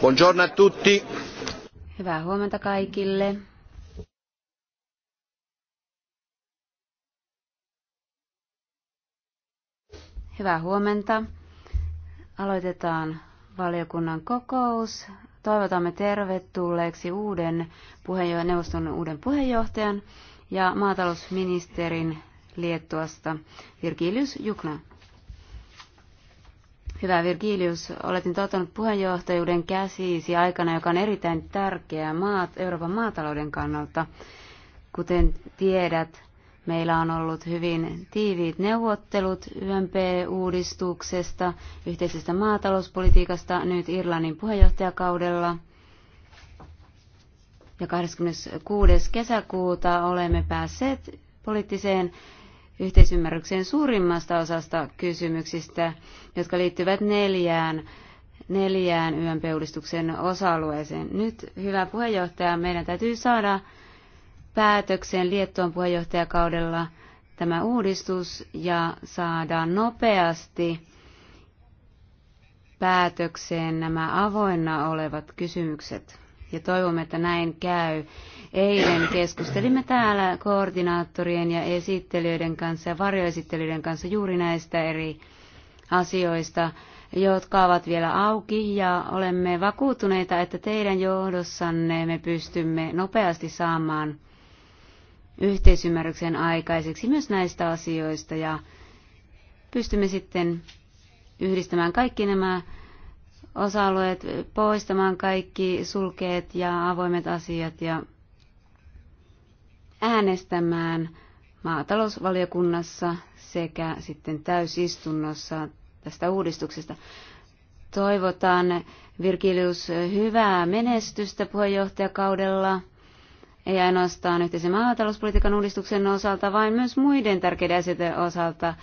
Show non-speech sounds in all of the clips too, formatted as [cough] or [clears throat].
Buongiorno a tutti. Hyvää huomenta kaikille. Hyvää huomenta. Aloitetaan valiokunnan kokous. Toivotamme tervetulleeksi uuden neuvoston uuden puheenjohtajan ja maatalousministerin Liettuasta Virgilius Jukna. Hyvä Virgilius, olet nyt ottanut puheenjohtajuuden käsiisi aikana, joka on erittäin tärkeä maat, Euroopan maatalouden kannalta. Kuten tiedät, meillä on ollut hyvin tiiviit neuvottelut YMP-uudistuksesta, yhteisestä maatalouspolitiikasta nyt Irlannin puheenjohtajakaudella. Ja 26. kesäkuuta olemme päässeet poliittiseen yhteisymmärrykseen suurimmasta osasta kysymyksistä, jotka liittyvät neljään neljään YMP-uudistuksen osa-alueeseen. Nyt, hyvä puheenjohtaja, meidän täytyy saada päätökseen Liettuan puheenjohtajakaudella tämä uudistus ja saada nopeasti päätökseen nämä avoinna olevat kysymykset ja toivomme, että näin käy. Eilen keskustelimme täällä koordinaattorien ja esittelijöiden kanssa ja varjoesittelijöiden kanssa juuri näistä eri asioista, jotka ovat vielä auki ja olemme vakuuttuneita, että teidän johdossanne me pystymme nopeasti saamaan yhteisymmärryksen aikaiseksi myös näistä asioista ja pystymme sitten yhdistämään kaikki nämä osa-alueet poistamaan kaikki sulkeet ja avoimet asiat ja äänestämään maatalousvaliokunnassa sekä sitten täysistunnossa tästä uudistuksesta. Toivotan Virgilius hyvää menestystä puheenjohtajakaudella ei ainoastaan yhteisen maatalouspolitiikan uudistuksen osalta, vaan myös muiden tärkeiden asioiden osalta.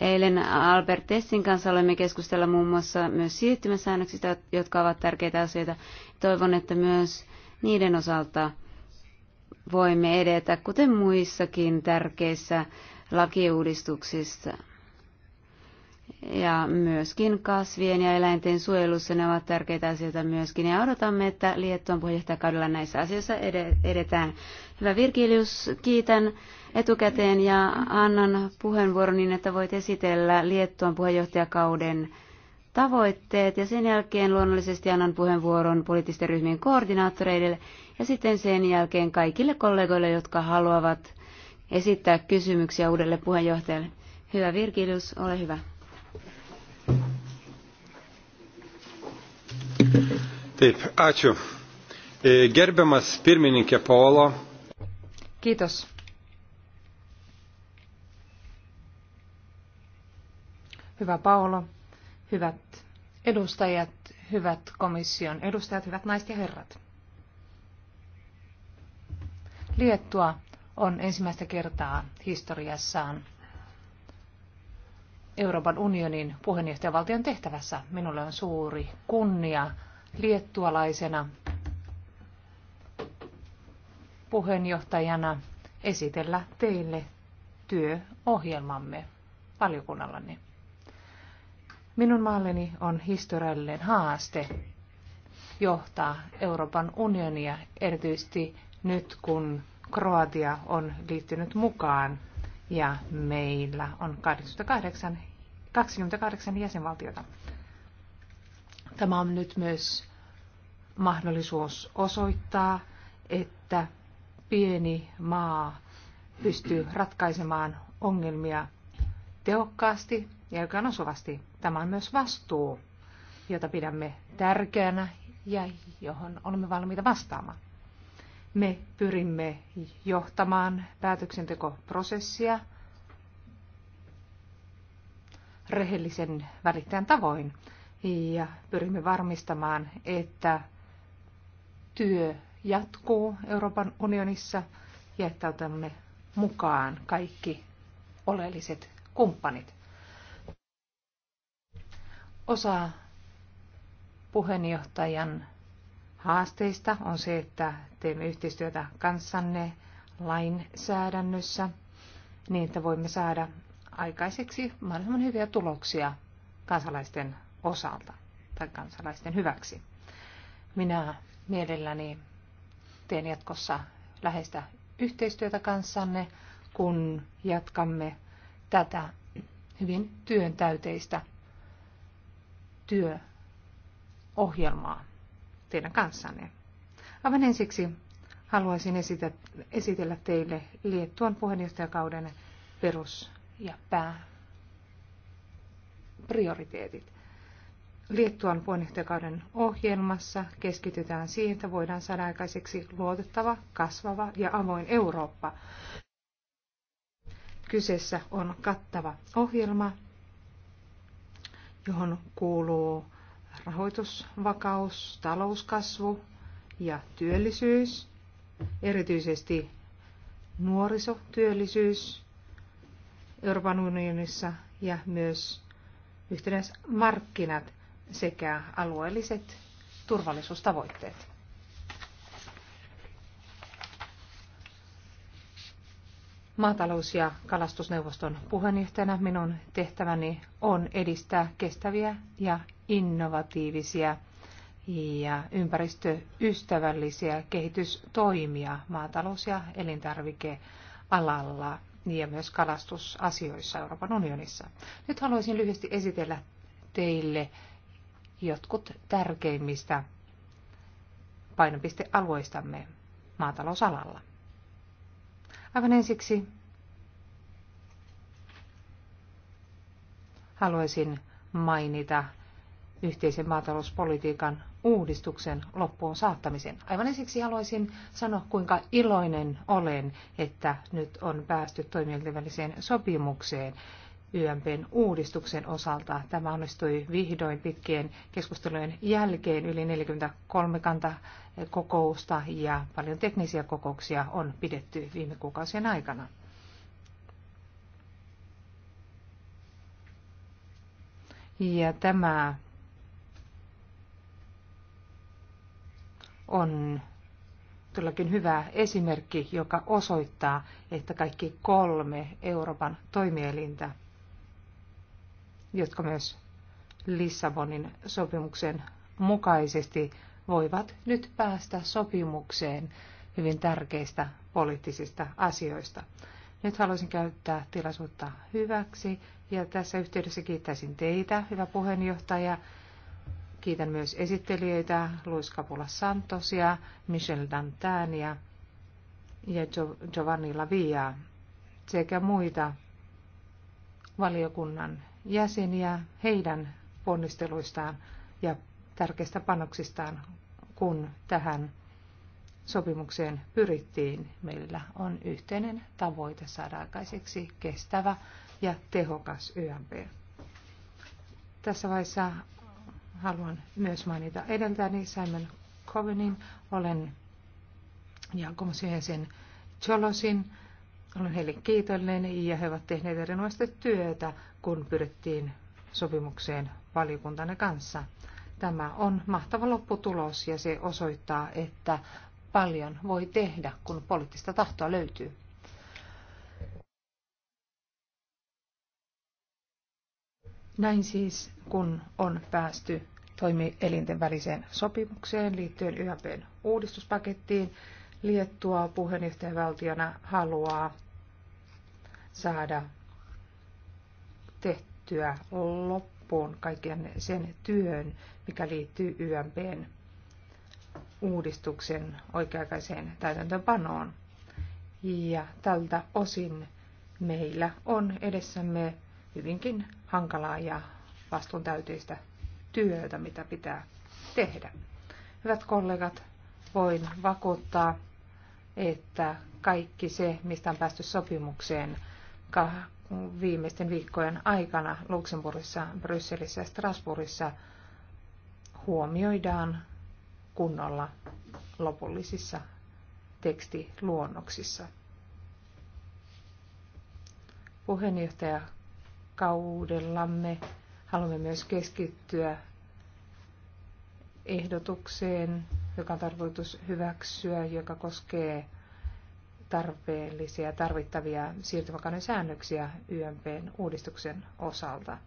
Eilen Albert Tessin kanssa olemme keskustella muun muassa myös siirtymäsäännöksistä, jotka ovat tärkeitä asioita. Toivon, että myös niiden osalta voimme edetä, kuten muissakin tärkeissä lakiuudistuksissa ja myöskin kasvien ja eläinten suojelussa ne ovat tärkeitä asioita myöskin. Ja odotamme, että Liettuan puheenjohtajakaudella näissä asioissa edetään. Hyvä Virgilius, kiitän etukäteen ja annan puheenvuoron niin, että voit esitellä Liettuan puheenjohtajakauden tavoitteet ja sen jälkeen luonnollisesti annan puheenvuoron poliittisten ryhmien koordinaattoreille ja sitten sen jälkeen kaikille kollegoille, jotka haluavat esittää kysymyksiä uudelle puheenjohtajalle. Hyvä Virgilius, ole hyvä. Taip, ačiū. E, gerbiamas pirmininkė Paolo. Kiitos. Hyvä Paolo, hyvät edustajat, hyvät komission edustajat, hyvät naiset ja herrat. Liettua on ensimmäistä kertaa historiassaan Euroopan unionin puheenjohtajavaltion tehtävässä. Minulle on suuri kunnia liettualaisena puheenjohtajana esitellä teille työohjelmamme valiokunnallani. Minun maalleni on historiallinen haaste johtaa Euroopan unionia, erityisesti nyt kun Kroatia on liittynyt mukaan ja meillä on 28, 28 jäsenvaltiota. Tämä on nyt myös mahdollisuus osoittaa, että pieni maa pystyy ratkaisemaan ongelmia tehokkaasti ja oikein osuvasti. Tämä on myös vastuu, jota pidämme tärkeänä ja johon olemme valmiita vastaamaan. Me pyrimme johtamaan päätöksentekoprosessia rehellisen välittäjän tavoin ja pyrimme varmistamaan, että työ jatkuu Euroopan unionissa ja että otamme mukaan kaikki oleelliset kumppanit. Osa puheenjohtajan haasteista on se, että teemme yhteistyötä kanssanne lainsäädännössä niin, että voimme saada aikaiseksi mahdollisimman hyviä tuloksia kansalaisten osalta tai kansalaisten hyväksi. Minä mielelläni teen jatkossa läheistä yhteistyötä kanssanne, kun jatkamme tätä hyvin työntäyteistä työohjelmaa teidän kanssanne. Aivan ensiksi haluaisin esitä, esitellä teille Liettuan puheenjohtajakauden perus- ja pääprioriteetit. Liettuan puheenjohtajakauden ohjelmassa keskitytään siihen, että voidaan saada aikaiseksi luotettava, kasvava ja avoin Eurooppa. Kyseessä on kattava ohjelma, johon kuuluu rahoitusvakaus, talouskasvu ja työllisyys, erityisesti nuorisotyöllisyys Euroopan unionissa ja myös yhtenäismarkkinat sekä alueelliset turvallisuustavoitteet. Maatalous- ja kalastusneuvoston puheenjohtajana minun tehtäväni on edistää kestäviä ja innovatiivisia ja ympäristöystävällisiä kehitystoimia maatalous- ja elintarvikealalla ja myös kalastusasioissa Euroopan unionissa. Nyt haluaisin lyhyesti esitellä teille jotkut tärkeimmistä painopistealueistamme maatalousalalla. Aivan ensiksi haluaisin mainita yhteisen maatalouspolitiikan uudistuksen loppuun saattamisen. Aivan ensiksi haluaisin sanoa, kuinka iloinen olen, että nyt on päästy toimijoiden väliseen sopimukseen YMPn uudistuksen osalta. Tämä onnistui vihdoin pitkien keskustelujen jälkeen. Yli 43 kanta eh, kokousta ja paljon teknisiä kokouksia on pidetty viime kuukausien aikana. Ja tämä on todellakin hyvä esimerkki, joka osoittaa, että kaikki kolme Euroopan toimielintä jotka myös Lissabonin sopimuksen mukaisesti voivat nyt päästä sopimukseen hyvin tärkeistä poliittisista asioista. Nyt haluaisin käyttää tilaisuutta hyväksi ja tässä yhteydessä kiittäisin teitä, hyvä puheenjohtaja. Kiitän myös esittelijöitä Luis Capula Santosia, Michel Dantania ja Giovanni Lavia sekä muita valiokunnan jäseniä heidän ponnisteluistaan ja tärkeistä panoksistaan, kun tähän sopimukseen pyrittiin. Meillä on yhteinen tavoite saada aikaiseksi kestävä ja tehokas YMP. Tässä vaiheessa haluan myös mainita edeltäni Simon Covenin. Olen ja komission Cholosin. Olen heille kiitollinen ja he ovat tehneet erinomaista työtä, kun pyrittiin sopimukseen valiokuntanne kanssa. Tämä on mahtava lopputulos ja se osoittaa, että paljon voi tehdä, kun poliittista tahtoa löytyy. Näin siis, kun on päästy toimielinten väliseen sopimukseen liittyen YHPn uudistuspakettiin, Liettua puheenjohtajavaltiona haluaa saada tehtyä loppuun kaiken sen työn, mikä liittyy YMPn uudistuksen oikea-aikaiseen täytäntöönpanoon. Ja tältä osin meillä on edessämme hyvinkin hankalaa ja vastuuntäyteistä työtä, mitä pitää tehdä. Hyvät kollegat, voin vakuuttaa, että kaikki se, mistä on päästy sopimukseen viimeisten viikkojen aikana Luxemburgissa, Brysselissä ja Strasbourgissa huomioidaan kunnolla lopullisissa tekstiluonnoksissa. kaudellamme haluamme myös keskittyä ehdotukseen, joka on tarkoitus hyväksyä, joka koskee tarpeellisia tarvittavia siirtymäkauden säännöksiä YMPn uudistuksen osalta.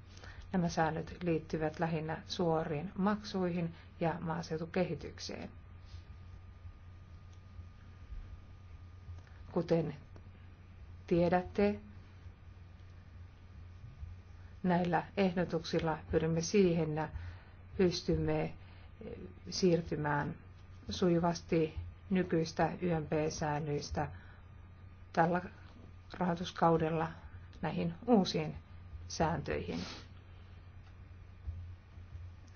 Nämä säännöt liittyvät lähinnä suoriin maksuihin ja maaseutukehitykseen. Kuten tiedätte, näillä ehdotuksilla pyrimme siihen, että pystymme siirtymään sujuvasti nykyistä YMP-säännöistä tällä rahoituskaudella näihin uusiin sääntöihin.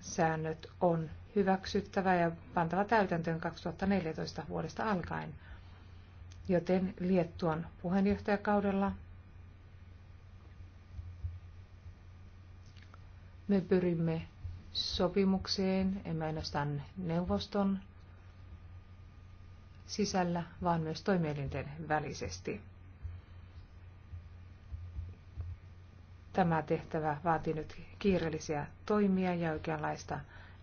Säännöt on hyväksyttävä ja pantava täytäntöön 2014 vuodesta alkaen, joten Liettuan puheenjohtajakaudella me pyrimme sopimukseen, emme ainoastaan neuvoston sisällä, vaan myös toimielinten välisesti. Tämä tehtävä vaatii nyt kiireellisiä toimia ja oikeanlaista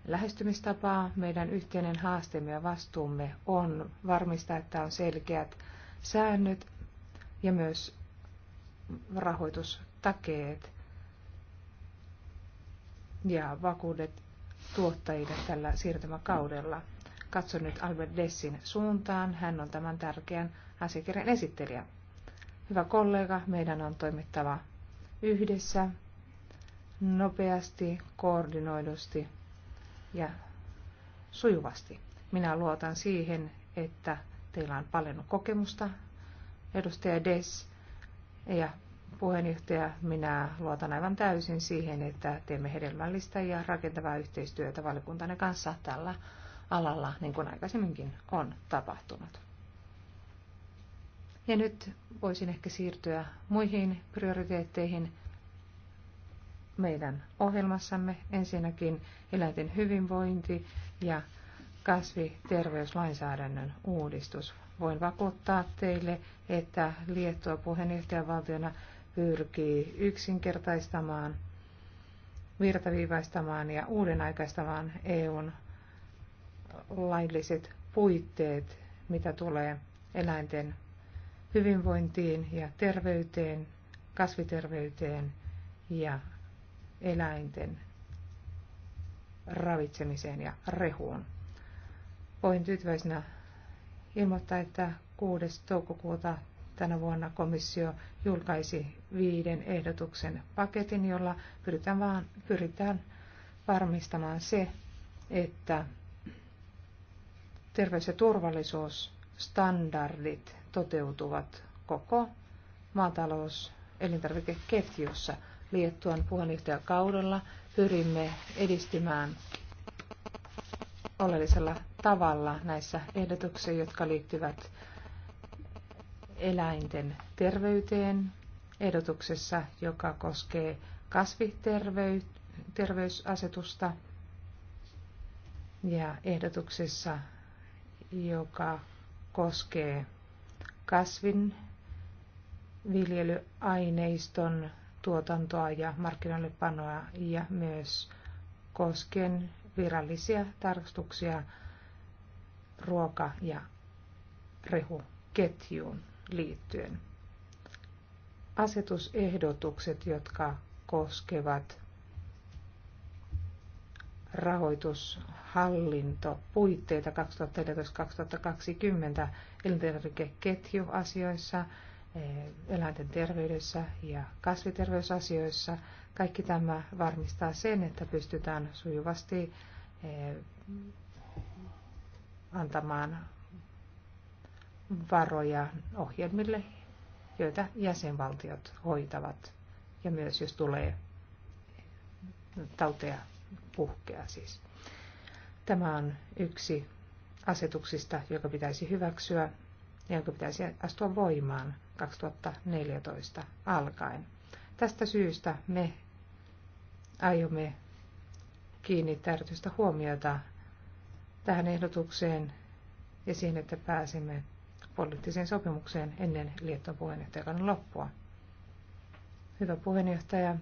lähestymistapaa. Meidän yhteinen haasteemme ja vastuumme on varmistaa, että on selkeät säännöt ja myös rahoitustakeet ja vakuudet tuottajille tällä siirtymäkaudella. Katso nyt Albert Dessin suuntaan. Hän on tämän tärkeän asiakirjan esittelijä. Hyvä kollega, meidän on toimittava yhdessä, nopeasti, koordinoidusti ja sujuvasti. Minä luotan siihen, että teillä on paljon kokemusta, edustaja Des ja puheenjohtaja, minä luotan aivan täysin siihen, että teemme hedelmällistä ja rakentavaa yhteistyötä valiokuntanne kanssa tällä alalla, niin kuin aikaisemminkin on tapahtunut. Ja nyt voisin ehkä siirtyä muihin prioriteetteihin meidän ohjelmassamme. Ensinnäkin eläinten hyvinvointi ja kasviterveyslainsäädännön uudistus. Voin vakuuttaa teille, että Liettua puheenjohtajavaltiona pyrkii yksinkertaistamaan, virtaviivaistamaan ja uudenaikaistamaan EUn lailliset puitteet, mitä tulee eläinten hyvinvointiin ja terveyteen, kasviterveyteen ja eläinten ravitsemiseen ja rehuun. Voin tyytyväisenä ilmoittaa, että 6. toukokuuta tänä vuonna komissio julkaisi viiden ehdotuksen paketin, jolla pyritään, vaan, pyritään varmistamaan se, että terveys- ja turvallisuusstandardit toteutuvat koko maatalous- elintarvikeketjussa. Liettuan puheenjohtajakaudella pyrimme edistymään oleellisella tavalla näissä ehdotuksissa, jotka liittyvät eläinten terveyteen, ehdotuksessa, joka koskee kasviterveysasetusta ja ehdotuksessa, joka koskee kasvin viljelyaineiston tuotantoa ja markkinoille panoa ja myös koskien virallisia tarkastuksia ruoka- ja rehuketjuun liittyen. Asetusehdotukset, jotka koskevat rahoitus hallintopuitteita 2014-2020 elintarvikeketjuasioissa, eh, eläinten terveydessä ja kasviterveysasioissa. Kaikki tämä varmistaa sen, että pystytään sujuvasti eh, antamaan varoja ohjelmille, joita jäsenvaltiot hoitavat. Ja myös jos tulee tauteja puhkea siis. Tämä on yksi asetuksista, joka pitäisi hyväksyä ja jonka pitäisi astua voimaan 2014 alkaen. Tästä syystä me aiomme kiinnittää erityistä huomiota tähän ehdotukseen ja siihen, että pääsemme poliittiseen sopimukseen ennen Liettuan puheenjohtajakannan loppua. Hyvä puheenjohtaja,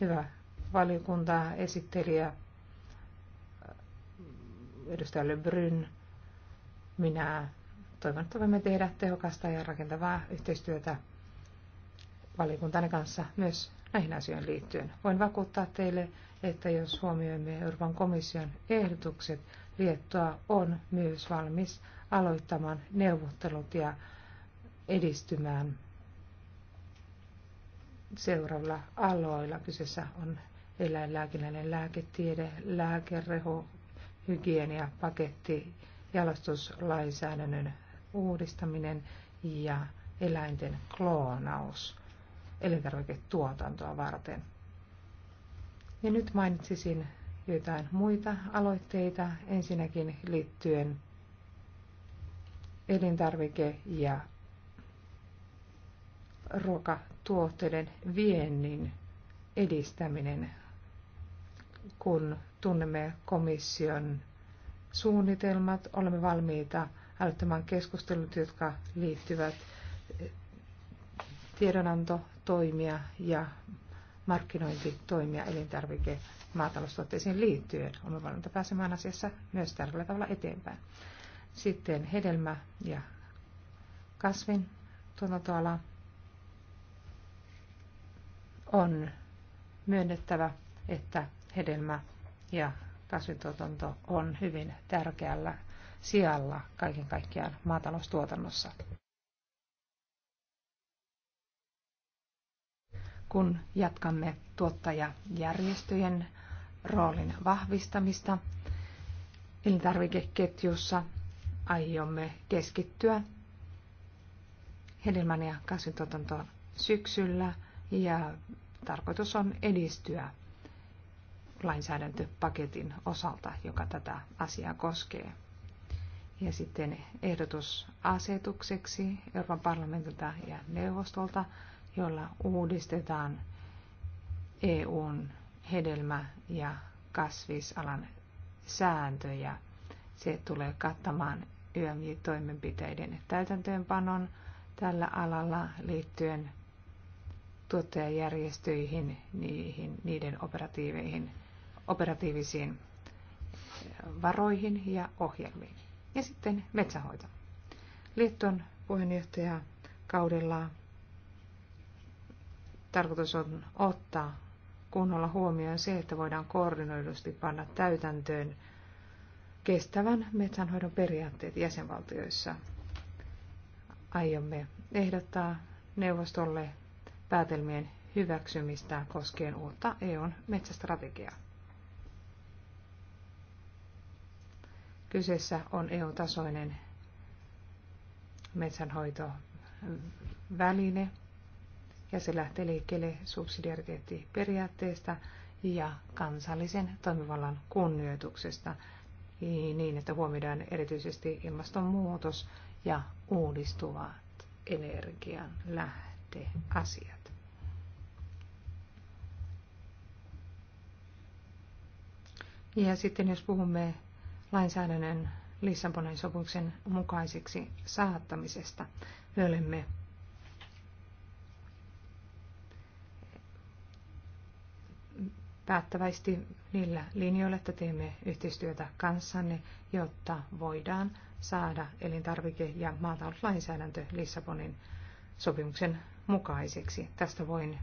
hyvä valiokunta, esittelijä, edustaja Brun. Minä toivon, että voimme tehdä tehokasta ja rakentavaa yhteistyötä valiokuntanne kanssa myös näihin asioihin liittyen. Voin vakuuttaa teille, että jos huomioimme Euroopan komission ehdotukset, Liettua on myös valmis aloittamaan neuvottelut ja edistymään seuraavilla aloilla. Kyseessä on eläinlääkinnällinen lääketiede, lääkereho, hygieniapaketti, jalostuslainsäädännön uudistaminen ja eläinten kloonaus elintarviketuotantoa varten. Ja nyt mainitsisin joitain muita aloitteita, ensinnäkin liittyen elintarvike- ja ruokatuotteiden viennin edistäminen, kun tunnemme komission suunnitelmat, olemme valmiita aloittamaan keskustelut, jotka liittyvät eh, tiedonantotoimia ja markkinointitoimia elintarvike- maataloustuotteisiin liittyen. Olemme valmiita pääsemään asiassa myös tärkeällä tavalla eteenpäin. Sitten hedelmä- ja kasvin tuotantoala on myönnettävä, että hedelmä- ja kasvituotanto on hyvin tärkeällä sijalla kaiken kaikkiaan maataloustuotannossa. Kun jatkamme tuottajajärjestöjen roolin vahvistamista elintarvikeketjussa, aiomme keskittyä hedelmän ja kasvintuotantoon syksyllä ja tarkoitus on edistyä lainsäädäntöpaketin osalta, joka tätä asiaa koskee. Ja sitten ehdotus asetukseksi Euroopan parlamentilta ja neuvostolta, jolla uudistetaan EUn hedelmä- ja kasvisalan sääntöjä. Se tulee kattamaan YMJ-toimenpiteiden täytäntöönpanon tällä alalla liittyen tuottajajärjestöihin, niihin, niiden operatiiveihin operatiivisiin varoihin ja ohjelmiin. Ja sitten metsähoito. Liiton puheenjohtaja kaudella tarkoitus on ottaa kunnolla huomioon se, että voidaan koordinoidusti panna täytäntöön kestävän metsänhoidon periaatteet jäsenvaltioissa. Aiomme ehdottaa neuvostolle päätelmien hyväksymistä koskien uutta EUn metsästrategiaa. Kyseessä on EU-tasoinen metsänhoitoväline ja se lähtee liikkeelle subsidiariteettiperiaatteesta ja kansallisen toimivallan kunnioituksesta niin, että huomioidaan erityisesti ilmastonmuutos ja uudistuvat energian lähteasiat. Ja sitten jos puhumme lainsäädännön Lissabonin sopimuksen mukaisiksi saattamisesta. Me olemme päättäväisesti niillä linjoilla, että teemme yhteistyötä kanssanne, jotta voidaan saada elintarvike- ja maatalouslainsäädäntö Lissabonin sopimuksen mukaiseksi. Tästä voin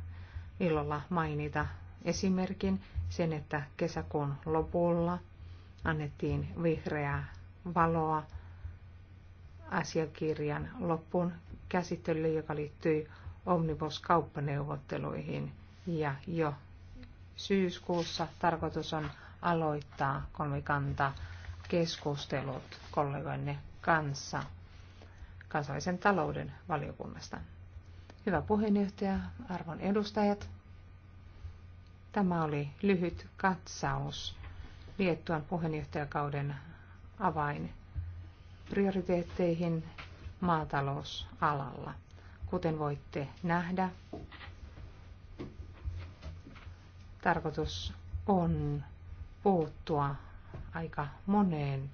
ilolla mainita esimerkin sen, että kesäkuun lopulla – annettiin vihreää valoa asiakirjan loppuun käsittelylle, joka liittyi Omnibus-kauppaneuvotteluihin. Ja jo syyskuussa tarkoitus on aloittaa kolmikanta keskustelut kollegoinne kanssa kansallisen talouden valiokunnasta. Hyvä puheenjohtaja, arvon edustajat. Tämä oli lyhyt katsaus Liettuan puheenjohtajakauden avain prioriteetteihin maatalousalalla. Kuten voitte nähdä, tarkoitus on puuttua aika moneen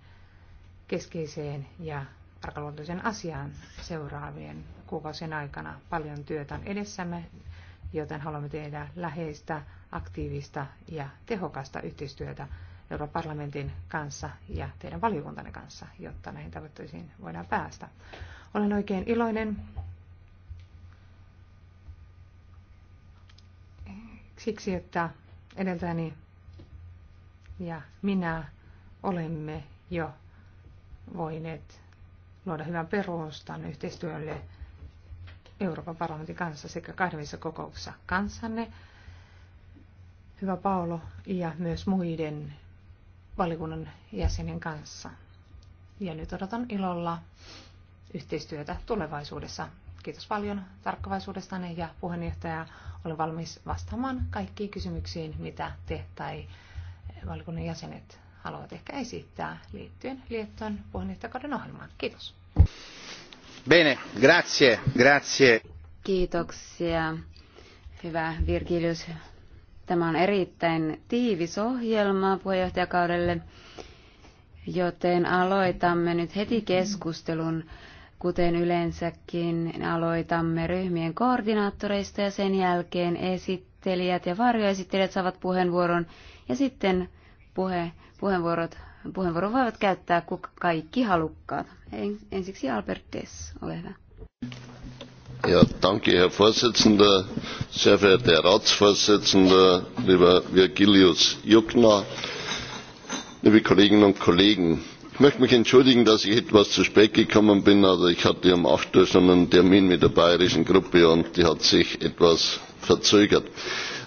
keskeiseen ja arkaluontoisen asiaan seuraavien kuukausien aikana. Paljon työtä on edessämme, joten haluamme tehdä läheistä, aktiivista ja tehokasta yhteistyötä Euroopan parlamentin kanssa ja teidän valiokuntanne kanssa, jotta näihin tavoitteisiin voidaan päästä. Olen oikein iloinen siksi, että edeltäni ja minä olemme jo voineet luoda hyvän perustan yhteistyölle Euroopan parlamentin kanssa sekä kahdenvälisessä kokouksessa kanssanne, hyvä Paolo, ja myös muiden valikunnan jäsenen kanssa. Ja nyt odotan ilolla yhteistyötä tulevaisuudessa. Kiitos paljon tarkkavaisuudestanne ja puheenjohtaja. Olen valmis vastaamaan kaikkiin kysymyksiin, mitä te tai valikunnan jäsenet haluavat ehkä esittää liittyen Liettuan puheenjohtajakauden ohjelmaan. Kiitos. Bene, grazie, grazie. Kiitoksia. Hyvä Virgilius Tämä on erittäin tiivis ohjelma puheenjohtajakaudelle, joten aloitamme nyt heti keskustelun, kuten yleensäkin aloitamme ryhmien koordinaattoreista ja sen jälkeen esittelijät ja varjoesittelijät saavat puheenvuoron ja sitten puhe, puheenvuorot puheenvuoron voivat käyttää kaikki halukkaat. Ensiksi Albert Dess, ole hyvä herr präsident sehr verehrter herr ratsvorsitzender lieber virgilius jukna liebe kolleginnen und kollegen! ich möchte mich entschuldigen dass ich etwas zu spät gekommen bin aber ich hatte um. acht uhr schon einen termin mit der bayrischen gruppe und die hat sich etwas verzögert.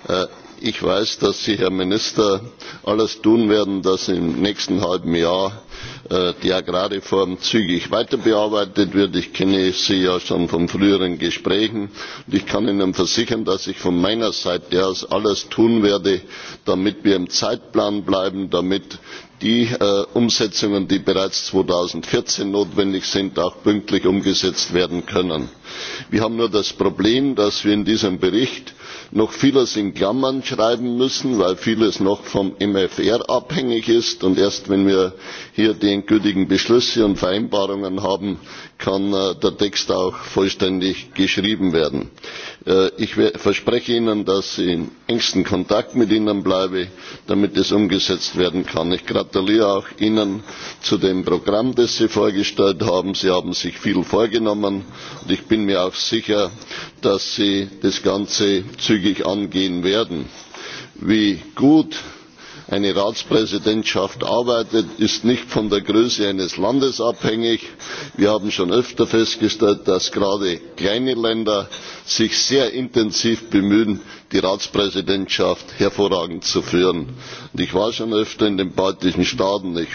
Äh, ich weiß dass sie herr minister alles tun werden dass im nächsten halben jahr äh, die agrarreform zügig weiterbearbeitet wird. ich kenne sie ja schon von früheren gesprächen und ich kann ihnen versichern dass ich von meiner seite aus alles tun werde damit wir im zeitplan bleiben damit die äh, umsetzungen die bereits zweitausendvierzehn notwendig sind auch pünktlich umgesetzt werden können. wir haben nur das problem dass wir in diesem bericht noch vieles in Klammern schreiben müssen, weil vieles noch vom MFR abhängig ist. Und erst wenn wir hier die endgültigen Beschlüsse und Vereinbarungen haben, kann äh, der Text auch vollständig geschrieben werden. Äh, ich verspreche ihnen dass ich in engstem kontakt mit ihnen bleibe damit es umgesetzt werden kann. ich gratuliere auch ihnen zu dem programm das sie vorgestellt haben. sie haben sich viel vorgenommen und ich bin mir auch sicher dass sie das ganze zügig angehen werden. wie gut eine ratspräsidentschaft arbeitet ist nicht von der größe eines landes abhängig. wir haben schon öfter festgestellt dass gerade kleine länder sich sehr intensiv bemühen die ratspräsidentschaft hervorragend zu führen. ich war schon öfter in den baltischen staaten ich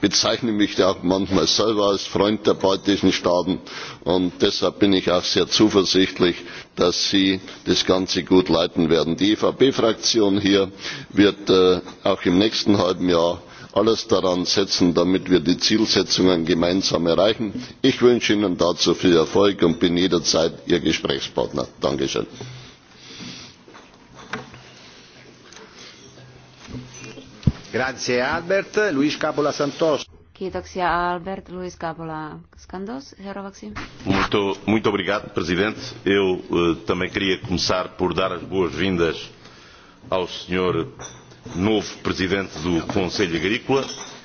bezeichne mich auch manchmal selber als freund der baltischen staaten und deshalb bin ich auch sehr zuversichtlich dass sie das ganze gut leiten werden. die evp fraktion hier wird äh, auch im nächsten halben jahr alles daran setzen damit wir die zielsetzungen gemeinsam erreichen. ich wünsche ihnen dazu viel erfolg und bin jederzeit ihr gesprächspartner. dankeschön! Kiitoksia Albert. Luis Capola Santos. Seuraavaksi. Muito, muito obrigado, Presidente. Eu uh, também queria começar por dar as boas-vindas ao Sr novo presidente do Conselho Agrícola.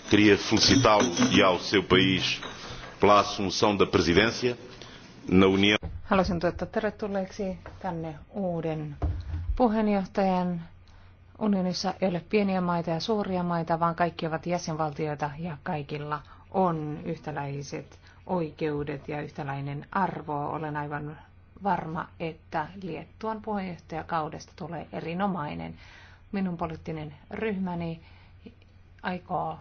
Queria felicitá-lo e ao seu país pela assunção da presidência na União. Haluaisin toivottaa tervetulleeksi tänne uuden puheenjohtajan. Unionissa ei ole pieniä maita ja suuria maita, vaan kaikki ovat jäsenvaltioita ja kaikilla on yhtäläiset oikeudet ja yhtäläinen arvo. Olen aivan varma, että Liettuan puheenjohtajakaudesta tulee erinomainen minun poliittinen ryhmäni aikoo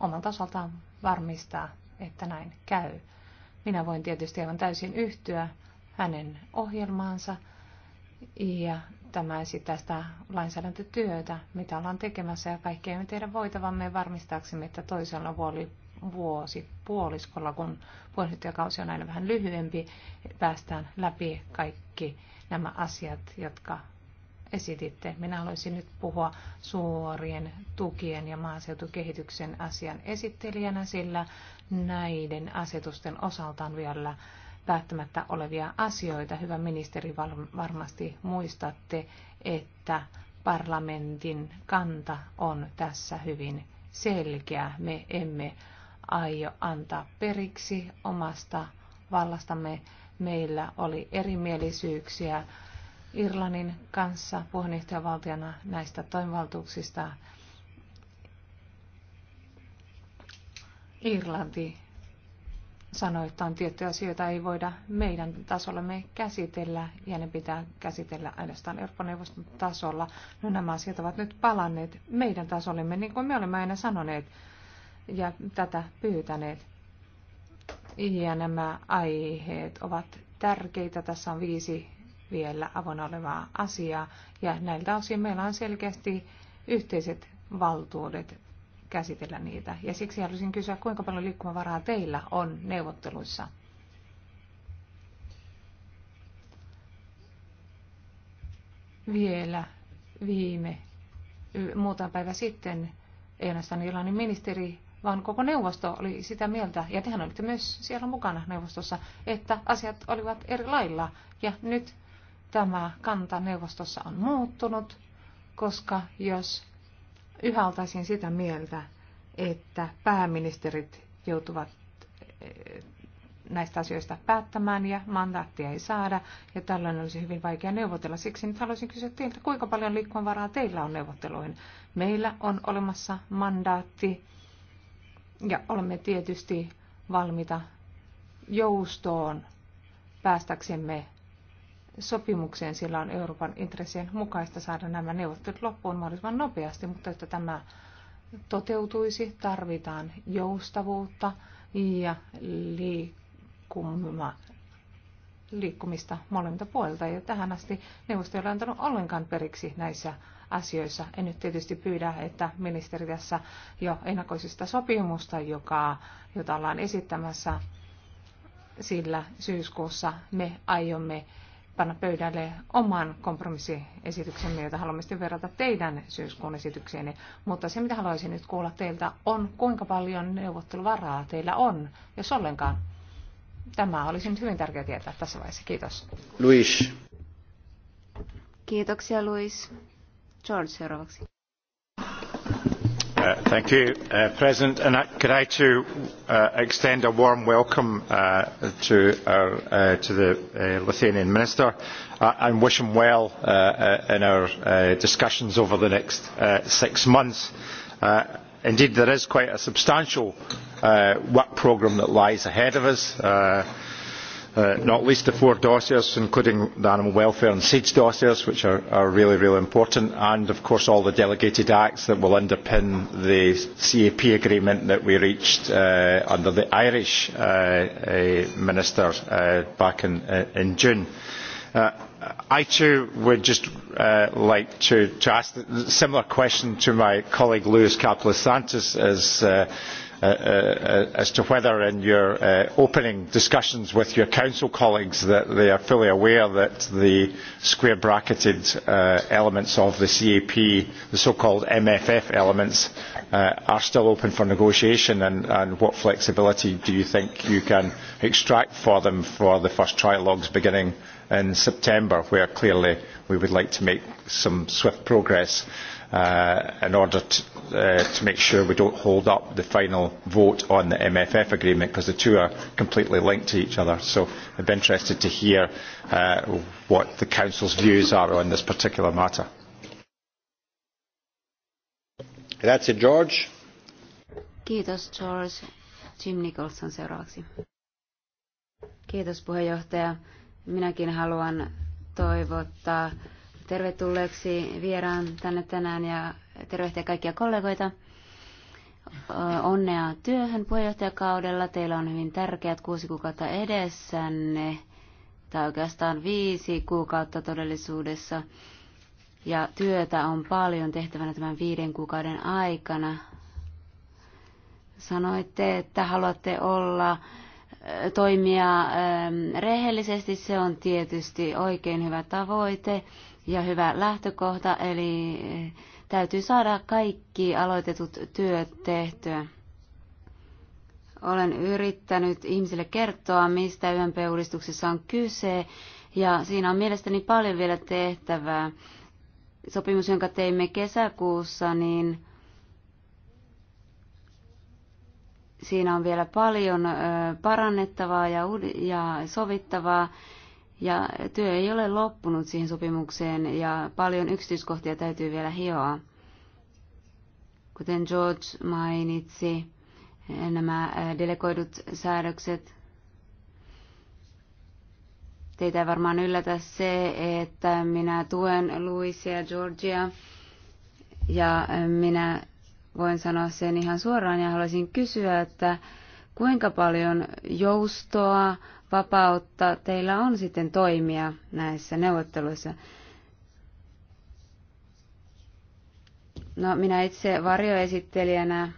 omalta osaltaan varmistaa, että näin käy. Minä voin tietysti aivan täysin yhtyä hänen ohjelmaansa ja tämä esittää sitä lainsäädäntötyötä, mitä ollaan tekemässä ja kaikkea me tehdä voitavamme varmistaaksemme, että toisella vuoli vuosi puoliskolla, kun puheenjohtajakausi on aina vähän lyhyempi, päästään läpi kaikki nämä asiat, jotka esititte. Minä haluaisin nyt puhua suorien tukien ja maaseutukehityksen asian esittelijänä, sillä näiden asetusten osalta on vielä päättämättä olevia asioita. Hyvä ministeri, varmasti muistatte, että parlamentin kanta on tässä hyvin selkeä. Me emme aio antaa periksi omasta vallastamme. Meillä oli erimielisyyksiä Irlannin kanssa puheenjohtajavaltiona näistä toimivaltuuksista. Irlanti sanoi, että on tiettyjä asioita ei voida meidän tasollamme käsitellä ja ne pitää käsitellä ainoastaan Euroopan neuvoston tasolla. No nämä asiat ovat nyt palanneet meidän tasollemme, niin kuin me olemme aina sanoneet ja tätä pyytäneet. Ja nämä aiheet ovat tärkeitä. Tässä on viisi vielä avoinna olevaa asiaa. Ja näiltä osin meillä on selkeästi yhteiset valtuudet käsitellä niitä. Ja siksi haluaisin kysyä, kuinka paljon liikkumavaraa teillä on neuvotteluissa? Vielä viime, muutama päivä sitten, ei ainoastaan ministeri, vaan koko neuvosto oli sitä mieltä, ja tehän olitte myös siellä mukana neuvostossa, että asiat olivat eri lailla. Ja nyt tämä kanta neuvostossa on muuttunut, koska jos yhä oltaisiin sitä mieltä, että pääministerit joutuvat eh, näistä asioista päättämään ja mandaattia ei saada, ja tällöin olisi hyvin vaikea neuvotella. Siksi nyt haluaisin kysyä teiltä, kuinka paljon liikkumavaraa teillä on neuvotteluihin. Meillä on olemassa mandaatti, ja olemme tietysti valmiita joustoon päästäksemme sopimukseen, sillä on Euroopan intressien mukaista saada nämä neuvottelut loppuun mahdollisimman nopeasti, mutta että tämä toteutuisi, tarvitaan joustavuutta ja liikkuma, liikkumista molemmilta puolilta. Ja tähän asti neuvosto ei ole antanut ollenkaan periksi näissä asioissa. En nyt tietysti pyydä, että ministeri tässä jo ennakoisista sopimusta, joka, jota ollaan esittämässä, sillä syyskuussa me aiomme panna pöydälle oman kompromissiesityksemme, jota haluamme sitten verrata teidän syyskuun esitykseen. Mutta se, mitä haluaisin nyt kuulla teiltä, on kuinka paljon neuvotteluvaraa teillä on, jos ollenkaan. Tämä olisi nyt hyvin tärkeää tietää tässä vaiheessa. Kiitos. Luis. Kiitoksia, Luis. George seuraavaksi mr uh, thank you, uh, President. could I too uh, extend a warm welcome to, the Lithuanian Minister and wish him well in our discussions over the next six months. indeed, there is quite a substantial work programme that lies ahead of us. Uh, not least the four dossiers, including the animal welfare and seeds dossiers, which are, really, really important, and of course all the delegated acts that will underpin the CAP agreement that we reached uh, under the Irish uh, minister back in, June. I too would just like to, ask a similar question to my colleague Luis Capoulas Santos as Uh, uh, as to whether in your uh, opening discussions with your council colleagues that they are fully aware that the square bracketed elements of the CAP, the so-called MFF elements, are still open for negotiation and, and what flexibility do you think you can extract for them for the first trilogues beginning in September, where clearly we would like to make some swift progress. Uh, uh, in order to, uh, to make sure we don't hold up the final vote on the MFF agreement because the two are completely linked to each other. So I'd be interested to hear uh, what the Council's views are on this particular matter. That's it, George. Kiitos George. Jim Nicholson seuraavaksi. Kiitos puheenjohtaja. Minäkin haluan toivottaa tervetulleeksi vieraan tänne tänään ja tervehtiä kaikkia kollegoita. Onnea työhön puheenjohtajakaudella. Teillä on hyvin tärkeät kuusi kuukautta edessänne, tai oikeastaan viisi kuukautta todellisuudessa. Ja työtä on paljon tehtävänä tämän viiden kuukauden aikana. Sanoitte, että haluatte olla toimia rehellisesti, se on tietysti oikein hyvä tavoite ja hyvä lähtökohta, eli eh, täytyy saada kaikki aloitetut työt tehtyä. Olen yrittänyt ihmisille kertoa, mistä YMP-uudistuksessa on kyse, ja siinä on mielestäni paljon vielä tehtävää. Sopimus, jonka teimme kesäkuussa, niin siinä on vielä paljon eh, parannettavaa ja sovittavaa. Ja työ ei ole loppunut siihen sopimukseen ja paljon yksityiskohtia täytyy vielä hioa. Kuten George mainitsi, nämä delegoidut säädökset. Teitä ei varmaan yllätä se, että minä tuen Luisia Georgia ja minä voin sanoa sen ihan suoraan ja haluaisin kysyä, että kuinka paljon joustoa vapautta teillä on sitten toimia näissä neuvotteluissa. No, minä itse varjoesittelijänä,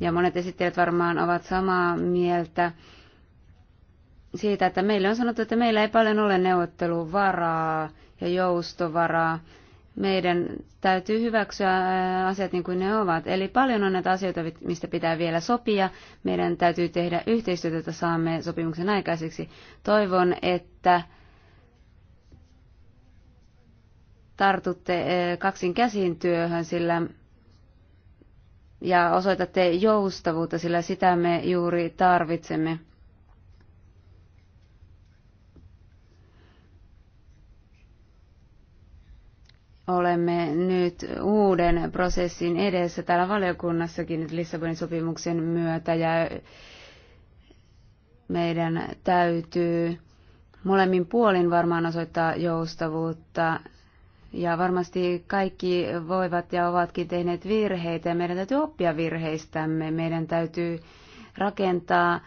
ja monet esittelijät varmaan ovat samaa mieltä siitä, että meille on sanottu, että meillä ei paljon ole neuvotteluvaraa ja joustovaraa meidän täytyy hyväksyä asiat niin kuin ne ovat. Eli paljon on näitä asioita, mistä pitää vielä sopia. Meidän täytyy tehdä yhteistyötä, että saamme sopimuksen aikaiseksi. Toivon, että tartutte kaksin käsin työhön, sillä ja osoitatte joustavuutta, sillä sitä me juuri tarvitsemme. olemme nyt uuden prosessin edessä täällä valiokunnassakin nyt Lissabonin sopimuksen myötä ja meidän täytyy molemmin puolin varmaan osoittaa joustavuutta ja varmasti kaikki voivat ja ovatkin tehneet virheitä ja meidän täytyy oppia virheistämme. Meidän täytyy rakentaa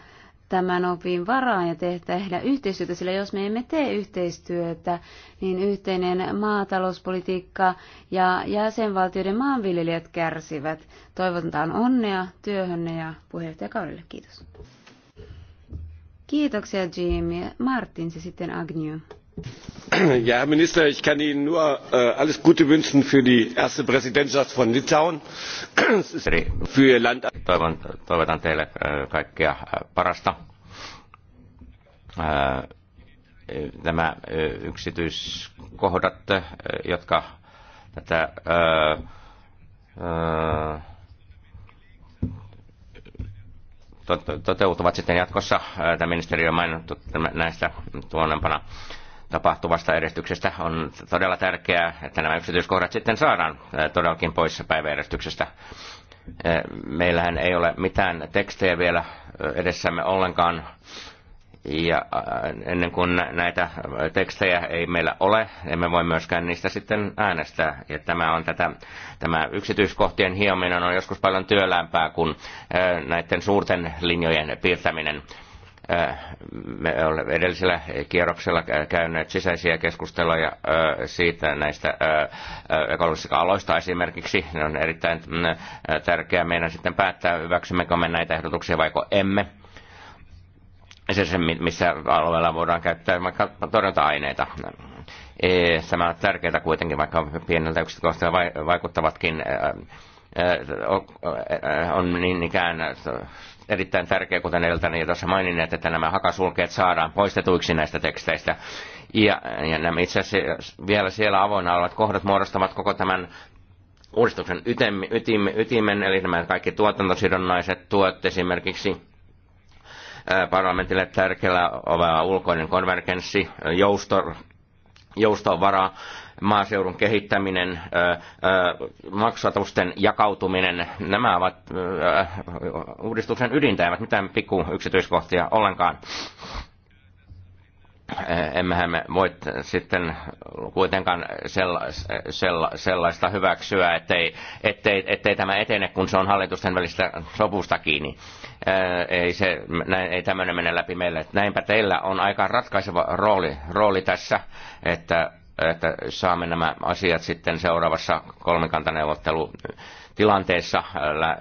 tämän opin varaan ja tehdä yhteistyötä, sillä jos me emme tee yhteistyötä, niin yhteinen maatalouspolitiikka ja jäsenvaltioiden maanviljelijät kärsivät. Toivotetaan onnea työhönne ja puheenjohtajakaudelle. Kiitos. Kiitoksia Jimmy. Martin se sitten Agnew herr minister ich kann ihnen nur äh, alles gute wünschen für die erste präsidentschaft von litauen. für toivotan teille äh, kaikkea äh, parasta. nämä yksityiskohdat jotka tätä toteutuvat sitten jatkossa tämä ministeri on mainittu näistä tuonnempana tapahtuvasta eristyksestä. On todella tärkeää, että nämä yksityiskohdat sitten saadaan äh, todellakin pois päiväjärjestyksestä. Äh, meillähän ei ole mitään tekstejä vielä äh, edessämme ollenkaan. Ja ennen kuin näitä tekstejä ei meillä ole, emme voi myöskään niistä sitten äänestää. Ja tämä, on tätä, tämä yksityiskohtien hiominen on joskus paljon työlämpää kuin näiden suurten linjojen piirtäminen Äh, me olemme edellisellä kierroksella käyneet sisäisiä keskusteluja äh, siitä näistä äh, ekologisista aloista esimerkiksi. Ne on erittäin mm, tärkeää meidän sitten päättää, hyväksymmekö me näitä ehdotuksia vai emme. Se, se, missä alueella voidaan käyttää vaikka torjunta-aineita. Tämä on tärkeää kuitenkin, vaikka pieneltä yksityiskohtaa vaikuttavatkin on niin ikään erittäin tärkeä, kuten edeltäni jo tuossa maininneet, että nämä hakasulkeet saadaan poistetuiksi näistä teksteistä. Ja, ja nämä itse asiassa vielä siellä avoinna olevat kohdat muodostavat koko tämän uudistuksen ytem, ytim, ytimen, eli nämä kaikki tuotantosidonnaiset tuot esimerkiksi parlamentille tärkeällä oleva ulkoinen konvergenssi, jousto, joustovara, maaseudun kehittäminen, maksatusten jakautuminen, nämä ovat uudistuksen ydintä, eivät mitään pikku yksityiskohtia ollenkaan. Emmehän me voi sitten kuitenkaan sellaista hyväksyä, ettei, ettei, ettei tämä etene, kun se on hallitusten välistä sopusta kiinni ei, se, näin, ei tämmöinen mene läpi meille. Näinpä teillä on aika ratkaiseva rooli, rooli tässä, että että saamme nämä asiat sitten seuraavassa kolmikantaneuvottelutilanteessa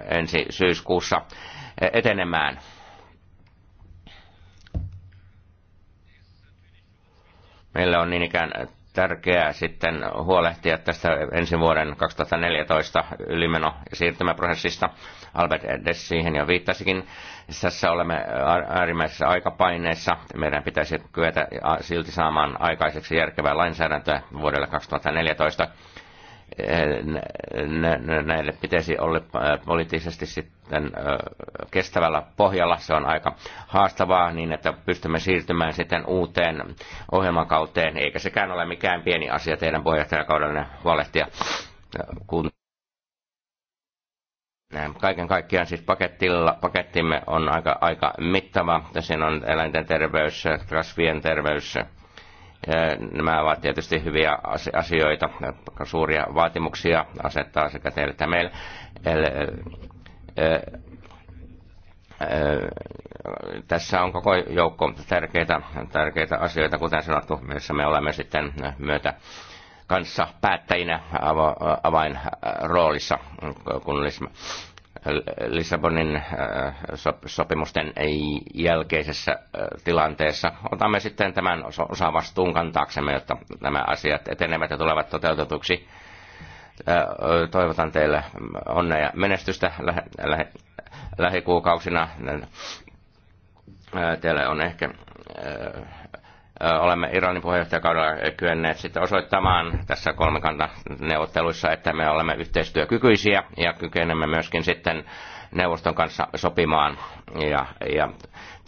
ensi syyskuussa etenemään. Meillä on niin ikään tärkeää sitten huolehtia tästä ensi vuoden 2014 ylimeno- ja siirtymäprosessista. Albert Edes siihen jo viittasikin. Tässä olemme äärimmäisessä aikapaineessa. Meidän pitäisi kyetä silti saamaan aikaiseksi järkevää lainsäädäntöä vuodelle 2014 näille pitäisi olla poliittisesti sitten kestävällä pohjalla. Se on aika haastavaa niin, että pystymme siirtymään sitten uuteen ohjelmakauteen, eikä sekään ole mikään pieni asia teidän puheenjohtajakaudellinen huolehtia. Kun Ehm, kaiken kaikkiaan siis pakettilla, pakettimme on aika, aika mittava. Siinä on eläinten terveys, kasvien terveys. Ehm, nämä ovat tietysti hyviä asioita, suuria vaatimuksia asettaa sekä teille että meille. Eli, ehm, tässä on koko joukko tärkeitä, tärkeitä asioita, kuten sanottu, missä me olemme sitten myötä kanssa päättäjinä avainroolissa, äh, kun Lissabonin äh, sopimusten jälkeisessä äh, tilanteessa otamme sitten tämän vastuun kantaaksemme, jotta nämä asiat etenevät ja tulevat toteutetuksi. Toivotan teille onnea ja menestystä lähe, lähe, lähikuukausina. Täällä on ehkä olemme Iranin puheenjohtajakaudella kyenneet sitten osoittamaan tässä kolmikantaneuvotteluissa, että me olemme yhteistyökykyisiä ja kykenemme myöskin sitten neuvoston kanssa sopimaan. Ja, ja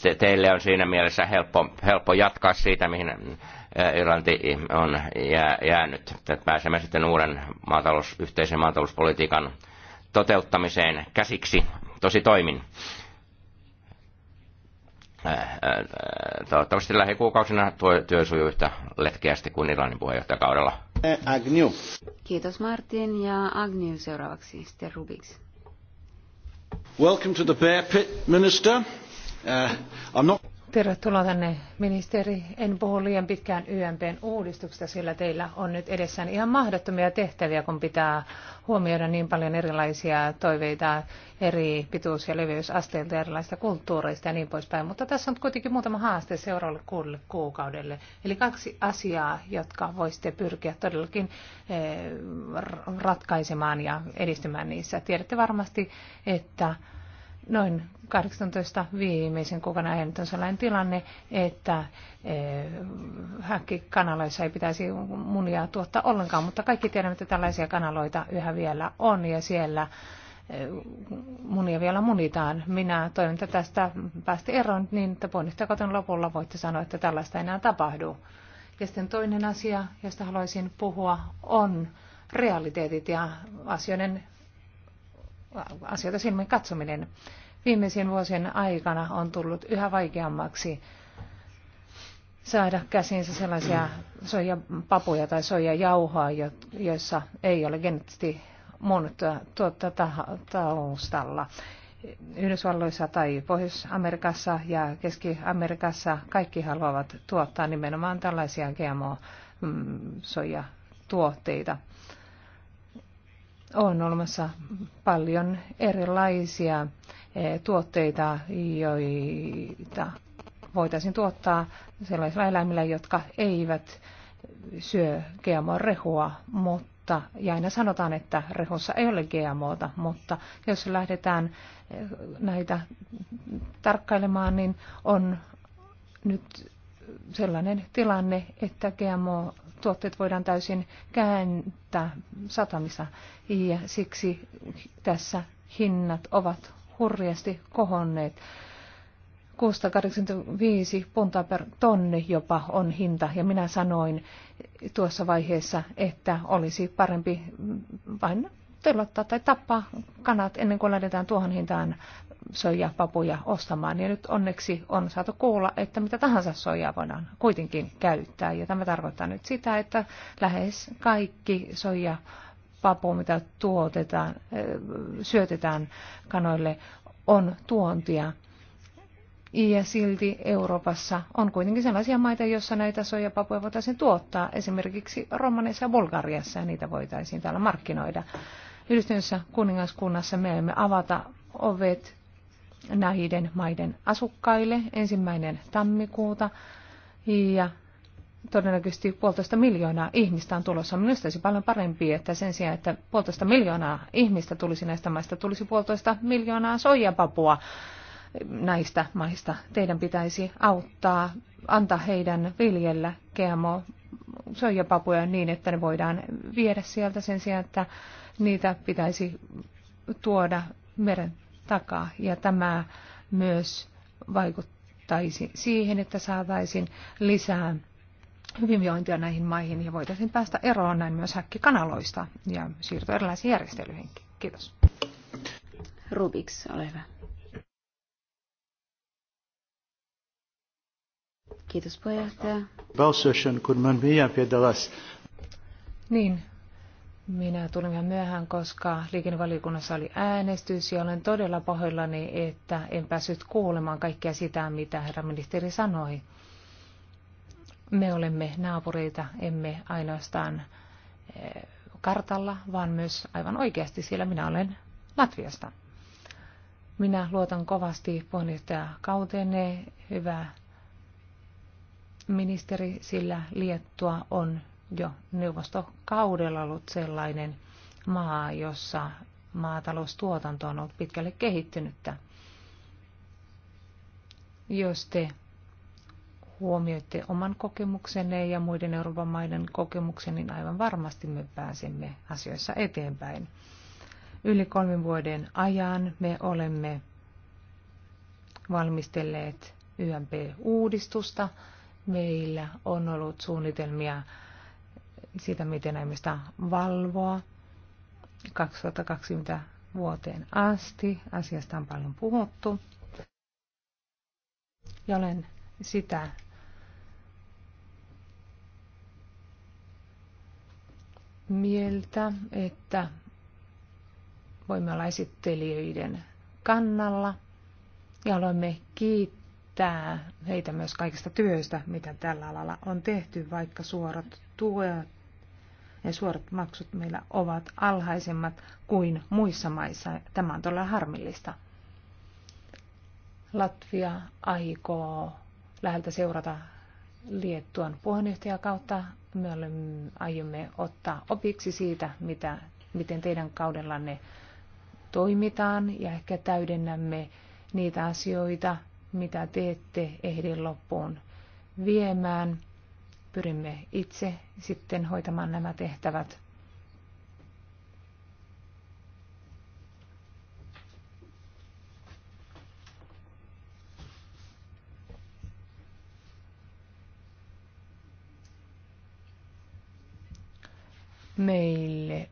te, teille on siinä mielessä helppo, helppo jatkaa siitä, mihin Irlanti on jää, jäänyt. Että pääsemme sitten uuden maatalous, yhteisen maatalouspolitiikan toteuttamiseen käsiksi tosi toimin. Äh, äh, toivottavasti lähikuukausina tuo työ sujuu yhtä letkeästi kuin Iranin puheenjohtajakaudella. Agnew. Kiitos Martin ja Agnew seuraavaksi, sitten Rubiks. Welcome to the bear pit, minister. Uh, I'm not... Tervetuloa tänne, ministeri. En puhu liian pitkään YMPn uudistuksesta, sillä teillä on nyt edessään ihan mahdottomia tehtäviä, kun pitää huomioida niin paljon erilaisia toiveita eri pituus- ja leveysasteilta, erilaisista kulttuureista ja niin poispäin. Mutta tässä on kuitenkin muutama haaste seuraavalle kuudelle kuukaudelle. Eli kaksi asiaa, jotka voisitte pyrkiä todellakin eh, ratkaisemaan ja edistymään niissä. Tiedätte varmasti, että noin 18 viimeisen kuukauden ajan on sellainen tilanne, että häkkikanaloissa eh, ei pitäisi munia tuottaa ollenkaan, mutta kaikki tiedämme, että tällaisia kanaloita yhä vielä on ja siellä eh, munia vielä munitaan. Minä toivon, että tästä päästi eroon niin, että puolistakaton lopulla voitte sanoa, että tällaista enää tapahdu. Ja sitten toinen asia, josta haluaisin puhua, on realiteetit ja asioiden asioita silmin katsominen. Viimeisien vuosien aikana on tullut yhä vaikeammaksi saada käsiinsä sellaisia soijapapuja tai soijajauhoa, joissa ei ole geneettisesti muunnettua tuota taustalla. Yhdysvalloissa tai Pohjois-Amerikassa ja Keski-Amerikassa kaikki haluavat tuottaa nimenomaan tällaisia GMO-soijatuotteita. Mm, on olemassa paljon erilaisia eh, tuotteita, joita voitaisiin tuottaa sellaisilla eläimillä, jotka eivät syö GMO-rehua, mutta ja aina sanotaan, että rehussa ei ole GMOta, mutta jos lähdetään eh, näitä tarkkailemaan, niin on nyt sellainen tilanne, että GMO tuotteet voidaan täysin kääntää satamissa ja siksi tässä hinnat ovat hurjasti kohonneet. 685 punta per tonni jopa on hinta. Ja minä sanoin tuossa vaiheessa, että olisi parempi vain töllottaa tai tappaa kanat ennen kuin lähdetään tuohon hintaan soija papuja ostamaan. Ja nyt onneksi on saatu kuulla, että mitä tahansa soijaa voidaan kuitenkin käyttää. Ja tämä tarkoittaa nyt sitä, että lähes kaikki soija papu, mitä tuotetaan, syötetään kanoille, on tuontia. Ja silti Euroopassa on kuitenkin sellaisia maita, joissa näitä soijapapuja voitaisiin tuottaa, esimerkiksi Romanissa ja Bulgariassa, ja niitä voitaisiin täällä markkinoida. Yhdistyneessä kuningaskunnassa me emme avata ovet näiden maiden asukkaille ensimmäinen tammikuuta ja todennäköisesti puolitoista miljoonaa ihmistä on tulossa. Minusta olisi paljon parempi, että sen sijaan, että puolitoista miljoonaa ihmistä tulisi näistä maista, tulisi puolitoista miljoonaa soijapapua näistä maista. Teidän pitäisi auttaa, antaa heidän viljellä GMO soijapapuja niin, että ne voidaan viedä sieltä sen sijaan, että niitä pitäisi tuoda meren takaa. Ja tämä myös vaikuttaisi siihen, että saataisiin lisää hyvinvointia näihin maihin ja voitaisiin päästä eroon näin myös häkkikanaloista ja siirtyä erilaisiin järjestelyihin. Kiitos. Rubiks, ole hyvä. Kiitos puheenjohtaja. Niin, minä tulin vähän myöhään, koska liikennevaliokunnassa oli äänestys ja olen todella pahoillani, että en päässyt kuulemaan kaikkea sitä, mitä herra ministeri sanoi. Me olemme naapureita, emme ainoastaan eh, kartalla, vaan myös aivan oikeasti, sillä minä olen Latviasta. Minä luotan kovasti puheenjohtaja kauteenne, hyvä ministeri, sillä Liettua on jo neuvostokaudella ollut sellainen maa, jossa maataloustuotanto on ollut pitkälle kehittynyttä. Jos te huomioitte oman kokemuksenne ja muiden Euroopan maiden kokemuksen, niin aivan varmasti me pääsemme asioissa eteenpäin. Yli kolmen vuoden ajan me olemme valmistelleet YMP-uudistusta. Meillä on ollut suunnitelmia siitä, miten näemme sitä valvoa 2020 vuoteen asti. Asiasta on paljon puhuttu. Ja olen sitä mieltä, että voimme olla esittelijöiden kannalla ja haluamme kiittää heitä myös kaikista työstä, mitä tällä alalla on tehty, vaikka suorat tuet ja suorat maksut meillä ovat alhaisemmat kuin muissa maissa. Tämä on todella harmillista. Latvia aikoo läheltä seurata Liettuan kautta Me olemme, aiomme ottaa opiksi siitä, mitä, miten teidän kaudellanne toimitaan ja ehkä täydennämme niitä asioita, mitä teette ehdin loppuun viemään pyrimme itse sitten hoitamaan nämä tehtävät. Meille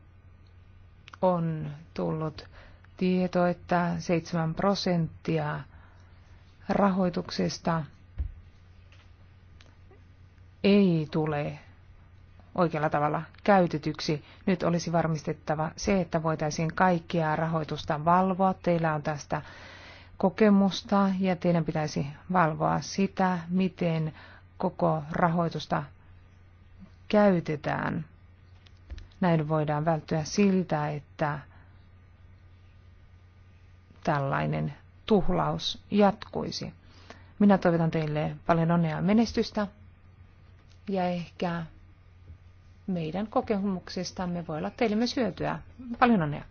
on tullut tieto, että 7 prosenttia rahoituksesta ei tule oikealla tavalla käytetyksi. Nyt olisi varmistettava se, että voitaisiin kaikkia rahoitusta valvoa. Teillä on tästä kokemusta ja teidän pitäisi valvoa sitä, miten koko rahoitusta käytetään. Näin voidaan välttyä siltä, että tällainen tuhlaus jatkuisi. Minä toivotan teille paljon onnea ja menestystä ja ehkä meidän kokemuksistamme voi olla teille myös hyötyä. Paljon onnea.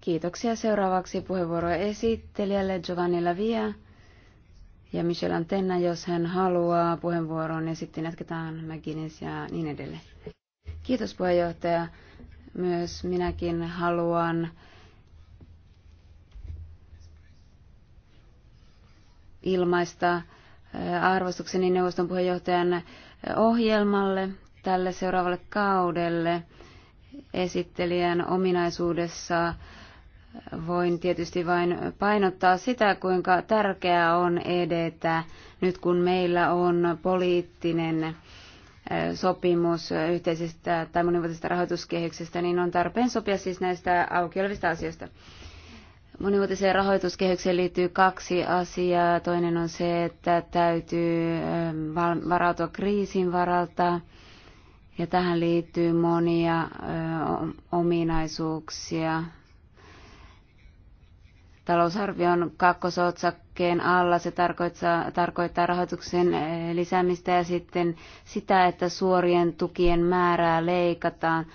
Kiitoksia. Seuraavaksi puheenvuoro esittelijälle Giovanni Lavia ja Michelle Antenna, jos hän haluaa puheenvuoron, ja sitten jatketaan McGinnis ja niin edelleen. Kiitos puheenjohtaja. Myös minäkin haluan ilmaista arvostukseni neuvoston puheenjohtajan ohjelmalle tälle seuraavalle kaudelle esittelijän ominaisuudessa voin tietysti vain painottaa sitä, kuinka tärkeää on edetä nyt kun meillä on poliittinen sopimus yhteisestä tai monivuotisesta rahoituskehyksestä, niin on tarpeen sopia siis näistä auki olevista asioista. Monivuotiseen rahoituskehykseen liittyy kaksi asiaa. Toinen on se, että täytyy ähm, varautua kriisin varalta. Ja tähän liittyy monia äh, ominaisuuksia. Talousarvion kakkosotsakkeen alla se tarkoittaa, tarkoittaa rahoituksen äh, lisäämistä ja sitten sitä, että suorien tukien määrää leikataan.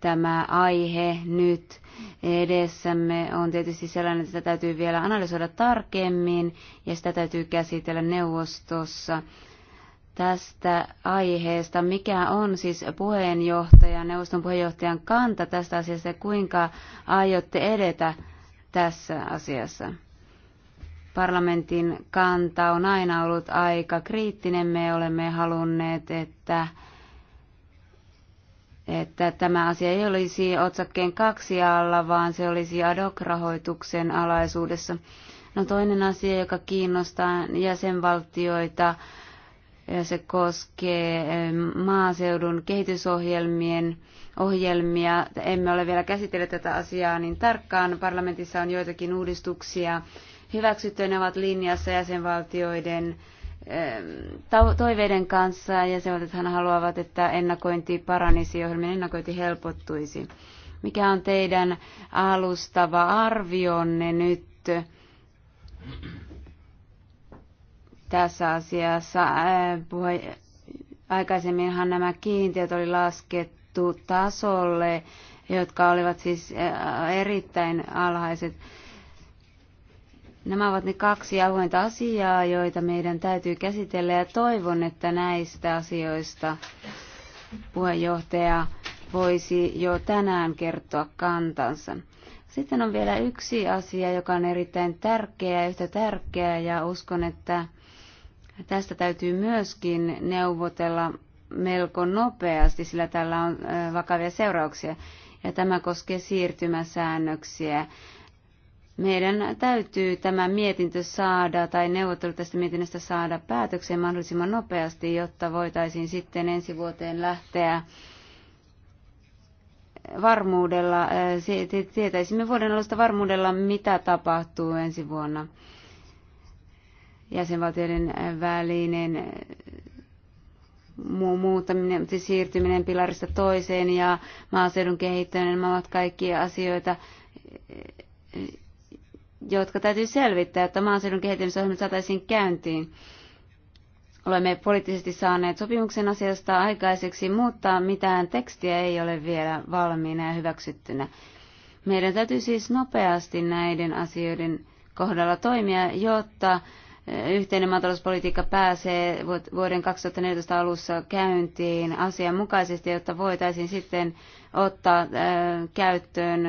Tämä aihe nyt edessämme on tietysti sellainen, että sitä täytyy vielä analysoida tarkemmin ja sitä täytyy käsitellä neuvostossa tästä aiheesta. Mikä on siis puheenjohtajan, neuvoston puheenjohtajan kanta tästä asiasta ja kuinka aiotte edetä tässä asiassa? Parlamentin kanta on aina ollut aika kriittinen. Me olemme halunneet, että että tämä asia ei olisi otsakkeen kaksi alla, vaan se olisi ADOC-rahoituksen alaisuudessa. No toinen asia, joka kiinnostaa jäsenvaltioita, ja se koskee maaseudun kehitysohjelmien ohjelmia. Emme ole vielä käsitelleet tätä asiaa niin tarkkaan. Parlamentissa on joitakin uudistuksia hyväksytty, ne ovat linjassa jäsenvaltioiden toiveiden kanssa ja se, että hän haluavat, että ennakointi paranisi ja ohjelmien ennakointi helpottuisi. Mikä on teidän alustava arvionne nyt tässä asiassa? Puhe, aikaisemminhan nämä kiintiöt oli laskettu tasolle, jotka olivat siis erittäin alhaiset Nämä ovat ne kaksi avointa asiaa, joita meidän täytyy käsitellä ja toivon, että näistä asioista puheenjohtaja voisi jo tänään kertoa kantansa. Sitten on vielä yksi asia, joka on erittäin tärkeä ja yhtä tärkeä ja uskon, että tästä täytyy myöskin neuvotella melko nopeasti, sillä tällä on vakavia seurauksia. Ja tämä koskee siirtymäsäännöksiä. Meidän täytyy tämä mietintö saada tai neuvottelu tästä mietinnöstä saada päätökseen mahdollisimman nopeasti, jotta voitaisiin sitten ensi vuoteen lähteä varmuudella, tietäisimme vuoden alusta varmuudella, mitä tapahtuu ensi vuonna jäsenvaltioiden välinen muuttaminen, siis siirtyminen pilarista toiseen ja maaseudun kehittäminen, nämä ovat kaikki asioita, jotka täytyy selvittää, että maaseudun kehittämisohjelmat saataisiin käyntiin. Olemme poliittisesti saaneet sopimuksen asiasta aikaiseksi, mutta mitään tekstiä ei ole vielä valmiina ja hyväksyttynä. Meidän täytyy siis nopeasti näiden asioiden kohdalla toimia, jotta eh, yhteinen maatalouspolitiikka pääsee vuoden 2014 alussa käyntiin asianmukaisesti, jotta voitaisiin sitten ottaa eh, käyttöön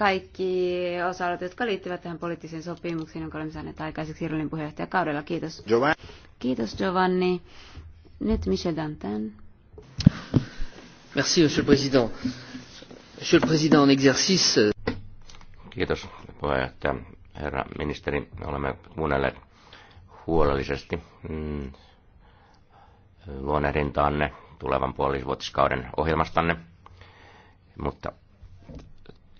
kaikki osa-alueet, jotka liittyvät tähän poliittiseen sopimukseen, jonka olemme saaneet aikaiseksi Irlannin puheenjohtajakaudella. Kiitos. Giovanni. Kiitos Giovanni. Nyt Michel Dantin. Merci, monsieur le président. Monsieur le président en exercice. Euh, Kiitos puheenjohtaja. Herra ministeri, olemme kuunnelleet huolellisesti mm, luonnehdintaanne tulevan puolivuotiskauden ohjelmastanne, mutta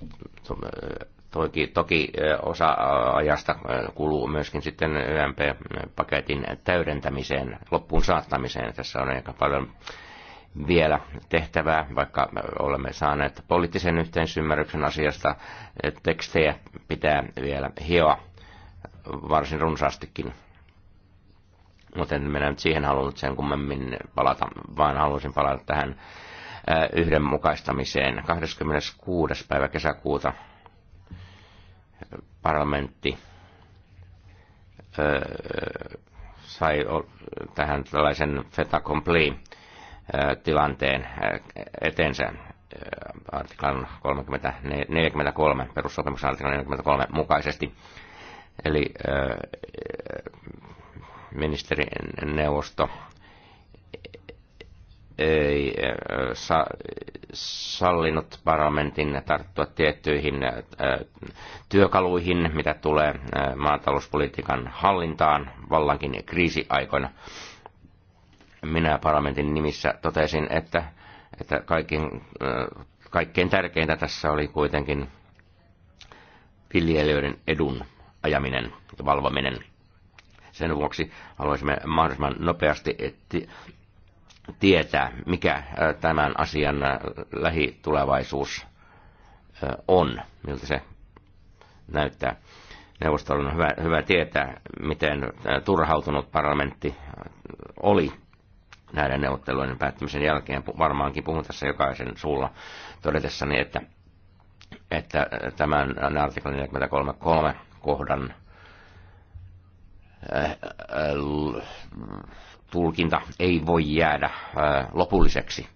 Eh, toki, toki eh, osa eh, ajasta kuluu myöskin sitten YMP-paketin täydentämiseen, loppuun saattamiseen. Tässä on aika paljon vielä tehtävää, vaikka olemme saaneet poliittisen yhteisymmärryksen asiasta. Tekstejä pitää vielä hioa varsin runsaastikin. Mutta en minä nyt siihen halunnut sen kummemmin palata, vaan halusin palata tähän Äh, yhdenmukaistamiseen. 26. päivä kesäkuuta parlamentti äh, sai tähän tällaisen feta compli äh, tilanteen etensä artiklan 30, 43, perussopimuksen artiklan 43 mukaisesti. Eli ministerineuvosto ei sa, sallinut parlamentin tarttua tiettyihin työkaluihin, mitä tulee maatalouspolitiikan hallintaan vallankin kriisiaikoina. Minä parlamentin nimissä totesin, että, että kaikkein, kaikkein tärkeintä tässä oli kuitenkin viljelijöiden edun ajaminen ja valvominen. Sen vuoksi haluaisimme mahdollisimman nopeasti tietää, mikä äh, tämän asian äh, lähitulevaisuus äh, on, miltä se näyttää. Neuvostolla on hyvä, hyvä tietää, miten turhautunut parlamentti oli näiden neuvottelujen päättymisen jälkeen. Varmaankin puhun tässä jokaisen suulla todetessani, että, että tämän artiklan 43.3 kohdan tulkinta ei voi jäädä lopulliseksi.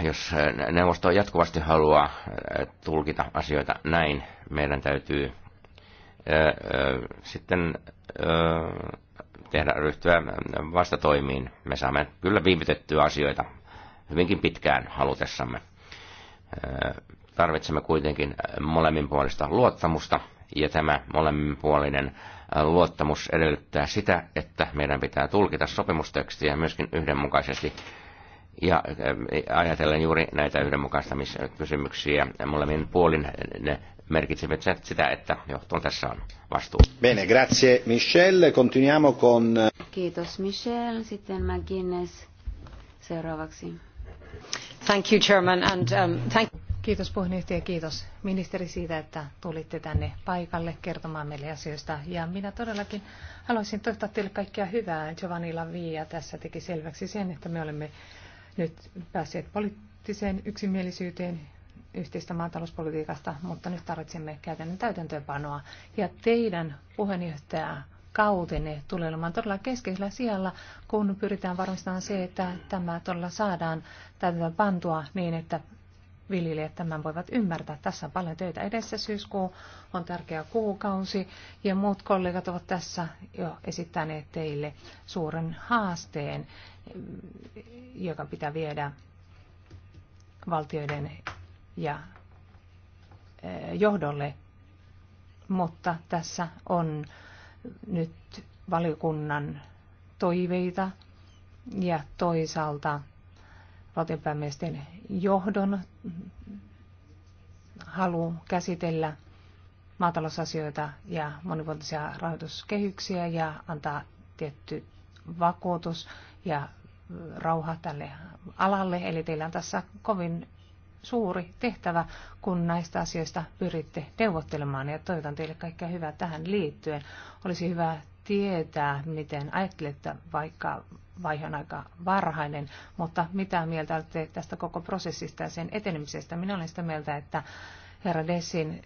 Jos neuvosto jatkuvasti haluaa tulkita asioita näin, meidän täytyy sitten tehdä ryhtyä vastatoimiin. Me saamme kyllä viivytettyä asioita hyvinkin pitkään halutessamme. Tarvitsemme kuitenkin molemminpuolista luottamusta ja tämä molemminpuolinen luottamus edellyttää sitä, että meidän pitää tulkita sopimustekstiä myöskin yhdenmukaisesti ja eh, ajatellen juuri näitä yhdenmukaistamiskysymyksiä molemmin puolin ne merkitsevät sitä, että johtoon tässä on vastuu. Bene, grazie Michel. Continuiamo con... Eh, Kiitos Michel. Sitten McGuinness seuraavaksi. Thank you, Chairman, and um, thank you. Kiitos puheenjohtaja, kiitos ministeri siitä, että tulitte tänne paikalle kertomaan meille asioista. Ja minä todellakin haluaisin toivottaa teille kaikkia hyvää. Giovanni Lavia tässä teki selväksi sen, että me olemme nyt päässeet poliittiseen yksimielisyyteen yhteistä maatalouspolitiikasta, mutta nyt tarvitsemme käytännön täytäntöönpanoa. Ja teidän puheenjohtaja kautenne tulee olemaan todella keskeisellä sijalla, kun pyritään varmistamaan se, että tämä todella saadaan täytäntöön pantua niin, että viljelijät tämän voivat ymmärtää. Tässä on paljon töitä edessä. Syyskuu on tärkeä kuukausi ja muut kollegat ovat tässä jo esittäneet teille suuren haasteen, joka pitää viedä valtioiden ja eh, johdolle. Mutta tässä on nyt valiokunnan toiveita ja toisaalta valtionpäämiesten johdon halu käsitellä maatalousasioita ja monivuotisia rahoituskehyksiä ja antaa tietty vakuutus ja rauha tälle alalle. Eli teillä on tässä kovin suuri tehtävä, kun näistä asioista pyritte neuvottelemaan ja toivotan teille kaikkea hyvää tähän liittyen. Olisi hyvä tietää, miten ajattelette vaikka vaihe on aika varhainen, mutta mitä mieltä olette tästä koko prosessista ja sen etenemisestä? Minä olen sitä mieltä, että herra Dessin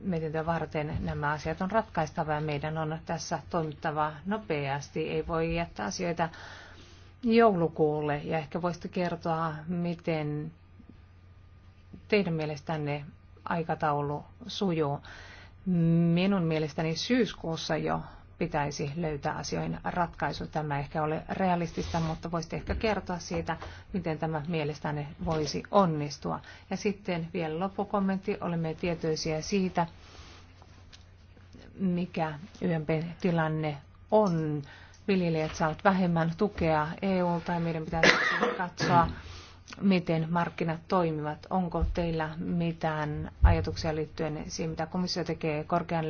mietintä varten nämä asiat on ratkaistava ja meidän on tässä toimittava nopeasti. Ei voi jättää asioita joulukuulle ja ehkä voisitte kertoa, miten teidän mielestänne aikataulu sujuu. Minun mielestäni syyskuussa jo pitäisi löytää asioihin ratkaisu. Tämä ehkä ole realistista, mutta voisitte ehkä kertoa siitä, miten tämä mielestäni voisi onnistua. Ja sitten vielä loppukommentti. Olemme tietoisia siitä, mikä YMP-tilanne on. Viljelijät saavat vähemmän tukea EUlta ja meidän pitäisi katsoa, miten markkinat toimivat. Onko teillä mitään ajatuksia liittyen siihen, mitä komissio tekee korkean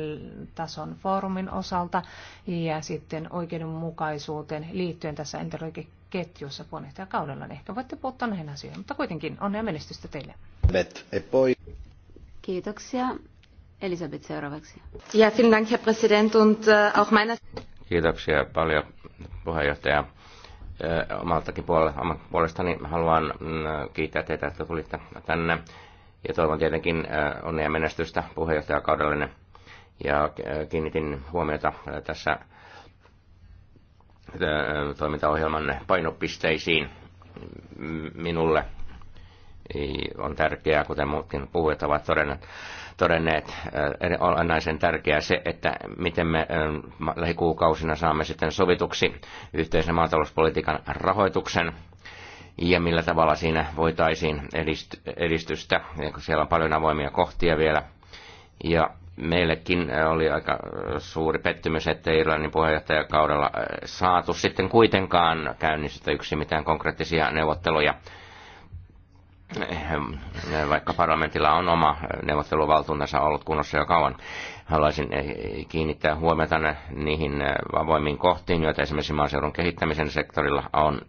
tason foorumin osalta ja sitten oikeudenmukaisuuteen liittyen tässä enteroikeketjussa puheenjohtajakaudella? Niin ehkä voitte puuttua näihin asioihin, mutta kuitenkin onnea menestystä teille. E Kiitoksia. Elisabeth seuraavaksi. Ja, vielen Dank, Herr Präsident, und äh, auch meiner... Kiitoksia paljon, puheenjohtaja omaltakin puolelta, omalta puolestani haluan mm, kiittää teitä, että tulitte tänne. Ja toivon tietenkin onnea menestystä puheenjohtajakaudellinen. Ja kiinnitin huomiota tässä toimintaohjelman painopisteisiin minulle on tärkeää, kuten muutkin puhujat ovat todenneet todenneet äh, olennaisen tärkeää se, että miten me ähm, lähikuukausina saamme sitten sovituksi yhteisen maatalouspolitiikan rahoituksen ja millä tavalla siinä voitaisiin edistystä. Siellä on paljon avoimia kohtia vielä. Ja meillekin äh, oli aika äh, suuri pettymys, että Irlannin puheenjohtajakaudella saatu sitten kuitenkaan käynnissä yksi mitään konkreettisia neuvotteluja Eh, vaikka parlamentilla on oma eh, neuvotteluvaltuutensa ollut kunnossa jo kauan, haluaisin eh, kiinnittää huomiota niihin avoimiin kohtiin, joita esimerkiksi maaseudun kehittämisen sektorilla on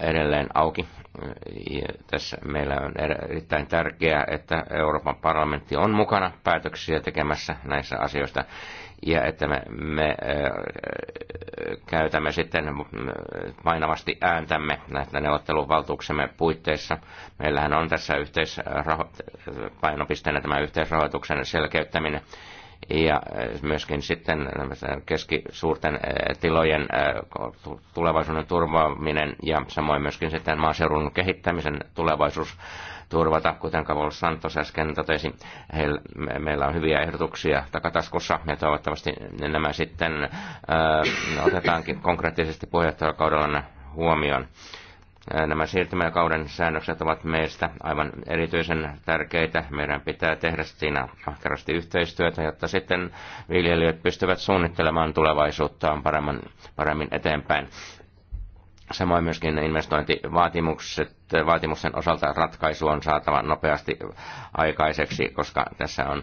edelleen auki. Tässä meillä on er-, erittäin tärkeää, että Euroopan parlamentti on mukana päätöksiä tekemässä näissä asioista ja että me, me käytämme sitten painavasti ääntämme näitä neuvotteluvaltuuksemme puitteissa. Meillähän on tässä painopisteenä tämä yhteisrahoituksen selkeyttäminen ja myöskin sitten keskisuurten tilojen tulevaisuuden turvaaminen ja samoin myöskin sitten maaseudun kehittämisen tulevaisuus turvata, kuten Kavol Santos äsken totesi. Heillä, me, meillä on hyviä ehdotuksia takataskussa ja toivottavasti nämä sitten ää, otetaankin konkreettisesti puheenjohtajakaudella huomioon. Nämä siirtymäkauden säännökset ovat meistä aivan erityisen tärkeitä. Meidän pitää tehdä siinä ahkerasti yhteistyötä, jotta sitten viljelijät pystyvät suunnittelemaan tulevaisuuttaan paremmin, paremmin eteenpäin. Samoin myöskin investointivaatimukset, vaatimusten osalta ratkaisu on saatava nopeasti aikaiseksi, koska tässä on,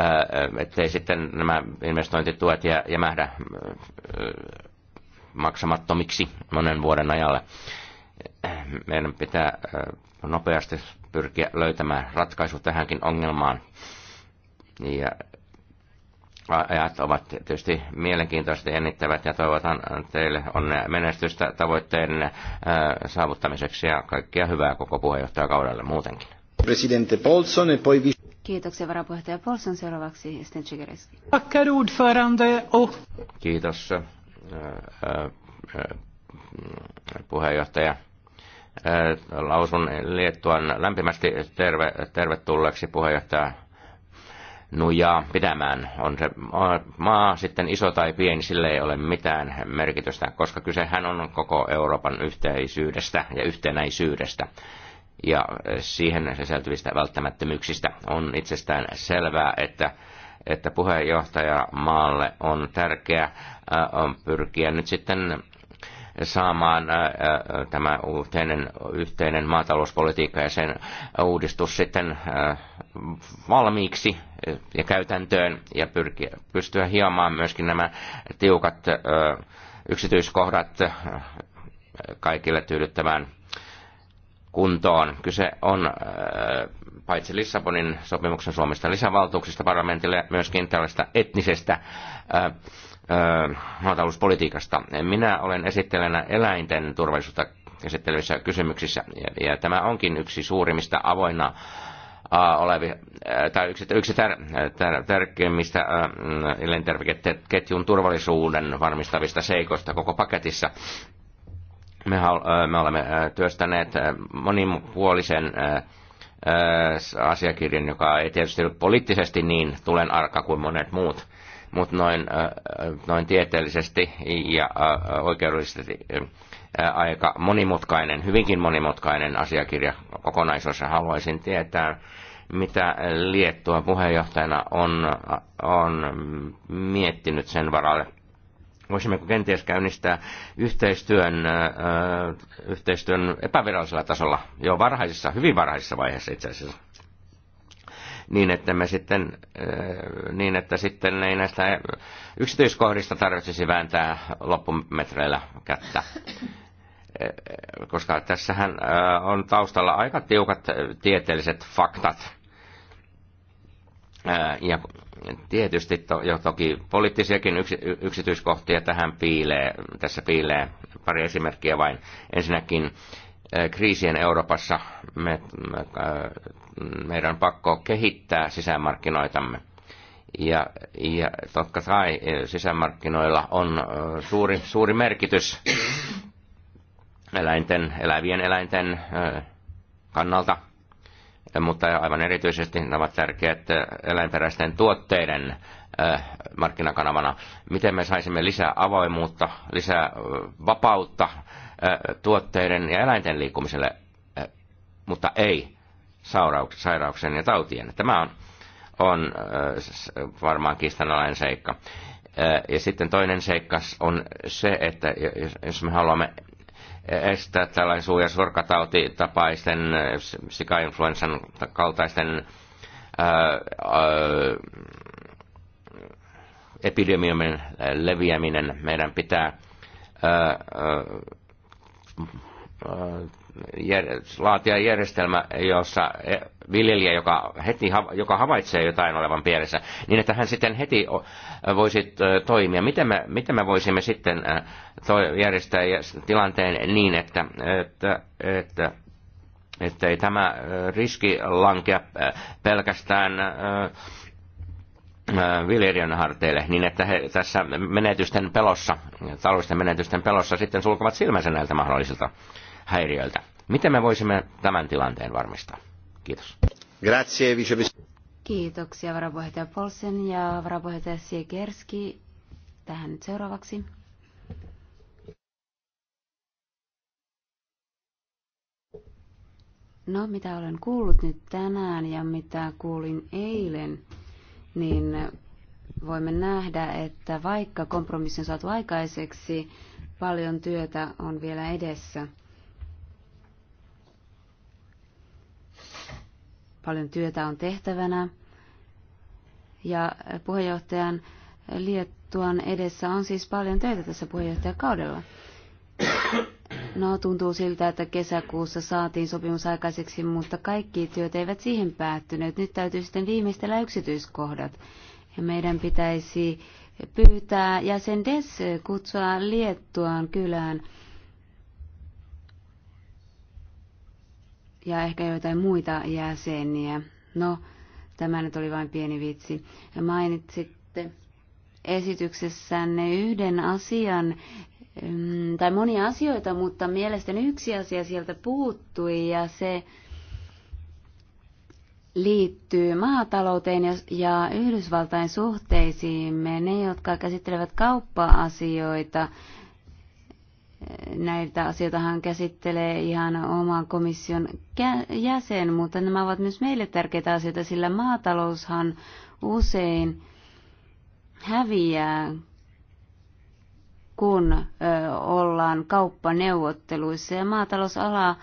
äh, ettei sitten nämä investointituet jämähdä äh, maksamattomiksi monen vuoden ajalle. Meidän pitää äh, nopeasti pyrkiä löytämään ratkaisu tähänkin ongelmaan. Ja ajat ovat tietysti mielenkiintoiset ja jännittävät ja toivotan teille onnea menestystä tavoitteen äh, saavuttamiseksi ja kaikkia hyvää koko puheenjohtajakaudelle muutenkin. Presidente Paulson ja e poi... Kiitoksia varapuheenjohtaja Paulson. Seuraavaksi Sten Tackar ordförande och... Kiitos äh, äh, puheenjohtaja lausun Liettuan lämpimästi terve, tervetulleeksi puheenjohtaja nujaa pitämään. On se maa sitten iso tai pieni, sillä ei ole mitään merkitystä, koska kysehän on koko Euroopan yhteisyydestä ja yhtenäisyydestä ja siihen sisältyvistä välttämättömyyksistä. On itsestään selvää, että että maalle on tärkeää äh, pyrkiä nyt sitten saamaan tämä yhteinen, yhteinen maatalouspolitiikka ja sen uudistus sitten valmiiksi ja käytäntöön ja pyrkiä, pystyä hiomaan myöskin nämä tiukat yksityiskohdat kaikille tyydyttävään kuntoon. Kyse on paitsi Lissabonin sopimuksen Suomesta lisävaltuuksista parlamentille myöskin tällaista etnisestä maatalouspolitiikasta. Minä olen esittelenä eläinten turvallisuutta käsittelevissä kysymyksissä, ja, ja tämä onkin yksi suurimmista avoinna olevi, tai yksi, yksi tär, tär, tärkeimmistä mm, elintarvikeketjun turvallisuuden varmistavista seikoista koko paketissa. Me, me olemme työstäneet monipuolisen asiakirjan, joka ei tietysti ollut poliittisesti niin tulen arka kuin monet muut mutta noin, äh, äh, noin tieteellisesti ja äh, oikeudellisesti aika monimutkainen, hyvinkin monimutkainen asiakirja kokonaisuus. Haluaisin tietää, mitä Liettua puheenjohtajana on, on miettinyt sen varalle. Voisimmeko kenties käynnistää yhteistyön, yhteistyön epävirallisella tasolla jo varhaisessa, hyvin varhaisessa vaiheessa itse asiassa? niin että, me sitten, niin että sitten ei näistä yksityiskohdista tarvitsisi vääntää loppumetreillä kättä. Koska tässähän on taustalla aika tiukat tieteelliset faktat. Ja tietysti to, jo toki poliittisiakin yks, yksityiskohtia tähän piilee, tässä piilee pari esimerkkiä vain. Ensinnäkin kriisien Euroopassa me, me, meidän on pakko kehittää sisämarkkinoitamme. Ja, ja totta kai sisämarkkinoilla on suuri, suuri merkitys eläinten, elävien eläinten kannalta, mutta aivan erityisesti ne ovat tärkeät eläinperäisten tuotteiden markkinakanavana. Miten me saisimme lisää avoimuutta, lisää vapautta tuotteiden ja eläinten liikkumiselle, mutta ei sairauksen ja tautien. Tämä on, on varmaan kiistanalainen seikka. Ja sitten toinen seikka on se, että jos me haluamme estää tällainen suu- ja sorkatautitapaisten, sikainfluenssan kaltaisten ää, ää, epidemiumin leviäminen, meidän pitää ää, ää, Äh, laatia järjestelmä, jossa e, viljelijä, joka, heti, joka havaitsee jotain olevan pielessä, niin että hän sitten heti voisi toimia. Miten me, miten me voisimme sitten järjestää tilanteen niin, että, että, että ei tämä riski lankea pelkästään viljelijöiden harteille, niin että he tässä menetysten pelossa, taloudellisten menetysten pelossa sitten sulkevat silmänsä näiltä mahdollisilta häiriöiltä. Miten me voisimme tämän tilanteen varmistaa? Kiitos. Grazie, Kiitoksia varapuheenjohtaja Polsen ja varapuheenjohtaja Siegerski. Tähän nyt seuraavaksi. No, mitä olen kuullut nyt tänään ja mitä kuulin eilen, niin voimme nähdä, että vaikka kompromissi on saatu aikaiseksi, paljon työtä on vielä edessä. Paljon työtä on tehtävänä ja puheenjohtajan Liettuan edessä on siis paljon töitä tässä puheenjohtajakaudella. kaudella. No, tuntuu siltä, että kesäkuussa saatiin sopimus aikaiseksi, mutta kaikki työt eivät siihen päättyneet. Nyt täytyy sitten viimeistellä yksityiskohdat. Ja meidän pitäisi pyytää jäsen Des kutsua Liettuaan kylään. Ja ehkä joitain muita jäseniä. No, tämä nyt oli vain pieni vitsi. Ja mainitsitte esityksessänne yhden asian, tai monia asioita, mutta mielestäni yksi asia sieltä puuttui ja se liittyy maatalouteen ja Yhdysvaltain suhteisiimme. Ne, jotka käsittelevät kauppa-asioita, eh, näitä asioitahan käsittelee ihan oman komission jäsen, mutta nämä ovat myös meille tärkeitä asioita, sillä maataloushan usein häviää kun ollaan kauppaneuvotteluissa ja maatalousala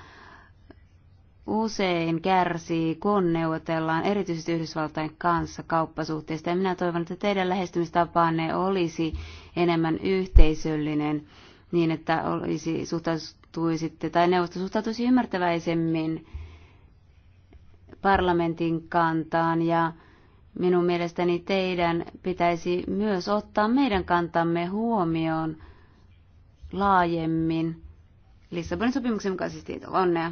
usein kärsii, kun neuvotellaan erityisesti Yhdysvaltain kanssa kauppasuhteista. Ja minä toivon, että teidän lähestymistapaanne olisi enemmän yhteisöllinen niin, että olisi suhtautuisitte tai neuvosto suhtautuisi ymmärtäväisemmin parlamentin kantaan ja minun mielestäni teidän pitäisi myös ottaa meidän kantamme huomioon – laajemmin Lissabonin sopimuksen mukaisesti. Onnea.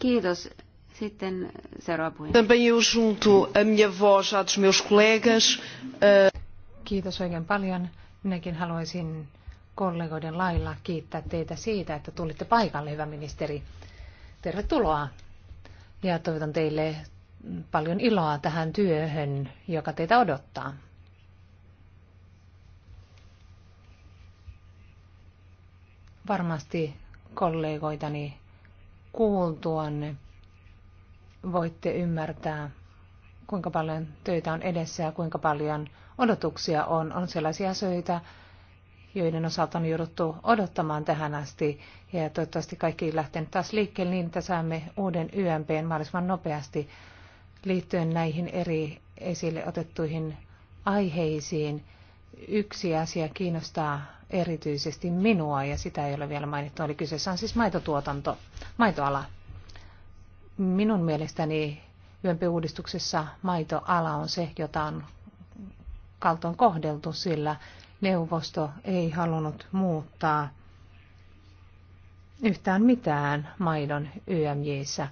Kiitos. Sitten seuraava puhe. Também eu junto a minha voz dos meus colegas. Eh, Kiitos oikein paljon. Minäkin haluaisin kollegoiden lailla kiittää teitä siitä, että tulitte paikalle, hyvä ministeri. Tervetuloa ja toivotan teille paljon iloa tähän työhön, joka teitä odottaa. varmasti kollegoitani kuultuanne voitte ymmärtää, kuinka paljon töitä on edessä ja kuinka paljon odotuksia on. On sellaisia asioita, joiden osalta on jouduttu odottamaan tähän asti. Ja toivottavasti kaikki lähtee taas liikkeelle niin, että saamme uuden YMPn mahdollisimman nopeasti liittyen näihin eri esille otettuihin aiheisiin. Yksi asia kiinnostaa erityisesti minua, ja sitä ei ole vielä mainittu, oli kyseessä on siis maitotuotanto, maitoala. Minun mielestäni YMP-uudistuksessa maitoala on se, jota on kaltoin kohdeltu, sillä neuvosto ei halunnut muuttaa yhtään mitään maidon YMJissä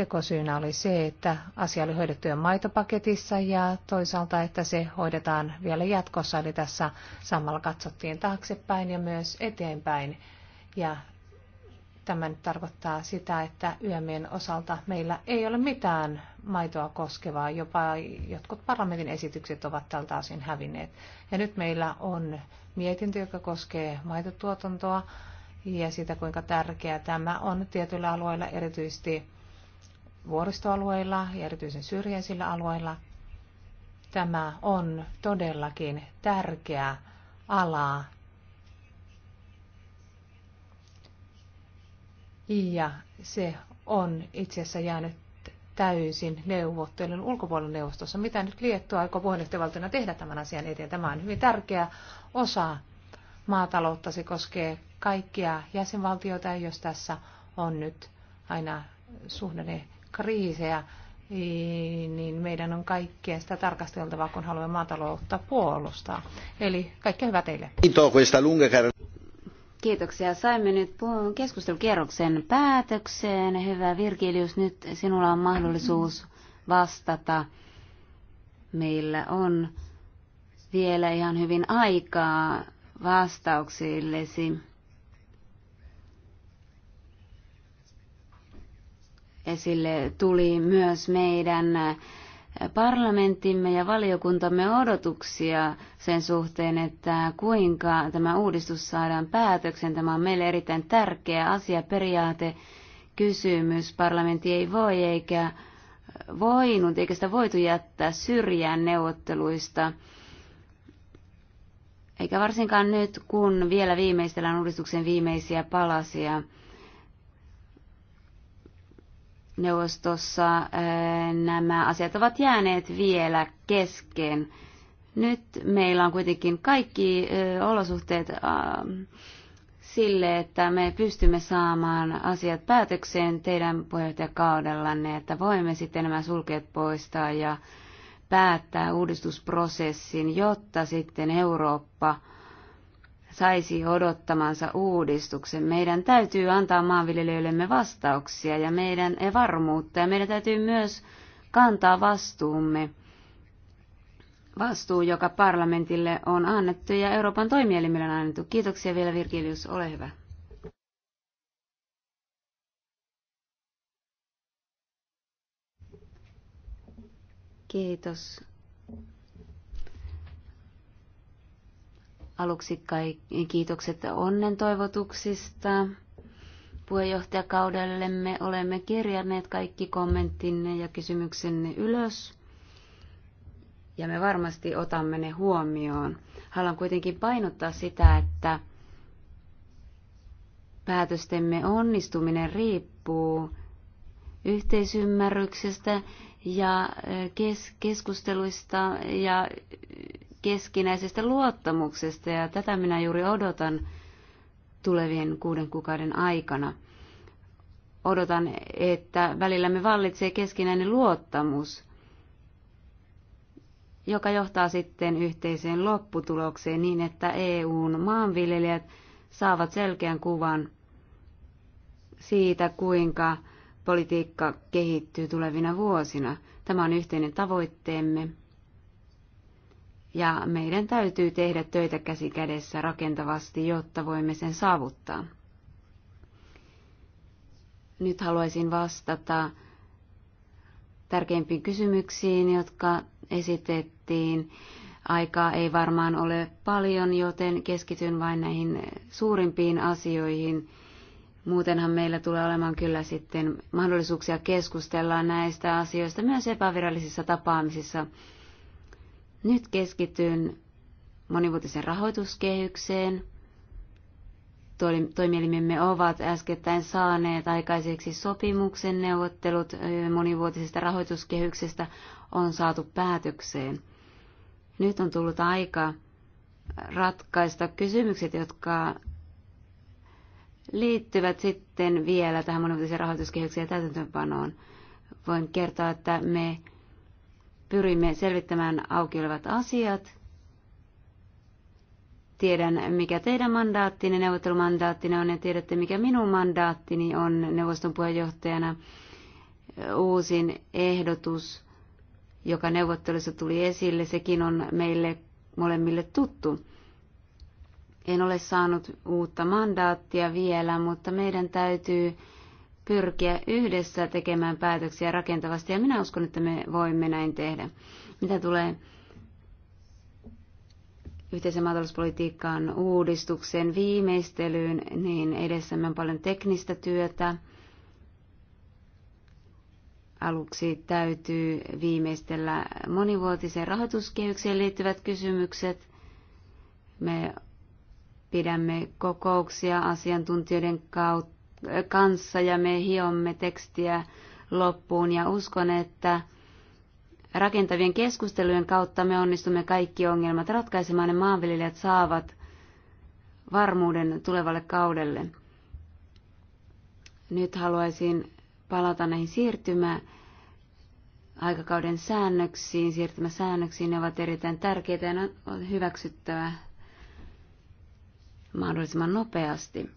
tekosyynä oli se, että asia oli hoidettu jo maitopaketissa ja toisaalta, että se hoidetaan vielä jatkossa. Eli tässä samalla katsottiin taaksepäin ja myös eteenpäin. Ja tämä nyt tarkoittaa sitä, että yömien osalta meillä ei ole mitään maitoa koskevaa. Jopa jotkut parlamentin esitykset ovat tältä osin hävinneet. Ja nyt meillä on mietintö, joka koskee maitotuotantoa ja sitä, kuinka tärkeää tämä on tietyillä alueilla, erityisesti vuoristoalueilla ja erityisen syrjäisillä alueilla. Tämä on todellakin tärkeä ala ja se on itse asiassa jäänyt täysin neuvottelun ulkopuolella neuvostossa. Mitä nyt Liettua aikoo puheenjohtajavaltiona tehdä tämän asian eteen? Tämä on hyvin tärkeä osa maataloutta. Se koskee kaikkia jäsenvaltioita, jos tässä on nyt aina suhdanne kriisejä, niin meidän on kaikkien sitä tarkasteltavaa, kun haluamme maataloutta puolustaa. Eli kaikkea hyvää teille. Kiitoksia. Saimme nyt keskustelukierroksen päätökseen. Hyvä Virgilius, nyt sinulla on mahdollisuus vastata. Meillä on vielä ihan hyvin aikaa vastauksillesi. esille tuli myös meidän parlamenttimme ja valiokuntamme odotuksia sen suhteen, että kuinka tämä uudistus saadaan päätöksen. Tämä on meille erittäin tärkeä asia, periaate, kysymys. Parlamentti ei voi eikä voinut, eikä sitä voitu jättää syrjään neuvotteluista. Eikä varsinkaan nyt, kun vielä viimeistellään uudistuksen viimeisiä palasia neuvostossa nämä asiat ovat jääneet vielä kesken. Nyt meillä on kuitenkin kaikki olosuhteet sille, että me pystymme saamaan asiat päätökseen teidän puheenjohtajakaudellanne, että voimme sitten nämä sulkeet poistaa ja päättää uudistusprosessin, jotta sitten Eurooppa – saisi odottamansa uudistuksen. Meidän täytyy antaa maanviljelijöillemme vastauksia ja meidän ja varmuutta ja meidän täytyy myös kantaa vastuumme. Vastuu, joka parlamentille on annettu ja Euroopan toimielimille on annettu. Kiitoksia vielä Virgilius, ole hyvä. Kiitos Aluksi kaikki kiitokset onnen toivotuksista. Puheenjohtajakaudellemme olemme kirjanneet kaikki kommenttinne ja kysymyksenne ylös. Ja me varmasti otamme ne huomioon. Haluan kuitenkin painottaa sitä, että päätöstemme onnistuminen riippuu yhteisymmärryksestä ja eh, kes- keskusteluista ja keskinäisestä luottamuksesta ja tätä minä juuri odotan tulevien kuuden kuukauden aikana. Odotan, että välillämme vallitsee keskinäinen luottamus, joka johtaa sitten yhteiseen lopputulokseen niin, että EUn maanviljelijät saavat selkeän kuvan siitä, kuinka politiikka kehittyy tulevina vuosina. Tämä on yhteinen tavoitteemme ja meidän täytyy tehdä töitä käsi kädessä rakentavasti, jotta voimme sen saavuttaa. Nyt haluaisin vastata tärkeimpiin kysymyksiin, jotka esitettiin. Aikaa ei varmaan ole paljon, joten keskityn vain näihin suurimpiin asioihin. Muutenhan meillä tulee olemaan kyllä sitten mahdollisuuksia keskustella näistä asioista myös epävirallisissa tapaamisissa nyt keskityn monivuotisen rahoituskehykseen. Toimielimemme ovat äskettäin saaneet aikaiseksi sopimuksen neuvottelut monivuotisesta rahoituskehyksestä on saatu päätökseen. Nyt on tullut aika ratkaista kysymykset, jotka liittyvät sitten vielä tähän monivuotisen rahoituskehykseen ja täytäntöönpanoon. Voin kertoa, että me pyrimme selvittämään auki olevat asiat. Tiedän, mikä teidän mandaattinne, neuvottelumandaattinne on ja tiedätte, mikä minun mandaattini on neuvoston puheenjohtajana. Uusin ehdotus, joka neuvottelussa tuli esille, sekin on meille molemmille tuttu. En ole saanut uutta mandaattia vielä, mutta meidän täytyy pyrkiä yhdessä tekemään päätöksiä rakentavasti ja minä uskon, että me voimme näin tehdä. Mitä tulee yhteisen maatalouspolitiikkaan uudistuksen viimeistelyyn, niin edessämme on paljon teknistä työtä. Aluksi täytyy viimeistellä monivuotiseen rahoituskehykseen liittyvät kysymykset. Me pidämme kokouksia asiantuntijoiden kautta kanssa ja me hiomme tekstiä loppuun ja uskon, että rakentavien keskustelujen kautta me onnistumme kaikki ongelmat ratkaisemaan ja maanviljelijät saavat varmuuden tulevalle kaudelle. Nyt haluaisin palata näihin siirtymään aikakauden säännöksiin, siirtymäsäännöksiin, ne ovat erittäin tärkeitä ja on hyväksyttävä mahdollisimman nopeasti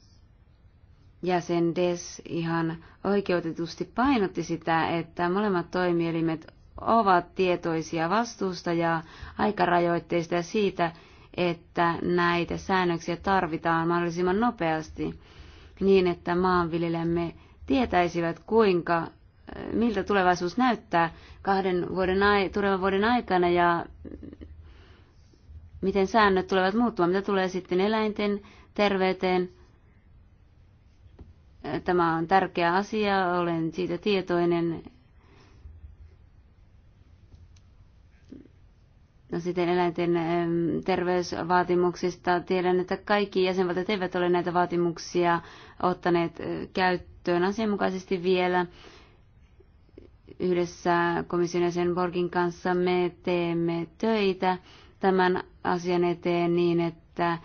jäsen Des ihan oikeutetusti painotti sitä, että molemmat toimielimet ovat tietoisia vastuusta ja aikarajoitteista ja siitä, että näitä säännöksiä tarvitaan mahdollisimman nopeasti niin, että maanviljelijämme tietäisivät, kuinka, miltä tulevaisuus näyttää kahden vuoden, tulevan vuoden aikana ja miten säännöt tulevat muuttumaan, mitä tulee sitten eläinten terveyteen, Tämä on tärkeä asia, olen siitä tietoinen. No sitten eläinten terveysvaatimuksista. Tiedän, että kaikki jäsenvaltiot eivät ole näitä vaatimuksia ottaneet käyttöön asianmukaisesti vielä. Yhdessä komission jäsen Borgin kanssa me teemme töitä tämän asian eteen niin, että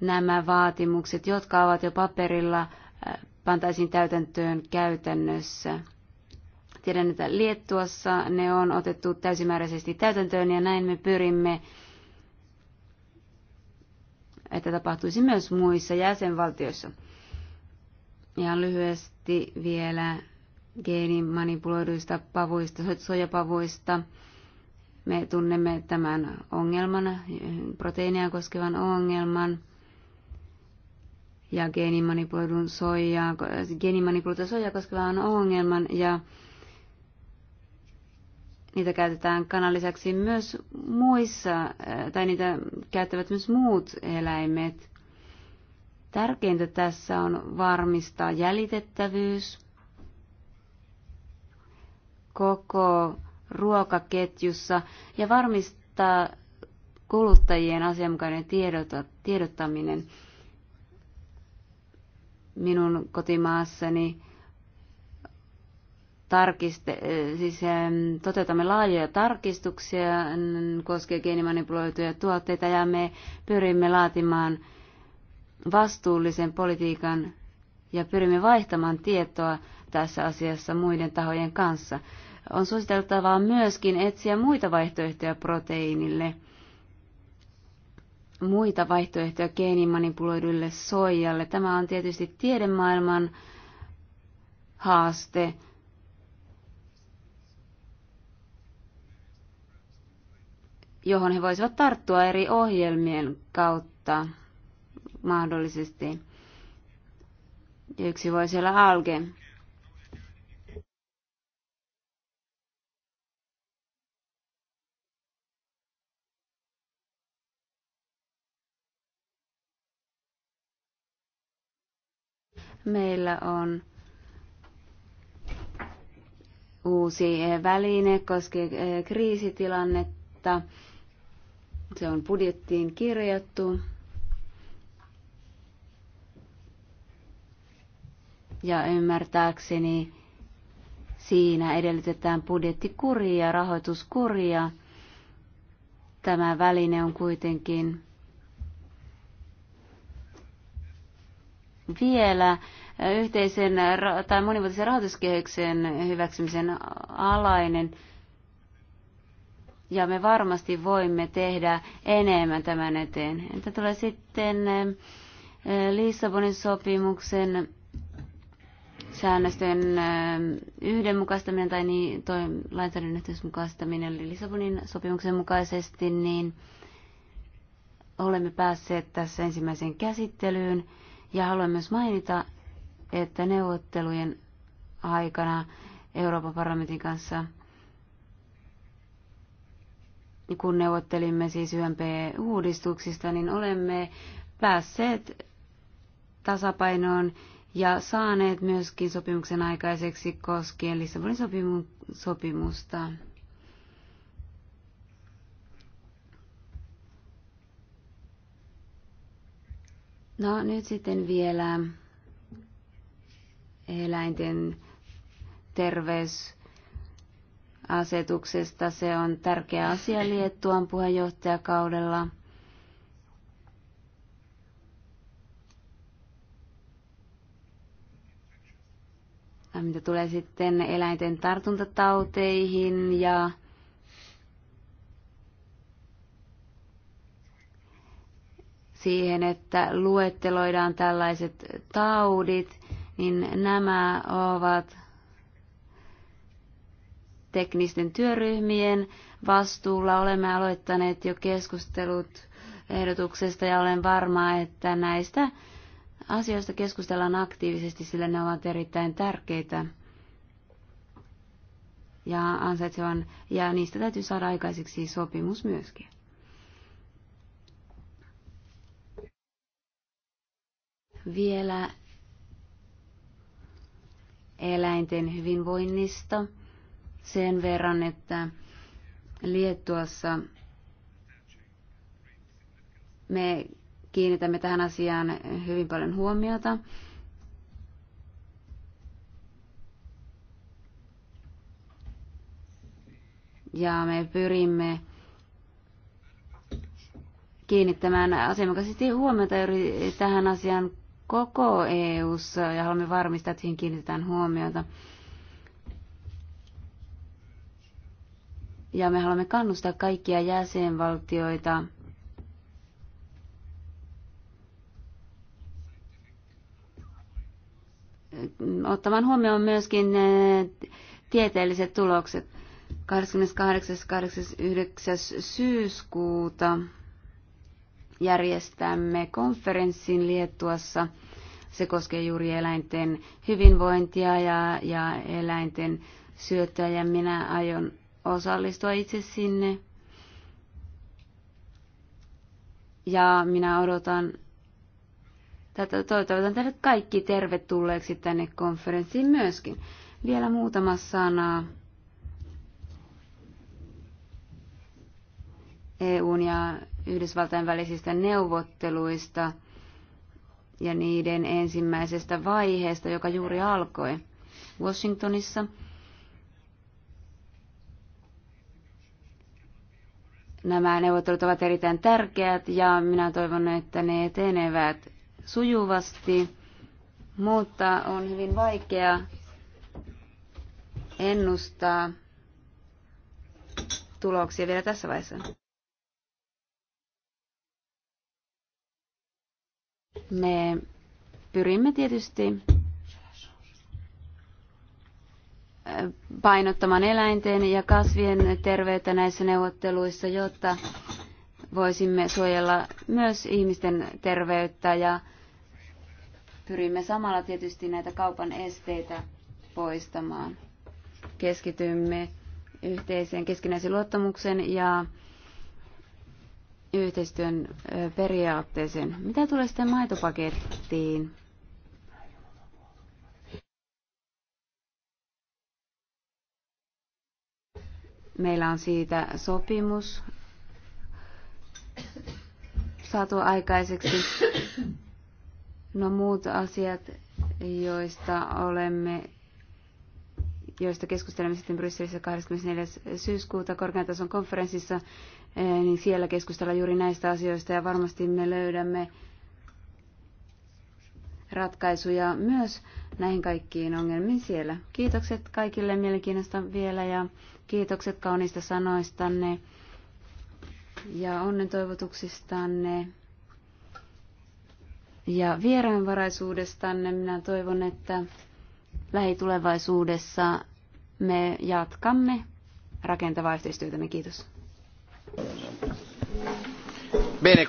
nämä vaatimukset, jotka ovat jo paperilla, pantaisiin täytäntöön käytännössä. Tiedän, että Liettuassa ne on otettu täysimääräisesti täytäntöön ja näin me pyrimme, että tapahtuisi myös muissa jäsenvaltioissa. Ihan lyhyesti vielä geenimanipuloiduista pavuista, sojapavuista. Me tunnemme tämän ongelman, proteiinia koskevan ongelman – ja geenimanipuloidun soijaa, geenimanipuloidun soijaa koskevan ongelman ja niitä käytetään kanan lisäksi myös muissa, tai niitä käyttävät myös muut eläimet. Tärkeintä tässä on varmistaa jäljitettävyys koko ruokaketjussa ja varmistaa kuluttajien asianmukainen tiedottaminen minun kotimaassani tarkiste, siis ähm, toteutamme laajoja tarkistuksia koskee geenimanipuloituja tuotteita ja me pyrimme laatimaan vastuullisen politiikan ja pyrimme vaihtamaan tietoa tässä asiassa muiden tahojen kanssa. On suositeltavaa myöskin etsiä muita vaihtoehtoja proteiinille – muita vaihtoehtoja geenimanipuloidulle soijalle. Tämä on tietysti tiedemaailman haaste. johon he voisivat tarttua eri ohjelmien kautta mahdollisesti. Yksi voisi olla alge. Meillä on uusi väline koskee eh, kriisitilannetta. Se on budjettiin kirjattu. Ja ymmärtääkseni siinä edellytetään budjettikuria, rahoituskuria. Tämä väline on kuitenkin vielä yhteisen tai monivuotisen rahoituskehyksen hyväksymisen alainen. Ja me varmasti voimme tehdä enemmän tämän eteen. Entä tulee sitten eh, Lissabonin sopimuksen säännösten eh, yhdenmukaistaminen tai niin, toi lainsäädännön yhteismukaistaminen eli Lissabonin sopimuksen mukaisesti, niin olemme päässeet tässä ensimmäiseen käsittelyyn. Ja haluan myös mainita, että neuvottelujen aikana Euroopan parlamentin kanssa, kun neuvottelimme siis YMP-uudistuksista, niin olemme päässeet tasapainoon ja saaneet myöskin sopimuksen aikaiseksi koskien Lissabonin sopimusta. No nyt sitten vielä eläinten terveysasetuksesta. Se on tärkeä asia Liettuan puheenjohtajakaudella. Mitä tulee sitten eläinten tartuntatauteihin ja siihen, että luetteloidaan tällaiset taudit, niin nämä ovat teknisten työryhmien vastuulla. Olemme aloittaneet jo keskustelut ehdotuksesta ja olen varma, että näistä asioista keskustellaan aktiivisesti, sillä ne ovat erittäin tärkeitä ja ansaitsevan, ja niistä täytyy saada aikaiseksi sopimus myöskin. vielä eläinten hyvinvoinnista sen verran, että Liettuassa me kiinnitämme tähän asiaan hyvin paljon huomiota. Ja me pyrimme kiinnittämään asianmukaisesti huomiota juuri tähän asiaan koko EU:ssa ja haluamme varmistaa, että siihen kiinnitetään huomiota. Ja me haluamme kannustaa kaikkia jäsenvaltioita ottamaan huomioon myöskin eh, tieteelliset tulokset. 28.8.9. syyskuuta järjestämme konferenssin Liettuassa – se koskee juuri eläinten hyvinvointia ja, ja eläinten syöttöä ja minä aion osallistua itse sinne. Ja minä odotan, tätä, toivotan teidät kaikki tervetulleeksi tänne konferenssiin myöskin. Vielä muutama sana EUn ja Yhdysvaltain välisistä neuvotteluista – ja niiden ensimmäisestä vaiheesta, joka juuri alkoi Washingtonissa. Nämä neuvottelut ovat erittäin tärkeät ja minä toivon, että ne etenevät sujuvasti, mutta on hyvin vaikea ennustaa tuloksia vielä tässä vaiheessa. Me pyrimme tietysti painottamaan eläinten ja kasvien terveyttä näissä neuvotteluissa, jotta voisimme suojella myös ihmisten terveyttä ja pyrimme samalla tietysti näitä kaupan esteitä poistamaan. Keskitymme yhteiseen keskinäisen luottamuksen ja yhteistyön periaatteeseen. Mitä tulee sitten maitopakettiin? Meillä on siitä sopimus saatu aikaiseksi. No muut asiat, joista olemme joista keskustelemme sitten Brysselissä 24. syyskuuta korkean tason konferenssissa. Eh, niin siellä keskustella juuri näistä asioista ja varmasti me löydämme ratkaisuja myös näihin kaikkiin ongelmiin siellä. Kiitokset kaikille mielenkiinnosta vielä ja kiitokset kauniista sanoistanne ja onnen toivotuksistanne ja vieraanvaraisuudestanne. Minä toivon, että lähitulevaisuudessa me jatkamme rakentavaa yhteistyötä. Kiitos. Bene,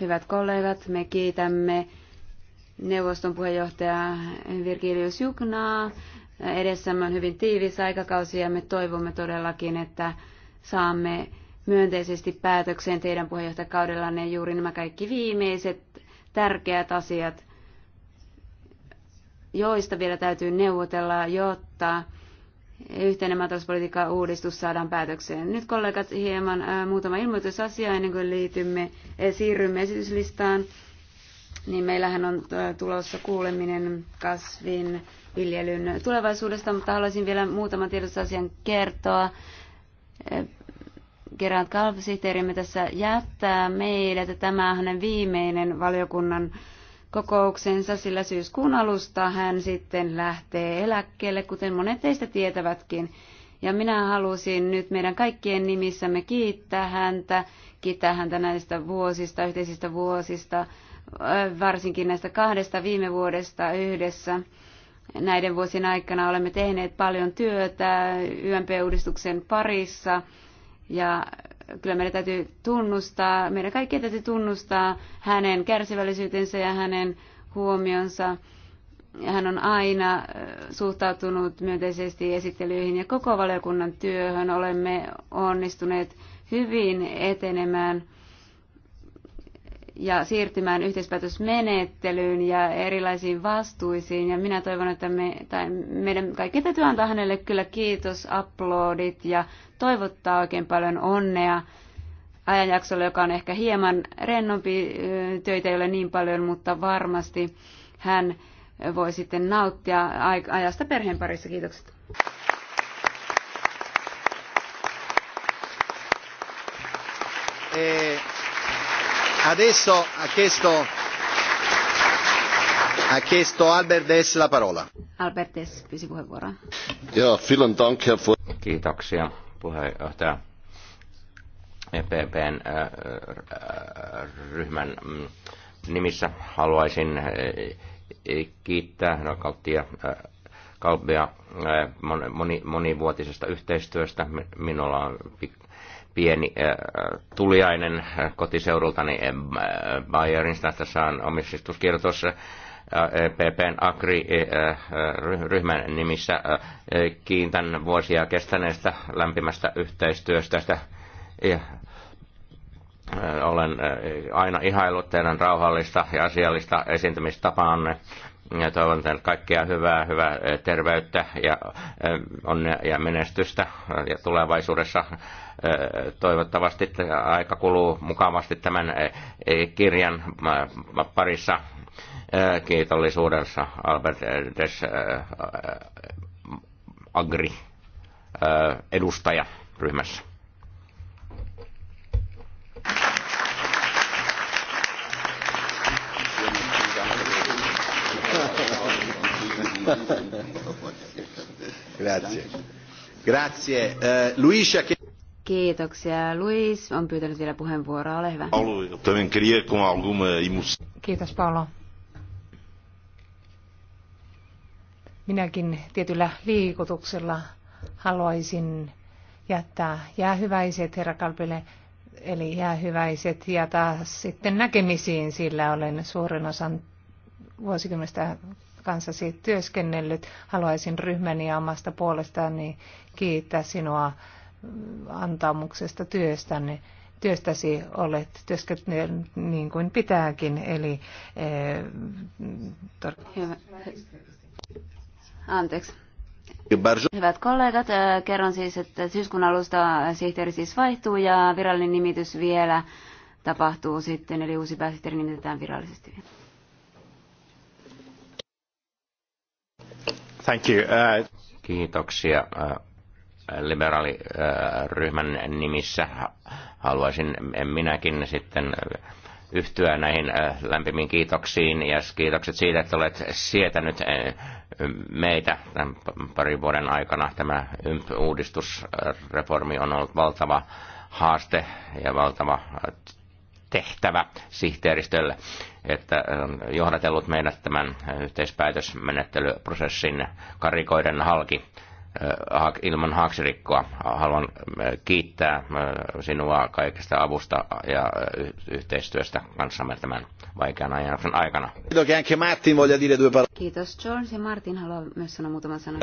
Hyvät kollegat, me kiitämme neuvoston puheenjohtaja Virgilius Juknaa. Edessämme on hyvin tiivis aikakausi ja me toivomme todellakin, että saamme myönteisesti päätökseen teidän puheenjohtajakaudellanne juuri nämä kaikki viimeiset tärkeät asiat, joista vielä täytyy neuvotella, jotta yhteinen maatalouspolitiikan uudistus saadaan päätökseen. Nyt kollegat hieman ää, muutama ilmoitusasia ennen kuin liitymme, ää, siirrymme esityslistaan. Niin meillähän on tulossa kuuleminen kasvin viljelyn tulevaisuudesta, mutta haluaisin vielä muutaman tiedotusasian kertoa. Gerard Kalvsihteerimme tässä jättää meidät, että tämä on hänen viimeinen valiokunnan äh, kokouksensa, sillä syyskuun alusta hän sitten lähtee eläkkeelle, kuten monet teistä tietävätkin. Ja minä halusin nyt meidän kaikkien nimissämme kiittää häntä, kiittää häntä näistä vuosista, yhteisistä vuosista, äh, varsinkin näistä kahdesta viime vuodesta yhdessä. Näiden vuosien aikana olemme tehneet paljon työtä YMP-uudistuksen parissa ja kyllä meidän täytyy tunnustaa, meidän kaikkien täytyy tunnustaa hänen kärsivällisyytensä ja hänen huomionsa. Hän on aina äh, suhtautunut myönteisesti esittelyihin ja koko valiokunnan työhön olemme onnistuneet hyvin etenemään – ja siirtymään yhteispäätösmenettelyyn ja erilaisiin vastuisiin. Ja minä toivon, että me, tai meidän kaikki täytyy antaa hänelle kyllä kiitos, uploadit ja toivottaa oikein paljon onnea ajanjaksolle, joka on ehkä hieman rennompi, töitä ei ole niin paljon, mutta varmasti hän voi sitten nauttia ajasta perheen parissa. Kiitokset. Eh Adesso ha chiesto, Albert Dess la parola. Albert Dess, pyysi puheenvuoroa. vielen dank, Herr Kiitoksia, puheenjohtaja. EPPn äh, äh, ryhmän mm, nimissä haluaisin äh, e, kiittää Kalttia Kalbia monivuotisesta yhteistyöstä. Minulla on pieni äh, tuliainen äh, kotiseudultani äh, Bayernista. Tässä on omistuskirjoitus e ppn Agri-ryhmän nimissä. Kiintän vuosia kestäneestä lämpimästä yhteistyöstä. Ja olen aina ihaillut teidän rauhallista ja asiallista esiintymistapaanne ja toivon teille kaikkea hyvää, hyvää terveyttä ja onnea ja menestystä ja tulevaisuudessa toivottavasti aika kuluu mukavasti tämän e, kirjan parissa kiitollisuudessa Albert Des Agri edustaja ryhmässä. Grazie. Grazie. Eh, Luisa... Kiitoksia. Luis on pyytänyt vielä puheenvuoroa. Ole hyvä. Eh, Kiitos, Paolo. Minäkin tietyllä liikutuksella haluaisin jättää jäähyväiset herra Kalpille, eli jäähyväiset ja taas sitten näkemisiin, sillä olen suurin osan vuosikymmenestä kanssasi työskennellyt. Haluaisin ryhmäni ja omasta puolestani kiittää sinua mm, antamuksesta työstäni Työstäsi olet työskennellyt niin kuin pitääkin, eli... Eh, tor- Hyvä. Anteeksi. Hyvät kollegat, eh, kerron siis, että syyskuun alusta sihteeri siis vaihtuu ja virallinen nimitys vielä tapahtuu sitten, eli uusi pääsihteeri nimitetään virallisesti. Thank you. Uh... Kiitoksia. Uh, Liberaaliryhmän uh, nimissä haluaisin minäkin sitten yhtyä näihin uh, lämpimiin kiitoksiin ja kiitokset siitä, että olet sietänyt meitä tämän parin vuoden aikana. Tämä uudistusreformi on ollut valtava haaste ja valtava tehtävä sihteeristölle, että ähm, johdatellut meidät tämän äh, yhteispäätösmenettelyprosessin karikoiden halki äh, ilman haaksirikkoa. Haluan äh, kiittää sinua kaikesta avusta ja yhteistyöstä kanssamme tämän vaikean ajan aikana. Kiitos George ja Martin haluaa myös sanoa muutaman sanan.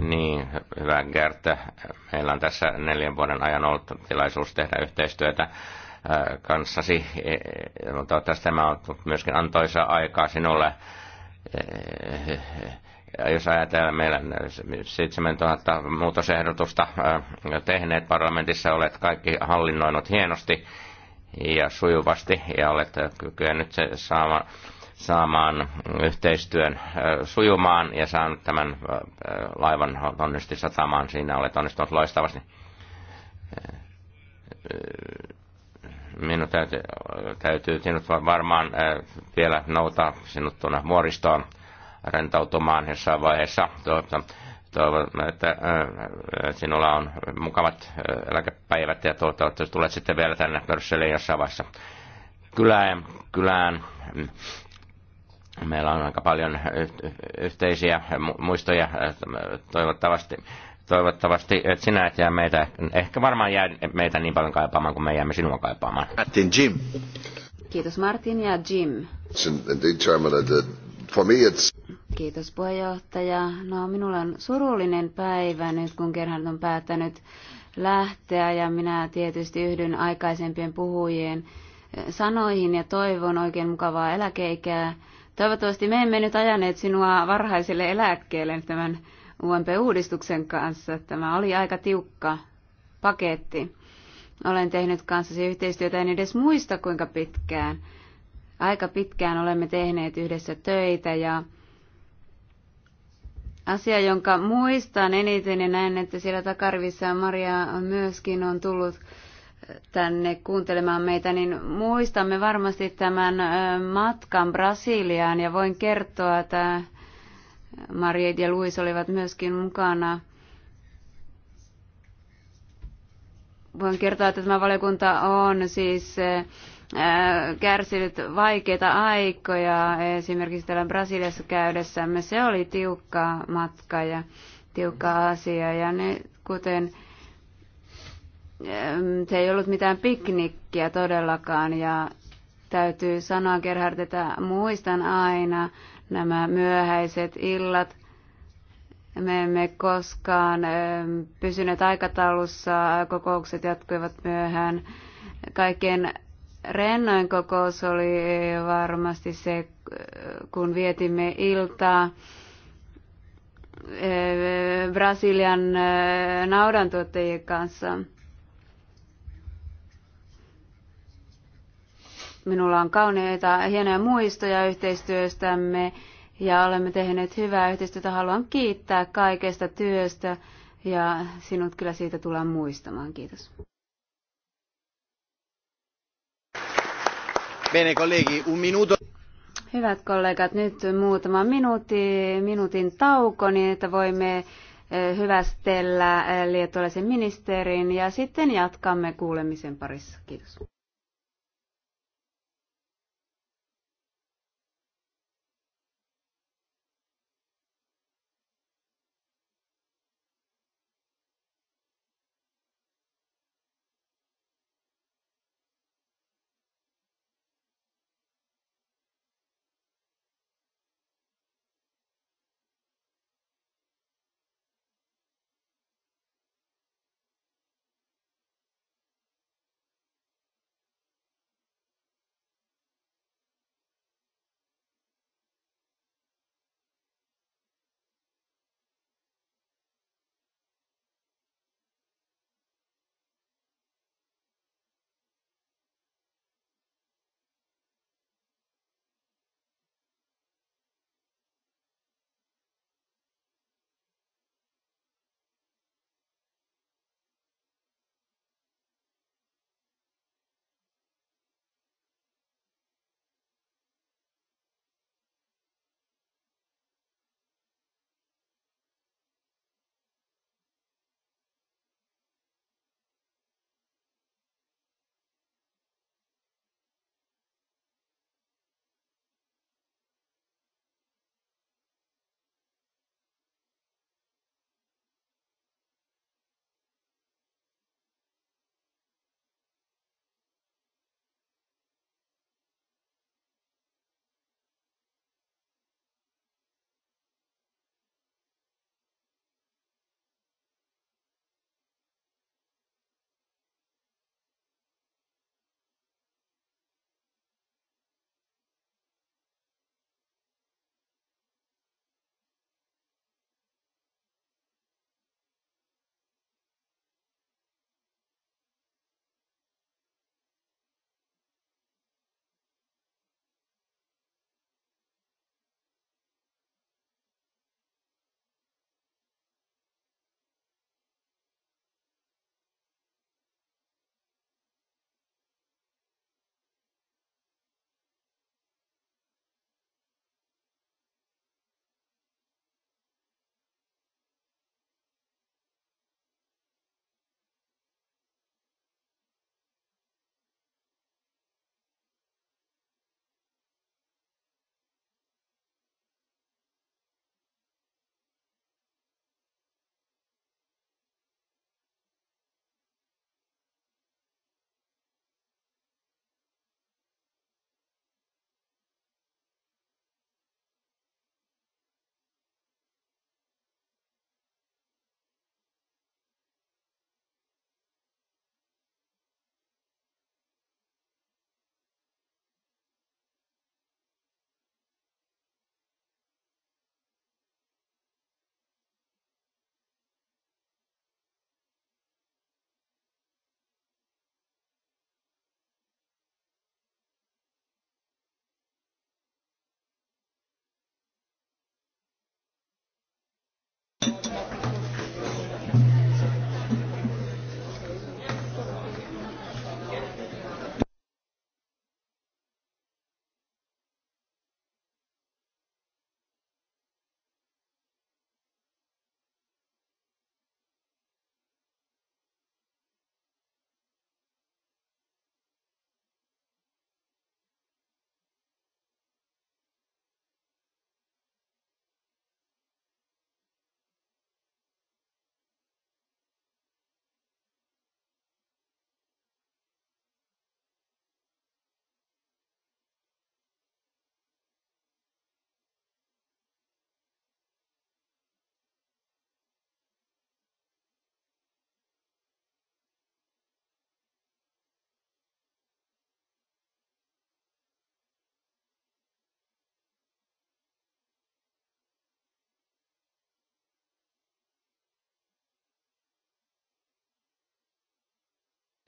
Niin, hyvä Gert. Meillä on tässä neljän vuoden ajan ollut tilaisuus tehdä yhteistyötä Äh, kanssasi. E, no, toivottavasti tämä on myöskin antoisa aikaa sinulle. Äh, jos ajatellaan, meillä 7000 muutosehdotusta äh, tehneet parlamentissa, olet kaikki hallinnoinut hienosti ja sujuvasti ja olet kyennyt saamaan saamaan yhteistyön sujumaan ja saanut tämän laivan onnistusti satamaan. Siinä olet onnistunut loistavasti minun täytyy, täytyy sinut varmaan äh, vielä noutaa sinut tuonne vuoristoon rentautumaan jossain vaiheessa. Tuota, toivon, että äh, äh, sinulla on mukavat eläkepäivät ja toivottavasti tulet sitten vielä tänne Brysseliin jossain vaiheessa kylään. kylään. Meillä on aika paljon yhteisiä muistoja toivottavasti Toivottavasti et sinä et jää meitä, ehkä varmaan jää meitä niin paljon kaipaamaan kuin me jäämme sinua kaipaamaan. Martin Jim. Kiitos Martin ja Jim. Kiitos puheenjohtaja. No minulla on surullinen päivä nyt, kun kerran on päättänyt lähteä ja minä tietysti yhdyn aikaisempien puhujien sanoihin ja toivon oikein mukavaa eläkeikää. Toivottavasti me emme nyt ajaneet sinua varhaiselle eläkkeelle tämän UMP-uudistuksen kanssa. Tämä oli aika tiukka paketti. Olen tehnyt kanssasi yhteistyötä, en edes muista kuinka pitkään. Aika pitkään olemme tehneet yhdessä töitä ja asia, jonka muistan eniten ja näen, että siellä takarvissa Maria myöskin on tullut tänne kuuntelemaan meitä, niin muistamme varmasti tämän matkan Brasiliaan ja voin kertoa, että Mariet ja Luis olivat myöskin mukana. Voin kertoa, että tämä valiokunta on siis eh, kärsinyt vaikeita aikoja. Esimerkiksi täällä Brasiliassa käydessämme se oli tiukka matka ja tiukka asia. Ja ne, kuten se ei ollut mitään piknikkiä todellakaan ja täytyy sanoa Gerhard, että muistan aina, nämä myöhäiset illat. Me emme koskaan pysyneet aikataulussa, kokoukset jatkuivat myöhään. Kaiken rennoin kokous oli varmasti se, kun vietimme iltaa Brasilian naudantuottajien kanssa – Minulla on kauneita hienoja muistoja yhteistyöstämme ja olemme tehneet hyvää yhteistyötä. Haluan kiittää kaikesta työstä ja sinut kyllä siitä tullaan muistamaan. Kiitos. Bene, kollegi, un minuto. Hyvät kollegat, nyt muutama minuutti, minuutin tauko niin, että voimme eh, hyvästellä eh, liettualaisen ministerin ja sitten jatkamme kuulemisen parissa. Kiitos.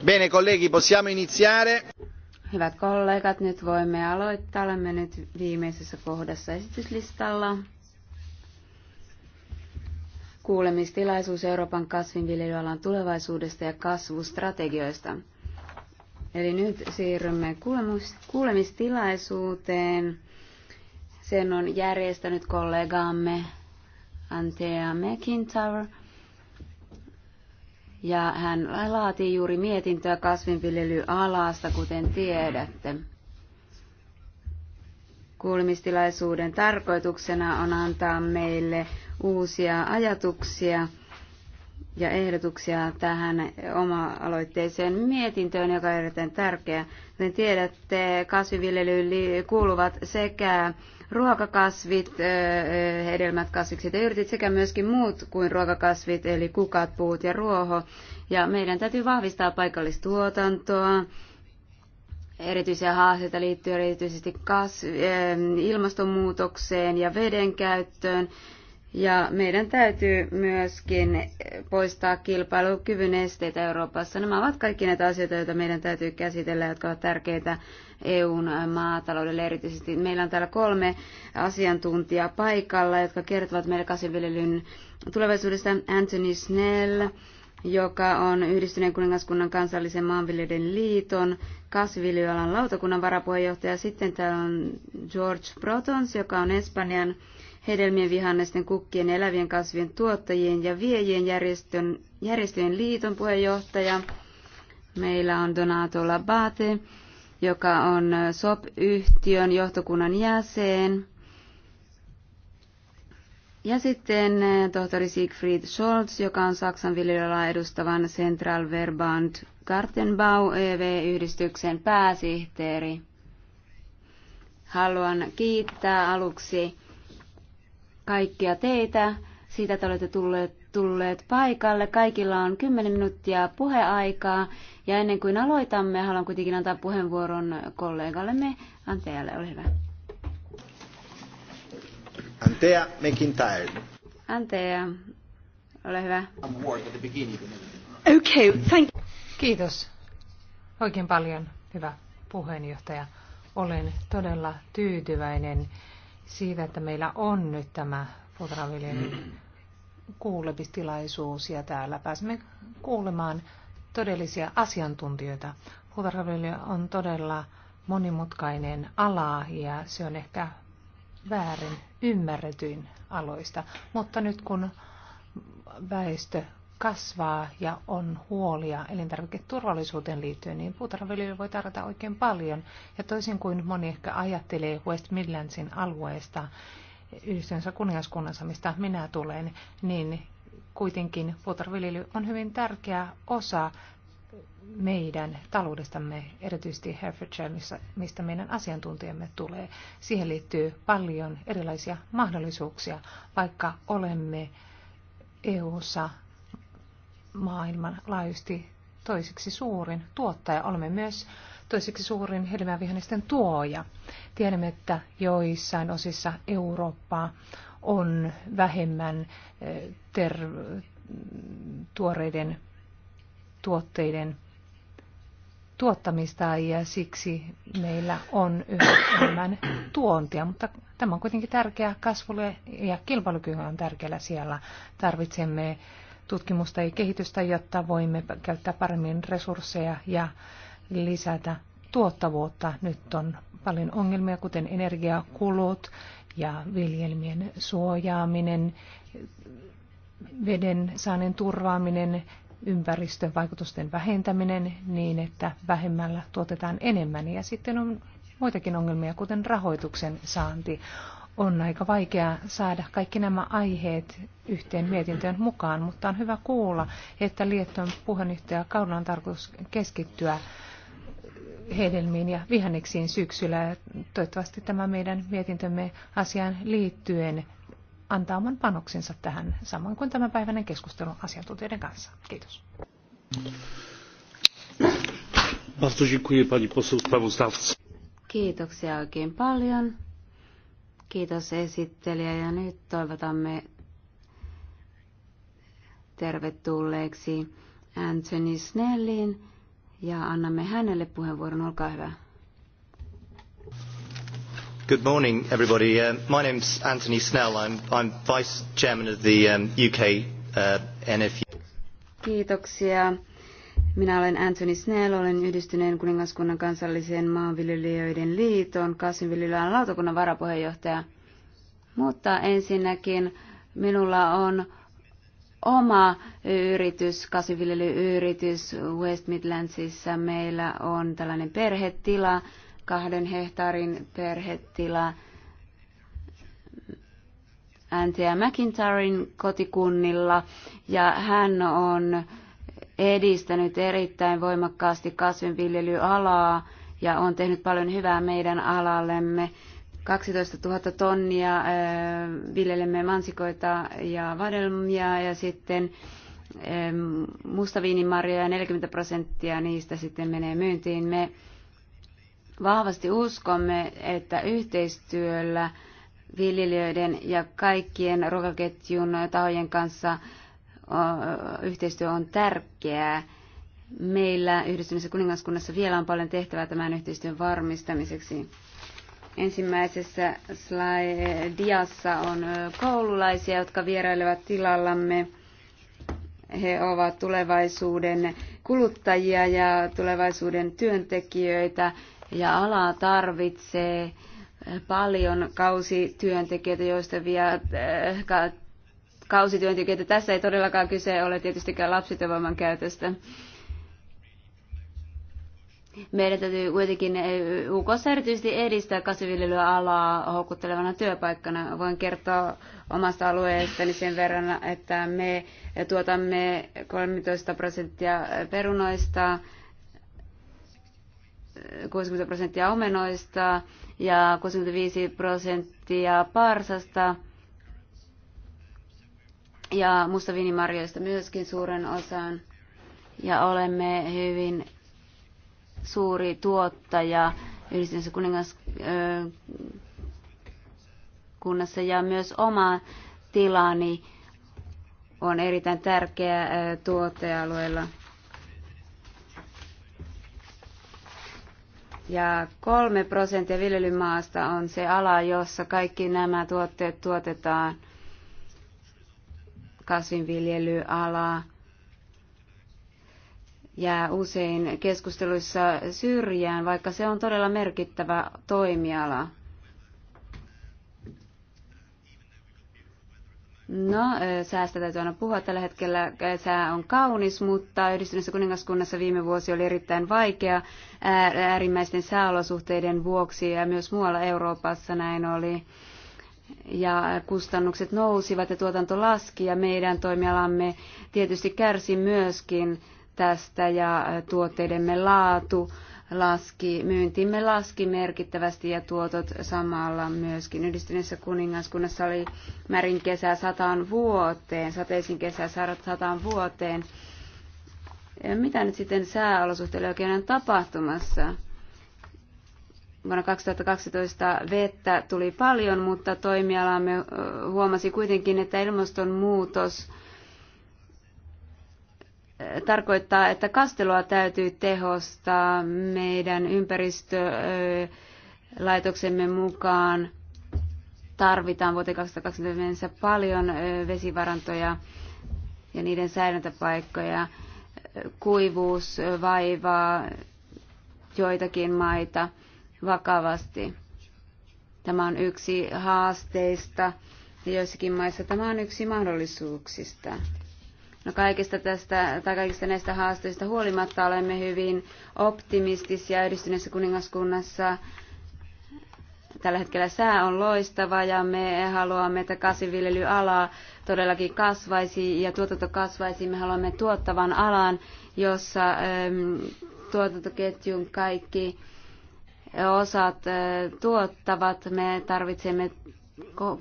Bene, colleghi, possiamo iniziare. Hyvät kollegat, nyt voimme aloittaa. Olemme nyt viimeisessä kohdassa esityslistalla. Kuulemistilaisuus Euroopan kasvinviljelyalan tulevaisuudesta ja kasvustrategioista. Eli nyt siirrymme kuulemistilaisuuteen. Sen on järjestänyt kollegaamme Antea McIntyre ja hän laatii juuri mietintöä kasvinviljelyalasta, kuten tiedätte. Kuulemistilaisuuden tarkoituksena on antaa meille uusia ajatuksia ja ehdotuksia tähän oma-aloitteiseen mietintöön, joka on erittäin tärkeä. Kuten tiedätte, kasvinviljelyyn kuuluvat sekä ruokakasvit, hedelmät, kasvikset ja yrtit sekä myöskin muut kuin ruokakasvit, eli kukat, puut ja ruoho. Ja meidän täytyy vahvistaa paikallistuotantoa, erityisiä haasteita liittyy erityisesti kasv- ilmastonmuutokseen ja veden käyttöön ja meidän täytyy myöskin poistaa kilpailukyvyn esteitä Euroopassa. Nämä ovat kaikki näitä asioita, joita meidän täytyy käsitellä, jotka ovat tärkeitä EUn maataloudelle erityisesti. Meillä on täällä kolme asiantuntijaa paikalla, jotka kertovat meille kasvinviljelyn tulevaisuudesta. Anthony Snell, joka on Yhdistyneen kuningaskunnan kansallisen maanviljelyn liiton kasviviljelyalan lautakunnan varapuheenjohtaja. Sitten täällä on George Protons, joka on Espanjan hedelmien, vihannesten, kukkien ja elävien kasvien tuottajien ja viejien järjestön, järjestöjen liiton puheenjohtaja. Meillä on Donato Labate, joka on SOP-yhtiön johtokunnan jäsen. Ja sitten tohtori Siegfried Scholz, joka on Saksan viljelijöillä edustavan Central Verband Gartenbau EV-yhdistyksen pääsihteeri. Haluan kiittää aluksi kaikkia teitä siitä, että olette tulleet, tulleet paikalle. Kaikilla on 10 minuuttia puheaikaa ja ennen kuin aloitamme, haluan kuitenkin antaa puheenvuoron kollegallemme Antealle. Ole hyvä. Antea McIntyre. Antea, ole hyvä. Okay, thank you. Kiitos oikein paljon, hyvä puheenjohtaja. Olen todella tyytyväinen siitä, että meillä on nyt tämä puutarhaviljelyn kuulemistilaisuus ja täällä pääsemme kuulemaan todellisia asiantuntijoita. Puutarhaviljely on todella monimutkainen ala ja se on ehkä väärin ymmärretyin aloista, mutta nyt kun väestö kasvaa ja on huolia elintarviketurvallisuuteen liittyen, niin puutarhaviljely voi tarjota oikein paljon. Ja toisin kuin moni ehkä ajattelee West Midlandsin alueesta, yhdistyneessä kuningaskunnassa, mistä minä tulen, niin kuitenkin puutarhaviljely on hyvin tärkeä osa meidän taloudestamme, erityisesti Herefordshire, mistä meidän asiantuntijamme tulee. Siihen liittyy paljon erilaisia mahdollisuuksia, vaikka olemme EU-ssa maailmanlaajuisesti toiseksi suurin tuottaja. Olemme myös toiseksi suurin hedelmävihannesten tuoja. Tiedämme, että joissain osissa Eurooppaa on vähemmän eh, ter- tuoreiden tuotteiden tuottamista ja siksi meillä on yhä enemmän tuontia, mutta tämä on kuitenkin tärkeää kasvulle ja kilpailukyky on tärkeällä siellä. Tarvitsemme tutkimusta ja kehitystä, jotta voimme käyttää paremmin resursseja ja lisätä tuottavuutta. Nyt on paljon ongelmia, kuten energiakulut ja viljelmien suojaaminen, veden saannin turvaaminen, ympäristön vaikutusten vähentäminen niin, että vähemmällä tuotetaan enemmän. Ja sitten on muitakin ongelmia, kuten rahoituksen saanti on aika vaikea saada kaikki nämä aiheet yhteen mietintöön mukaan, mutta on hyvä kuulla, että Liettuan puheenjohtaja kaudella on tarkoitus keskittyä hedelmiin ja vihanneksiin syksyllä. Toivottavasti tämä meidän mietintömme asiaan liittyen antaa oman panoksensa tähän, samoin kuin päivänä keskustelu asiantuntijoiden kanssa. Kiitos. Kiitoksia oikein paljon. Kiitos esittelijä ja nyt toivotamme tervetulleeksi Anthony Snellin ja annamme hänelle puheenvuoron. Olkaa hyvä. Good morning, everybody. Uh, my name's Anthony Snell. I'm, I'm vice chairman of the um, UK uh, NFU. Kiitoksia. Minä olen Anthony Snell, olen yhdistyneen kuningaskunnan kansallisen maanviljelijöiden liiton kasvinviljelijän lautakunnan varapuheenjohtaja. Mutta ensinnäkin minulla on oma yritys, kasvinviljelyyritys West Midlandsissa. Meillä on tällainen perhetila, kahden hehtaarin perhetila. Anthea McIntyren kotikunnilla ja hän on edistänyt erittäin voimakkaasti kasvinviljelyalaa ja on tehnyt paljon hyvää meidän alallemme. 12 000 tonnia viljelemme mansikoita ja vadelmia ja sitten mustaviinimarjoja 40 prosenttia niistä sitten menee myyntiin. Me vahvasti uskomme, että yhteistyöllä viljelijöiden ja kaikkien ruokaketjun tahojen kanssa yhteistyö on tärkeää. Meillä yhdistyneessä kuningaskunnassa vielä on paljon tehtävää tämän yhteistyön varmistamiseksi. Ensimmäisessä diassa on koululaisia, jotka vierailevat tilallamme. He ovat tulevaisuuden kuluttajia ja tulevaisuuden työntekijöitä ja ala tarvitsee paljon kausityöntekijöitä, joista vielä kausityöntekijöitä. Tässä ei todellakaan kyse ole tietystikään lapsityövoiman käytöstä. Meidän täytyy kuitenkin UK erityisesti edistää kasviviljelyalaa houkuttelevana työpaikkana. Voin kertoa omasta alueestani sen verran, että me tuotamme 13 prosenttia perunoista, 60 prosenttia omenoista ja 65 prosenttia parsasta – ja mustaviinimarjoista myöskin suuren osan. Ja olemme hyvin suuri tuottaja yhdistyneessä kuningaskunnassa ja myös oma tilani on erittäin tärkeä tuottaja-alueella. Ja kolme prosenttia viljelymaasta on se ala, jossa kaikki nämä tuotteet tuotetaan – kasvinviljelyala jää usein keskusteluissa syrjään, vaikka se on todella merkittävä toimiala. No, säästä täytyy aina puhua. Tällä hetkellä sää on kaunis, mutta yhdistyneessä kuningaskunnassa viime vuosi oli erittäin vaikea äärimmäisten sääolosuhteiden vuoksi ja myös muualla Euroopassa näin oli ja kustannukset nousivat ja tuotanto laski ja meidän toimialamme tietysti kärsi myöskin tästä ja tuotteidemme laatu laski, myyntimme laski merkittävästi ja tuotot samalla myöskin. Yhdistyneessä kuningaskunnassa oli märin kesä sataan vuoteen, sateisin kesä sataan vuoteen. Mitä nyt sitten sääolosuhteille oikein on tapahtumassa? vuonna 2012 vettä tuli paljon, mutta toimialamme huomasi kuitenkin, että ilmastonmuutos tarkoittaa, että kastelua täytyy tehostaa meidän ympäristölaitoksemme mukaan. Tarvitaan vuoteen 2020 mennessä paljon vesivarantoja ja niiden säilöntäpaikkoja. Kuivuus vaivaa joitakin maita vakavasti. Tämä on yksi haasteista ja joissakin maissa tämä on yksi mahdollisuuksista. No kaikista, tästä, tai kaikista näistä haasteista huolimatta olemme hyvin optimistisia yhdistyneessä kuningaskunnassa. Tällä hetkellä sää on loistava ja me haluamme, että kasviviljelyala todellakin kasvaisi ja tuotanto kasvaisi. Me haluamme tuottavan alan, jossa äm, tuotantoketjun kaikki osat eh, tuottavat. Me tarvitsemme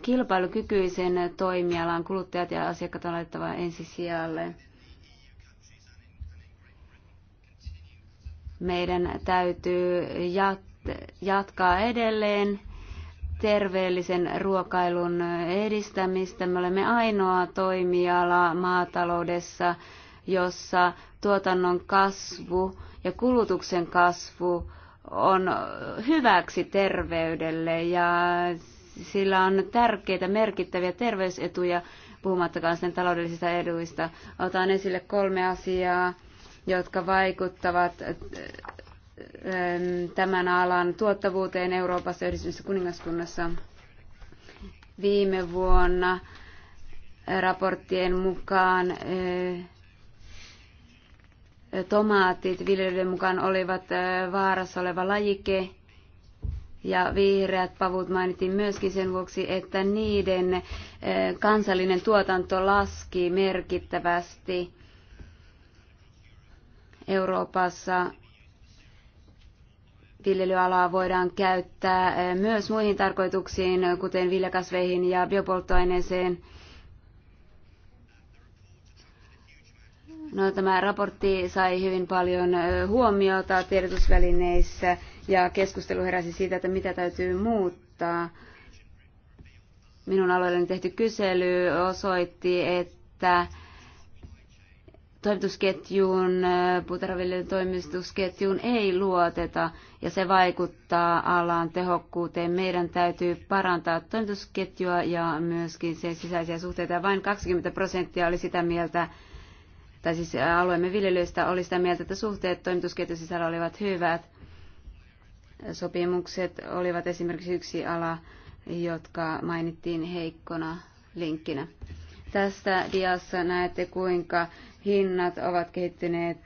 kilpailukykyisen toimialan kuluttajat ja asiakkaat on laittava ensisijalle. Meidän täytyy jatkaa edelleen terveellisen ruokailun edistämistä. Me olemme ainoa toimiala maataloudessa, jossa tuotannon kasvu ja kulutuksen kasvu on hyväksi terveydelle ja sillä on tärkeitä merkittäviä terveysetuja, puhumattakaan sen taloudellisista eduista. Otan esille kolme asiaa, jotka vaikuttavat tämän alan tuottavuuteen Euroopassa yhdistyneessä kuningaskunnassa viime vuonna raporttien mukaan tomaatit viljelyiden mukaan olivat vaarassa oleva lajike ja vihreät pavut mainittiin myöskin sen vuoksi, että niiden kansallinen tuotanto laski merkittävästi Euroopassa. Viljelyalaa voidaan käyttää myös muihin tarkoituksiin, kuten viljakasveihin ja biopolttoaineeseen – No, tämä raportti sai hyvin paljon huomiota tiedotusvälineissä ja keskustelu heräsi siitä, että mitä täytyy muuttaa. Minun alueelleni tehty kysely osoitti, että toimitusketjuun, puutarhaviljelyn toimitusketjuun ei luoteta ja se vaikuttaa alan tehokkuuteen. Meidän täytyy parantaa toimitusketjua ja myöskin sen sisäisiä suhteita. Vain 20 prosenttia oli sitä mieltä, tai siis alueemme viljelyistä oli sitä mieltä, että suhteet toimitusketjun sisällä olivat hyvät. Sopimukset olivat esimerkiksi yksi ala, jotka mainittiin heikkona linkkinä. Tässä diassa näette, kuinka hinnat ovat kehittyneet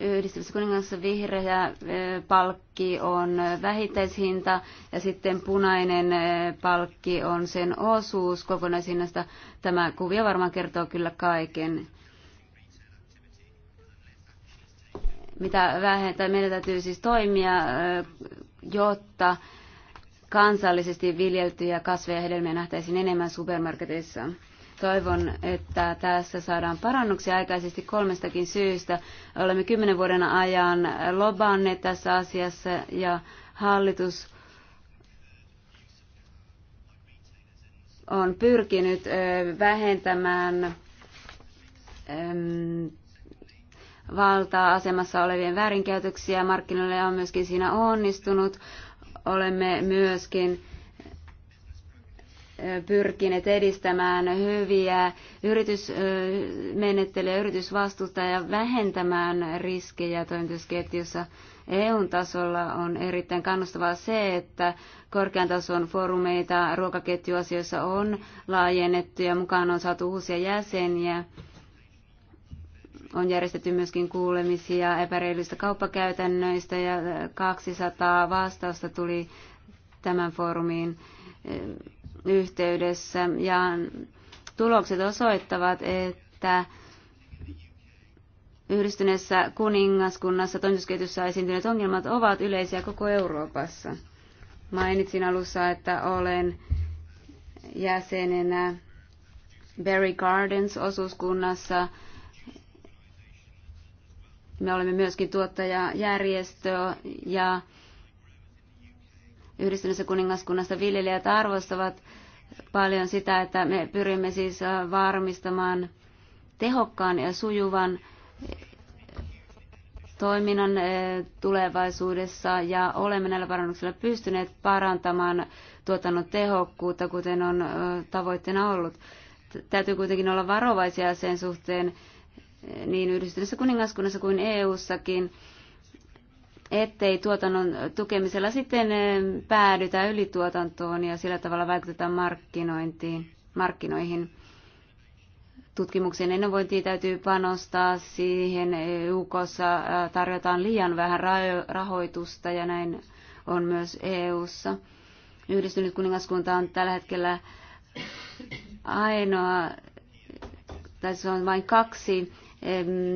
yhdistyvässä kuningassa vihreä palkki on vähittäishinta ja sitten punainen palkki on sen osuus kokonaishinnasta. Tämä kuvio varmaan kertoo kyllä kaiken. Mitä vähentää, meidän täytyy siis toimia, jotta kansallisesti viljeltyjä kasveja ja hedelmiä nähtäisiin enemmän supermarketeissa. Toivon, että tässä saadaan parannuksia aikaisesti kolmestakin syystä. Olemme kymmenen vuoden ajan lobanneet tässä asiassa ja hallitus on pyrkinyt vähentämään valtaa asemassa olevien väärinkäytöksiä. Markkinoille on myöskin siinä onnistunut. Olemme myöskin pyrkineet edistämään hyviä yritysmenettelyjä, yritysvastuuta ja vähentämään riskejä toimitusketjussa. EUn tasolla on erittäin kannustavaa se, että korkean tason foorumeita ruokaketjuasioissa on laajennettu ja mukaan on saatu uusia jäseniä. On järjestetty myöskin kuulemisia epäreilyistä kauppakäytännöistä ja 200 vastausta tuli tämän foorumiin yhteydessä ja tulokset osoittavat, että Yhdistyneessä kuningaskunnassa toimitusketjussa esiintyneet ongelmat ovat yleisiä koko Euroopassa. Mainitsin alussa, että olen jäsenenä Berry Gardens osuuskunnassa. Me olemme myöskin tuottajajärjestö ja Yhdistyneessä kuningaskunnassa viljelijät arvostavat paljon sitä, että me pyrimme siis äh, varmistamaan tehokkaan ja sujuvan äh, toiminnan äh, tulevaisuudessa ja olemme näillä parannuksilla pystyneet parantamaan tuotannon tehokkuutta, kuten on tavoitteena ollut. Täytyy kuitenkin olla varovaisia sen suhteen niin yhdistyneessä kuningaskunnassa kuin EU-sakin ettei tuotannon tukemisella sitten eh, päädytä ylituotantoon ja sillä tavalla vaikutetaan markkinointiin, markkinoihin. Tutkimuksen innovointiin täytyy panostaa siihen. E UKssa eh, tarjotaan liian vähän rahoitusta ja näin on myös EUssa. Yhdistynyt kuningaskunta on tällä hetkellä ainoa, tai se on vain kaksi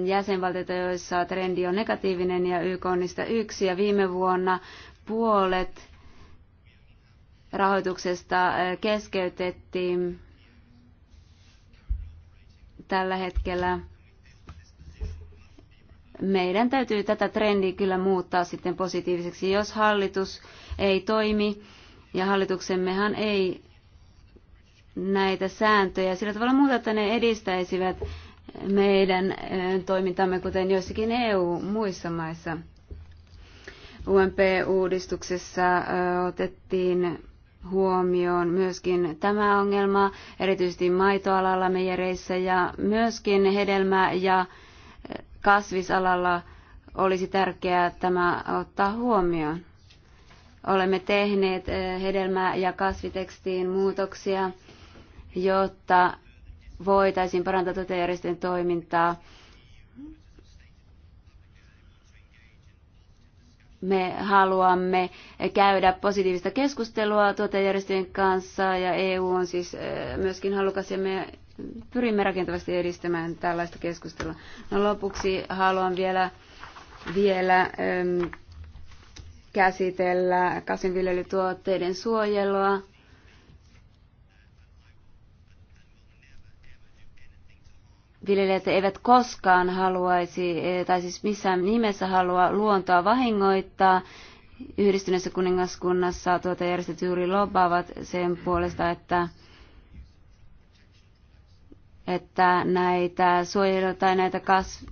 jäsenvaltioita, joissa trendi on negatiivinen ja YK on niistä yksi. Ja viime vuonna puolet rahoituksesta eh, keskeytettiin tällä hetkellä. Meidän täytyy tätä trendiä kyllä muuttaa sitten positiiviseksi. Jos hallitus ei toimi, ja hallituksemmehan ei näitä sääntöjä sillä tavalla muuta, että ne edistäisivät meidän eh, toimintamme, kuten joissakin EU-muissa maissa. UMP-uudistuksessa eh, otettiin huomioon myöskin tämä ongelma, erityisesti maitoalalla meijereissä ja myöskin hedelmä- ja eh, kasvisalalla olisi tärkeää tämä ottaa huomioon. Olemme tehneet hedelmä- ja kasvitekstiin muutoksia, jotta voitaisiin parantaa tuottajärjestöjen toimintaa. Me haluamme käydä positiivista keskustelua tuottajärjestöjen kanssa ja EU on siis eh, myöskin halukas ja me pyrimme rakentavasti edistämään tällaista keskustelua. No lopuksi haluan vielä, vielä äm, käsitellä kasvinviljelytuotteiden suojelua viljelijät eivät koskaan haluaisi, eh, tai siis missään nimessä halua luontoa vahingoittaa. Yhdistyneessä kuningaskunnassa tuotejärjestöt juuri lobbaavat sen puolesta, että, että näitä suojelu tai näitä kas,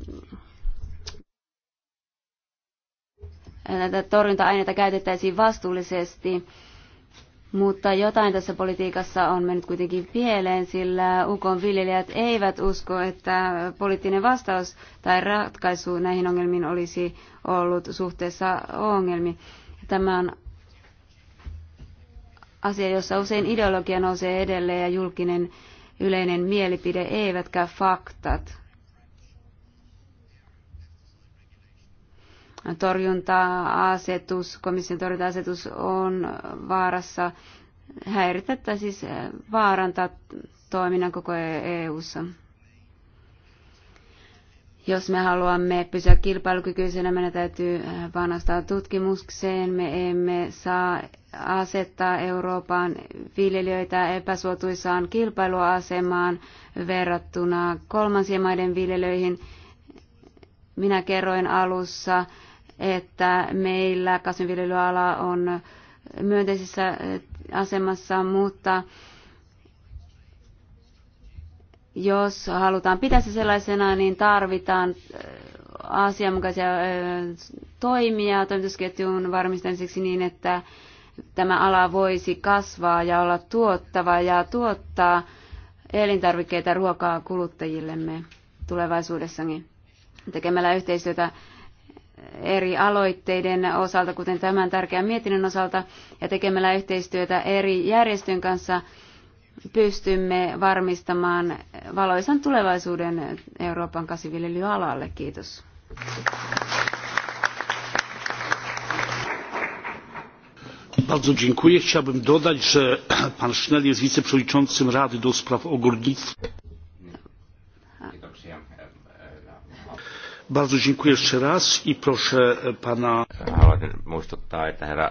näitä torjunta-aineita käytettäisiin vastuullisesti. Mutta jotain tässä politiikassa on mennyt kuitenkin pieleen, sillä UKon viljelijät eivät usko, että poliittinen vastaus tai ratkaisu näihin ongelmiin olisi ollut suhteessa ongelmiin. Tämä on asia, jossa usein ideologia nousee edelleen ja julkinen yleinen mielipide eivätkä faktat. torjunta-asetus, komission torjunta-asetus on vaarassa häiritä tai siis eh, vaarantaa toiminnan koko EU-ssa. E Jos me haluamme pysyä kilpailukykyisenä, meidän täytyy eh, panostaa tutkimukseen. Me emme saa asettaa Euroopan viljelijöitä epäsuotuisaan kilpailuasemaan verrattuna kolmansien maiden viljelijöihin. Minä kerroin alussa että meillä kasvinviljelyala on myönteisessä eh, asemassa, mutta jos halutaan pitää se sellaisena, niin tarvitaan eh, asianmukaisia eh, toimia toimitusketjun varmistamiseksi niin, että tämä ala voisi kasvaa ja olla tuottava ja tuottaa elintarvikkeita ruokaa kuluttajillemme tulevaisuudessakin tekemällä yhteistyötä eri aloitteiden osalta, kuten tämän tärkeän mietinnön osalta, ja tekemällä yhteistyötä eri järjestöjen kanssa pystymme varmistamaan valoisan tulevaisuuden Euroopan kasviviljelyalalle. Kiitos. Bardzo dziękuję. Chciałbym dodać, że pan Schnell jest wiceprzewodniczącym Rady do spraw ogórnictwa. Bardzo dziękuję jeszcze raz i proszę e, pana... Haluaisin muistuttaa, että herra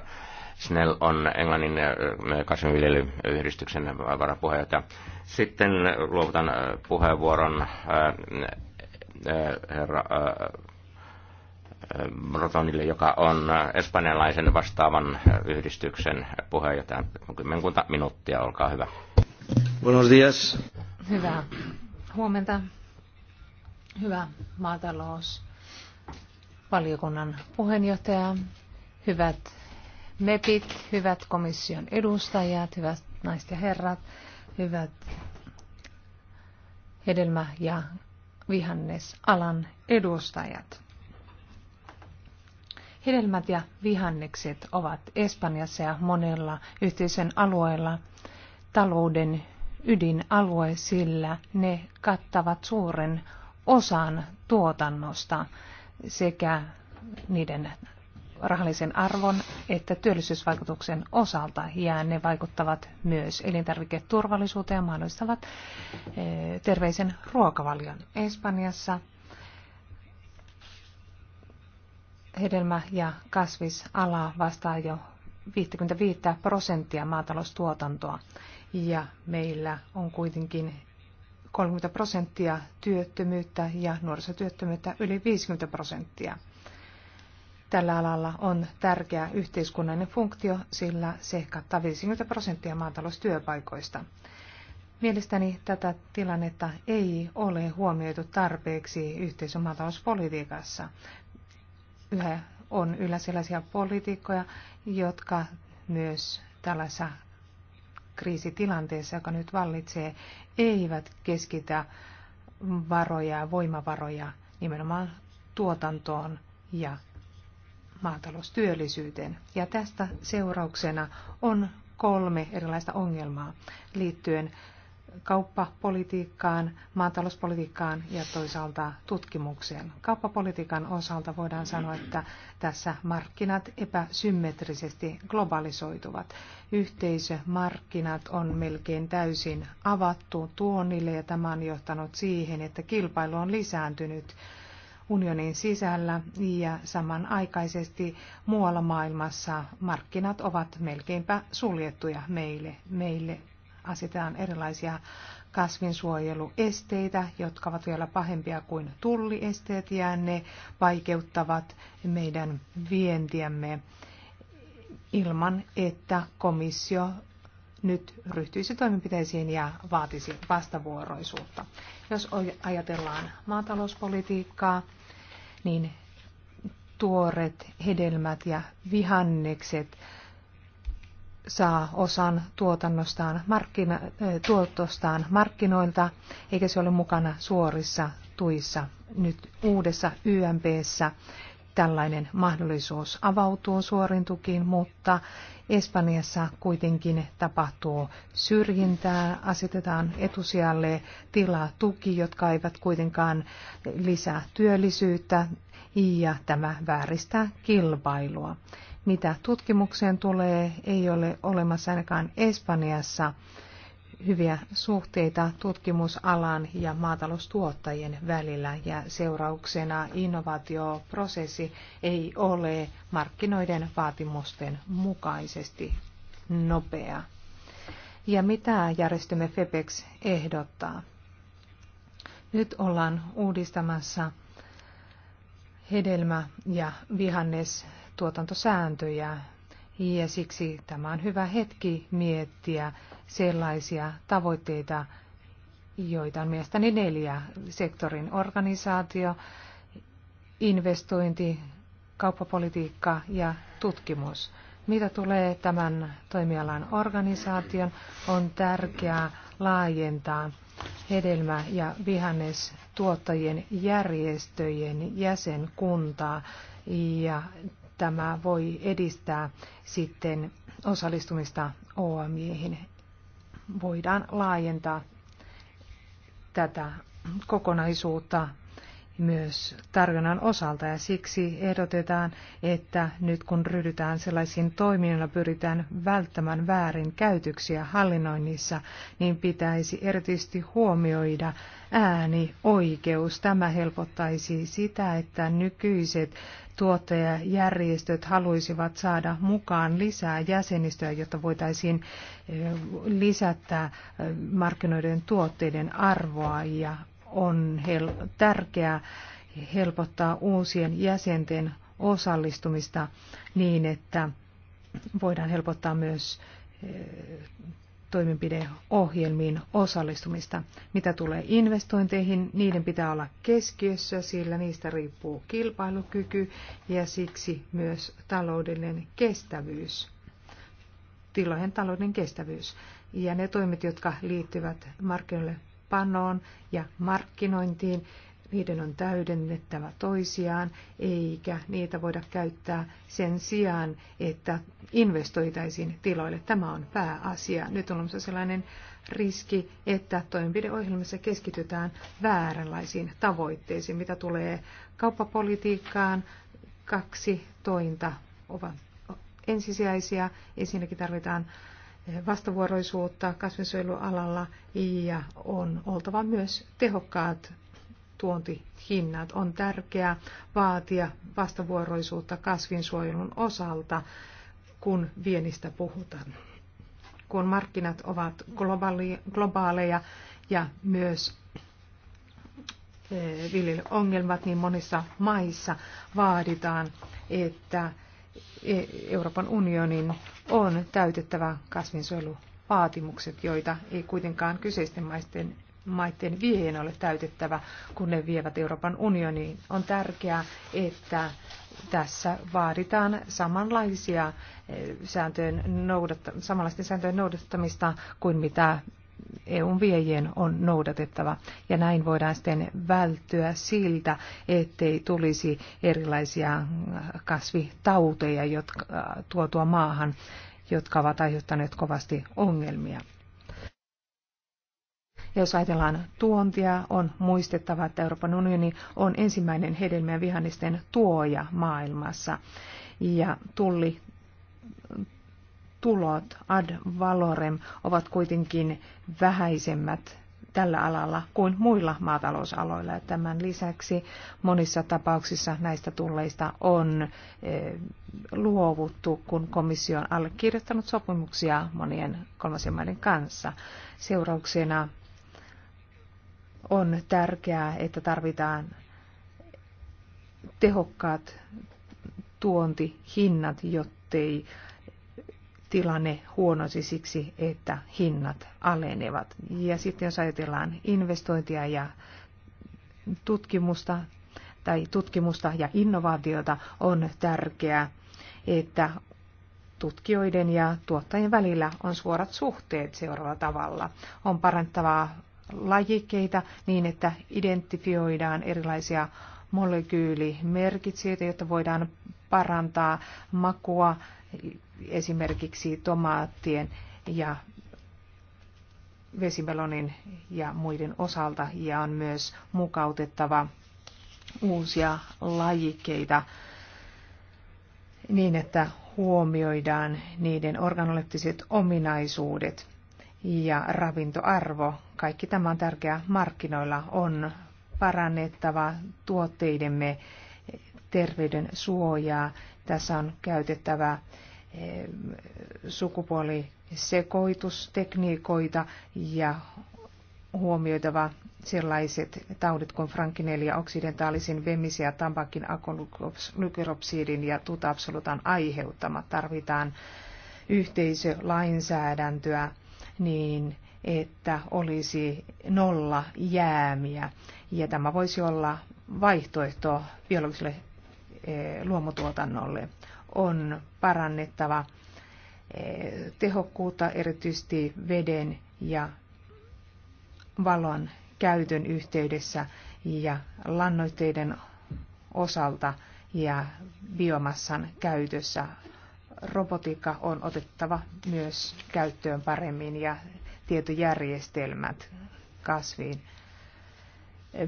Snell on Englannin e, e, kasvinviljelyyhdistyksen varapuheenjohtaja. Sitten luovutan puheenvuoron herra Brotonille, joka on espanjalaisen vastaavan yhdistyksen puheenjohtaja. Kymmenkunta minuuttia, olkaa hyvä. Buenos días. Hyvää huomenta. Hyvä maatalous. Valiokunnan puheenjohtaja, hyvät MEPit, hyvät komission edustajat, hyvät naiset ja herrat, hyvät hedelmä- ja vihannesalan edustajat. Hedelmät ja vihannekset ovat Espanjassa ja monella yhteisön alueella talouden ydinalue, sillä ne kattavat suuren osan tuotannosta sekä niiden rahallisen arvon että työllisyysvaikutuksen osalta, ja ne vaikuttavat myös elintarviketurvallisuuteen ja mahdollistavat eh, terveisen ruokavalion. Espanjassa hedelmä- ja kasvisala vastaa jo 55 prosenttia maataloustuotantoa, ja meillä on kuitenkin 30 prosenttia työttömyyttä ja nuorisotyöttömyyttä yli 50 prosenttia. Tällä alalla on tärkeä yhteiskunnallinen funktio, sillä se kattaa 50 prosenttia maataloustyöpaikoista. Mielestäni tätä tilannetta ei ole huomioitu tarpeeksi yhteisön maatalouspolitiikassa. Yhä on yllä sellaisia poliitikkoja, jotka myös tällaisessa kriisitilanteessa, joka nyt vallitsee, eivät keskitä varoja ja voimavaroja nimenomaan tuotantoon ja maataloustyöllisyyteen. Ja tästä seurauksena on kolme erilaista ongelmaa liittyen kauppapolitiikkaan, maatalouspolitiikkaan ja toisaalta tutkimukseen. Kauppapolitiikan osalta voidaan sanoa, että tässä markkinat epäsymmetrisesti globalisoituvat. Yhteisömarkkinat on melkein täysin avattu tuonnille ja tämä on johtanut siihen, että kilpailu on lisääntynyt unionin sisällä ja samanaikaisesti muualla maailmassa markkinat ovat melkeinpä suljettuja meille. Meille asetetaan erilaisia kasvinsuojeluesteitä, jotka ovat vielä pahempia kuin tulliesteet ja ne vaikeuttavat meidän vientiämme ilman, että komissio nyt ryhtyisi toimenpiteisiin ja vaatisi vastavuoroisuutta. Jos ajatellaan maatalouspolitiikkaa, niin tuoret hedelmät ja vihannekset saa osan tuotannostaan, markkina, eh, tuotostaan markkinoilta, eikä se ole mukana suorissa tuissa. Nyt uudessa YMPssä tällainen mahdollisuus avautuu suorin tukiin, mutta Espanjassa kuitenkin tapahtuu syrjintää, asetetaan etusijalle tuki, jotka eivät kuitenkaan lisää työllisyyttä ja tämä vääristää kilpailua. Mitä tutkimukseen tulee, ei ole olemassa ainakaan Espanjassa hyviä suhteita tutkimusalan ja maataloustuottajien välillä ja seurauksena innovaatioprosessi ei ole markkinoiden vaatimusten mukaisesti nopea. Ja mitä järjestömme FEPEX ehdottaa? Nyt ollaan uudistamassa hedelmä- ja vihannes tuotantosääntöjä. Ja siksi tämä on hyvä hetki miettiä sellaisia tavoitteita, joita on mielestäni neljä. Sektorin organisaatio, investointi, kauppapolitiikka ja tutkimus. Mitä tulee tämän toimialan organisaation, on tärkeää laajentaa hedelmä- ja vihannestuottajien järjestöjen jäsenkuntaa ja tämä voi edistää sitten osallistumista OMJihin. Voidaan laajentaa tätä kokonaisuutta myös tarjonnan osalta ja siksi ehdotetaan, että nyt kun ryhdytään sellaisiin toimiin, joilla pyritään välttämään väärinkäytöksiä hallinnoinnissa, niin pitäisi erityisesti huomioida äänioikeus. Tämä helpottaisi sitä, että nykyiset tuottajajärjestöt haluaisivat saada mukaan lisää jäsenistöä, jotta voitaisiin eh, lisätä eh, markkinoiden tuotteiden arvoa ja on hel- tärkeää helpottaa uusien jäsenten osallistumista niin, että voidaan helpottaa myös eh, toimenpideohjelmiin osallistumista. Mitä tulee investointeihin, niiden pitää olla keskiössä, sillä niistä riippuu kilpailukyky ja siksi myös taloudellinen kestävyys, tilojen talouden kestävyys. Ja ne toimet, jotka liittyvät markkinoille panoon ja markkinointiin. Niiden on täydennettävä toisiaan, eikä niitä voida käyttää sen sijaan, että investoitaisiin tiloille. Tämä on pääasia. Nyt on olemassa sellainen riski, että toimenpideohjelmassa keskitytään vääränlaisiin tavoitteisiin, mitä tulee kauppapolitiikkaan. Kaksi tointa ovat ensisijaisia. Ensinnäkin tarvitaan vastavuoroisuutta kasvinsuojelualalla ja on oltava myös tehokkaat tuontihinnat. On tärkeää vaatia vastavuoroisuutta kasvinsuojelun osalta, kun vienistä puhutaan. Kun markkinat ovat globaaleja ja myös eh, viljelyongelmat, niin monissa maissa vaaditaan, että E- Euroopan unionin on täytettävä kasvinsuojeluvaatimukset, joita ei kuitenkaan kyseisten maisten maiden viejien ole täytettävä, kun ne vievät Euroopan unioniin. On tärkeää, että tässä vaaditaan samanlaisia e, sääntöjen noudatta, samanlaisten sääntöjen noudattamista kuin mitä eu viejien on noudatettava. Ja näin voidaan sitten välttyä siltä, ettei tulisi erilaisia kasvitauteja jotka, tuotua maahan, jotka ovat aiheuttaneet kovasti ongelmia. Ja jos ajatellaan tuontia, on muistettava, että Euroopan unioni on ensimmäinen hedelmien vihannisten tuoja maailmassa. Ja tulli tulot ad valorem ovat kuitenkin vähäisemmät tällä alalla kuin muilla maatalousaloilla. Ja tämän lisäksi monissa tapauksissa näistä tulleista on eh, luovuttu, kun komissio on allekirjoittanut sopimuksia monien kolmansien maiden kanssa. Seurauksena on tärkeää, että tarvitaan tehokkaat tuontihinnat, jottei tilanne huonosi siksi, että hinnat alenevat. Ja sitten jos ajatellaan investointia ja tutkimusta tai tutkimusta ja innovaatiota, on tärkeää, että tutkijoiden ja tuottajien välillä on suorat suhteet seuraavalla tavalla. On parantavaa lajikkeita niin, että identifioidaan erilaisia molekyylimerkitsijöitä, jotta voidaan parantaa makua, esimerkiksi tomaattien ja vesimelonin ja muiden osalta ja on myös mukautettava uusia lajikkeita niin, että huomioidaan niiden organoleptiset ominaisuudet ja ravintoarvo. Kaikki tämä on tärkeää markkinoilla. On parannettava tuotteidemme terveyden suojaa. Tässä on käytettävä sukupuolisekoitustekniikoita ja huomioitava sellaiset taudit kuin frankinelia, oksidentaalisin vemisiä, tabakin, akonlykeropsidin ja tutapsolutan aiheuttama Tarvitaan yhteisölainsäädäntöä niin, että olisi nolla jäämiä. Ja tämä voisi olla vaihtoehto biologiselle eh, luomutuotannolle on parannettava eh, tehokkuutta erityisesti veden ja valon käytön yhteydessä ja lannoitteiden osalta ja biomassan käytössä. Robotiikka on otettava myös käyttöön paremmin ja tietojärjestelmät kasviin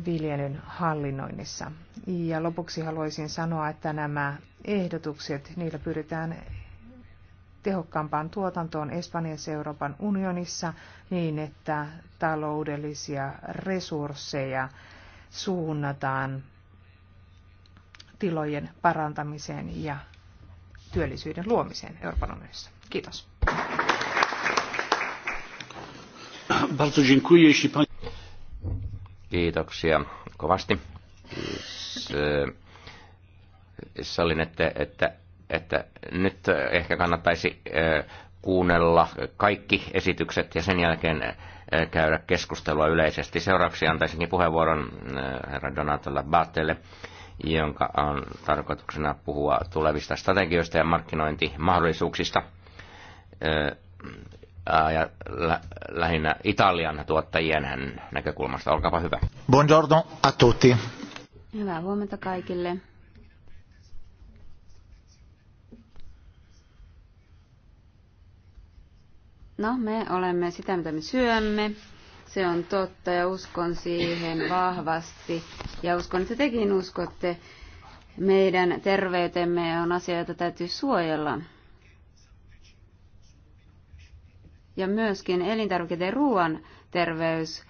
viljelyn hallinnoinnissa. Ja lopuksi haluaisin sanoa, että nämä ehdotukset, niillä pyritään tehokkaampaan tuotantoon Espanjassa ja Euroopan unionissa niin, että taloudellisia resursseja suunnataan tilojen parantamiseen ja työllisyyden luomiseen Euroopan unionissa. Kiitos. Bardzo dziękuję, jeśli pan... Kiitoksia kovasti. Äh, sallin, että, että, että nyt ehkä kannattaisi äh, kuunnella kaikki esitykset ja sen jälkeen äh, käydä keskustelua yleisesti. Seuraavaksi antaisinkin puheenvuoron herra Donatolla Battelle, jonka on tarkoituksena puhua tulevista strategioista ja markkinointimahdollisuuksista ja lä- lähinnä Italian tuottajien näkökulmasta. Olkaapa hyvä. Buongiorno a tutti. Hyvää huomenta kaikille. No, me olemme sitä, mitä me syömme. Se on totta ja uskon siihen vahvasti. Ja uskon, että tekin uskotte. Meidän terveytemme on asia, jota täytyy suojella. Ja myöskin elintarvikkeiden ruoan terveys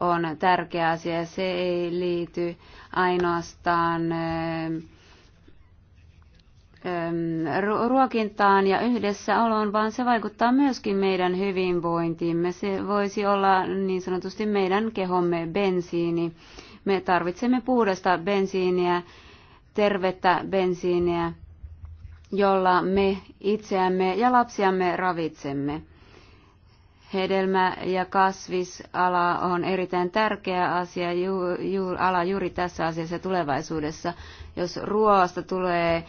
on tärkeä asia. Se ei liity ainoastaan ähm, ähm, ruokintaan ja yhdessäoloon, vaan se vaikuttaa myöskin meidän hyvinvointiimme. Se voisi olla niin sanotusti meidän kehomme bensiini. Me tarvitsemme puhdasta bensiiniä, tervettä bensiiniä, jolla me itseämme ja lapsiamme ravitsemme. Hedelmä- ja kasvisala on erittäin tärkeä asia, ju, ju, ala juuri tässä asiassa tulevaisuudessa. Jos ruoasta tulee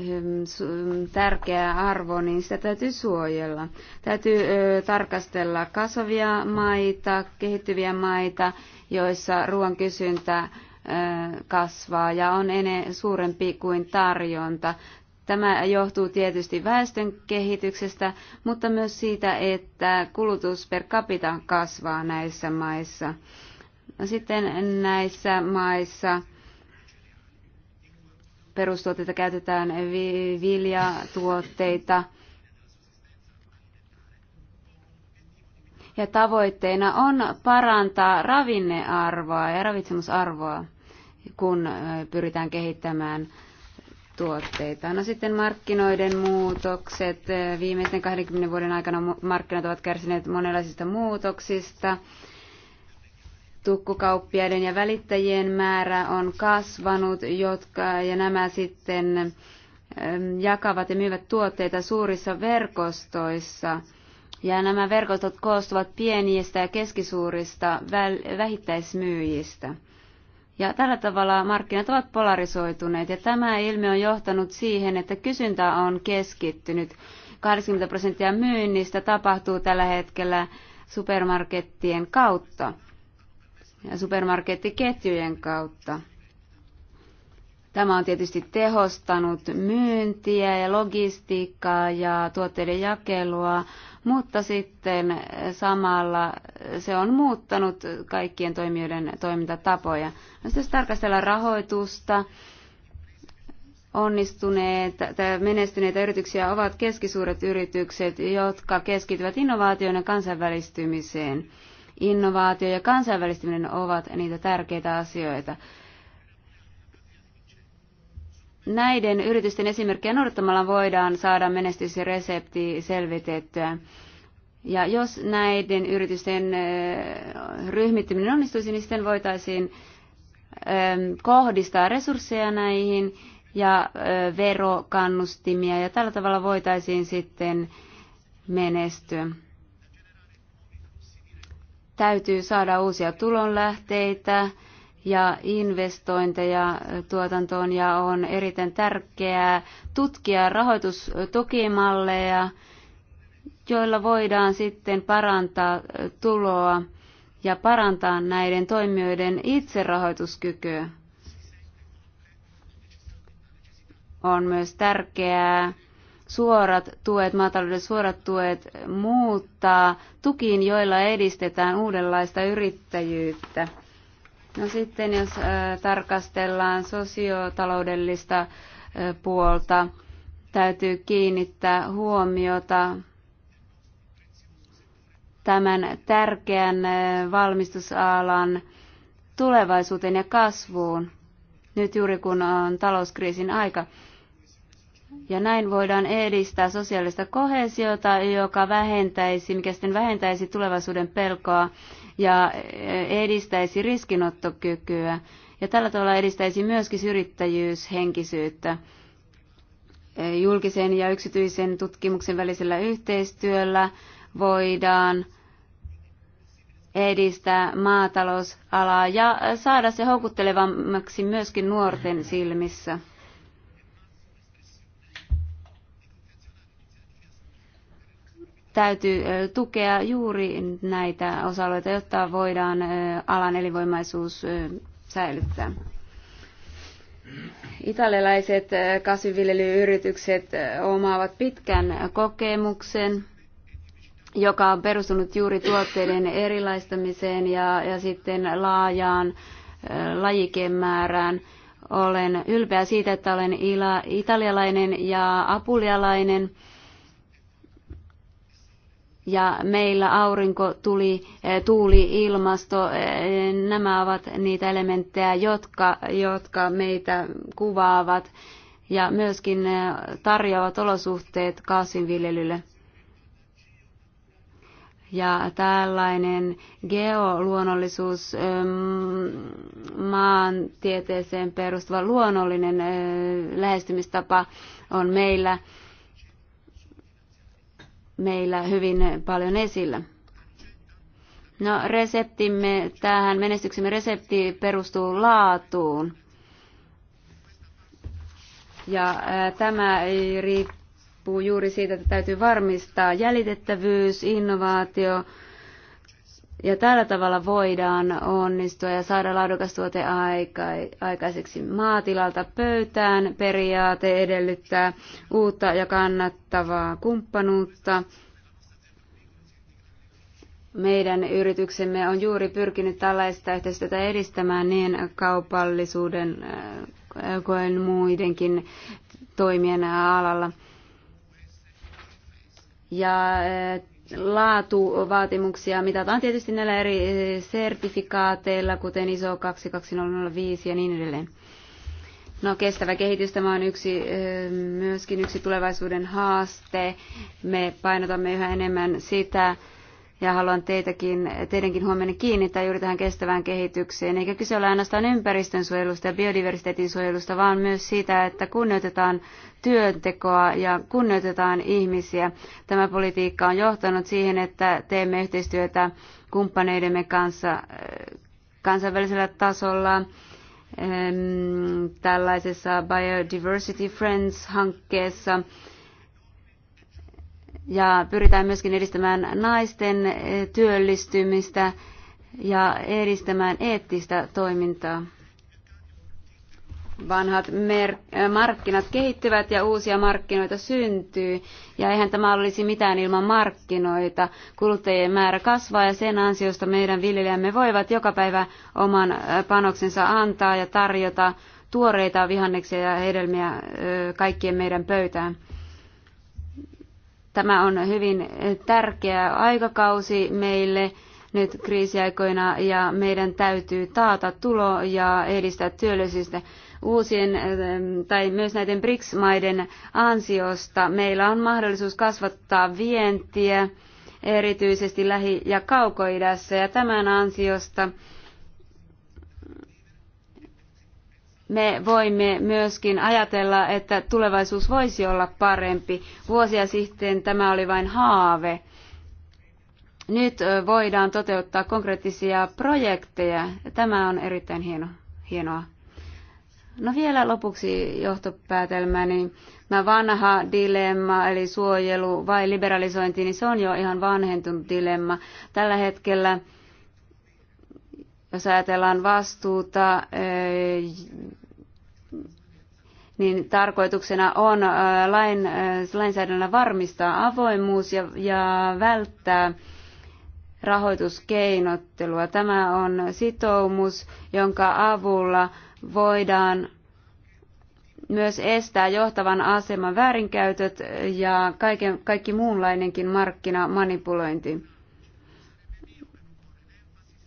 äm, tärkeä arvo, niin sitä täytyy suojella. Täytyy ö, tarkastella kasvavia maita, kehittyviä maita, joissa ruoan kysyntä kasvaa ja on ene suurempi kuin tarjonta. Tämä johtuu tietysti väestön kehityksestä, mutta myös siitä, että kulutus per capita kasvaa näissä maissa. No sitten näissä maissa perustuotteita käytetään viljatuotteita. Ja tavoitteena on parantaa ravinnearvoa ja ravitsemusarvoa, kun pyritään kehittämään tuotteita. No sitten markkinoiden muutokset. Viimeisten 20 vuoden aikana markkinat ovat kärsineet monenlaisista muutoksista. Tukkukauppiaiden ja välittäjien määrä on kasvanut, jotka, ja nämä sitten jakavat ja myyvät tuotteita suurissa verkostoissa. Ja nämä verkostot koostuvat pienistä ja keskisuurista vähittäismyyjistä. Ja tällä tavalla markkinat ovat polarisoituneet ja tämä ilmiö on johtanut siihen, että kysyntä on keskittynyt. 80 prosenttia myynnistä tapahtuu tällä hetkellä supermarkettien kautta ja supermarkettiketjujen kautta. Tämä on tietysti tehostanut myyntiä ja logistiikkaa ja tuotteiden jakelua, mutta sitten samalla se on muuttanut kaikkien toimijoiden toimintatapoja. Jos tarkastellaan rahoitusta, onnistuneet tai menestyneitä yrityksiä ovat keskisuuret yritykset, jotka keskittyvät innovaatioon ja kansainvälistymiseen. Innovaatio ja kansainvälistyminen ovat niitä tärkeitä asioita näiden yritysten esimerkkejä noudattamalla voidaan saada menestysresepti selvitettyä. Ja jos näiden yritysten ryhmittyminen onnistuisi, niin sitten voitaisiin kohdistaa resursseja näihin ja verokannustimia ja tällä tavalla voitaisiin sitten menestyä. Täytyy saada uusia tulonlähteitä ja investointeja tuotantoon ja on erittäin tärkeää tutkia rahoitustukimalleja, joilla voidaan sitten parantaa tuloa ja parantaa näiden toimijoiden itserahoituskykyä. On myös tärkeää suorat tuet, maatalouden suorat tuet muuttaa tukiin, joilla edistetään uudenlaista yrittäjyyttä. No sitten jos tarkastellaan sosiotaloudellista puolta, täytyy kiinnittää huomiota tämän tärkeän valmistusalan tulevaisuuteen ja kasvuun, nyt juuri kun on talouskriisin aika. Ja näin voidaan edistää sosiaalista kohesiota, joka vähentäisi, mikä sitten vähentäisi tulevaisuuden pelkoa ja edistäisi riskinottokykyä. Ja tällä tavalla edistäisi myöskin yrittäjyyshenkisyyttä julkisen ja yksityisen tutkimuksen välisellä yhteistyöllä voidaan edistää maatalousalaa ja saada se houkuttelevammaksi myöskin nuorten silmissä. täytyy tukea juuri näitä osa-alueita, jotta voidaan alan elinvoimaisuus säilyttää. Italialaiset kasvinviljelyyritykset omaavat pitkän kokemuksen, joka on perustunut juuri tuotteiden erilaistamiseen ja, ja sitten laajaan lajikemäärään. Olen ylpeä siitä, että olen italialainen ja apulialainen ja meillä aurinko, tuli, eh, tuuli, ilmasto, eh, nämä ovat niitä elementtejä, jotka, jotka meitä kuvaavat ja myöskin eh, tarjoavat olosuhteet kaasinviljelylle. Ja tällainen geoluonnollisuus, maantieteeseen perustuva luonnollinen lähestymistapa on meillä – meillä hyvin paljon esillä. No reseptimme, tähän menestyksemme resepti perustuu laatuun. Ja ää, tämä riippuu juuri siitä, että täytyy varmistaa jäljitettävyys, innovaatio, ja tällä tavalla voidaan onnistua ja saada laadukas tuote aikaiseksi maatilalta pöytään. Periaate edellyttää uutta ja kannattavaa kumppanuutta. Meidän yrityksemme on juuri pyrkinyt tällaista yhteistyötä edistämään niin kaupallisuuden äh, kuin muidenkin toimien alalla. Ja äh, laatuvaatimuksia mitataan tietysti näillä eri eh, sertifikaateilla, kuten ISO 22005 ja niin edelleen. No kestävä kehitys, tämä on yksi, eh, myöskin yksi tulevaisuuden haaste. Me painotamme yhä enemmän sitä, ja haluan teitäkin, teidänkin huomenna kiinnittää juuri tähän kestävään kehitykseen. Eikä kyse ole ainoastaan ympäristön suojelusta ja biodiversiteetin suojelusta, vaan myös siitä, että kunnioitetaan työntekoa ja kunnioitetaan ihmisiä. Tämä politiikka on johtanut siihen, että teemme yhteistyötä kumppaneidemme kanssa eh, kansainvälisellä tasolla tällaisessa Biodiversity Friends-hankkeessa – ja pyritään myöskin edistämään naisten eh, työllistymistä ja edistämään eettistä toimintaa. Vanhat eh, markkinat kehittyvät ja uusia markkinoita syntyy, ja eihän tämä olisi mitään ilman markkinoita. Kuluttajien määrä kasvaa, ja sen ansiosta meidän viljelijämme voivat joka päivä oman eh, panoksensa antaa ja tarjota tuoreita vihanneksia ja hedelmiä kaikkien meidän pöytään. Tämä on hyvin tärkeä aikakausi meille nyt kriisiaikoina ja meidän täytyy taata tulo ja edistää työllisyystä uusien tai myös näiden BRICS-maiden ansiosta. Meillä on mahdollisuus kasvattaa vientiä erityisesti Lähi- ja Kaukoidässä ja tämän ansiosta me voimme myöskin ajatella, että tulevaisuus voisi olla parempi. Vuosia sitten tämä oli vain haave. Nyt voidaan toteuttaa konkreettisia projekteja. Tämä on erittäin hieno, hienoa. No vielä lopuksi johtopäätelmäni. Niin Tämä vanha dilemma, eli suojelu vai liberalisointi, niin se on jo ihan vanhentunut dilemma. Tällä hetkellä jos ajatellaan vastuuta niin tarkoituksena on lain, lainsäädännöllä varmistaa avoimuus ja, ja välttää rahoituskeinottelua. Tämä on sitoumus, jonka avulla voidaan myös estää johtavan aseman väärinkäytöt ja kaiken, kaikki muunlainenkin markkinamanipulointi.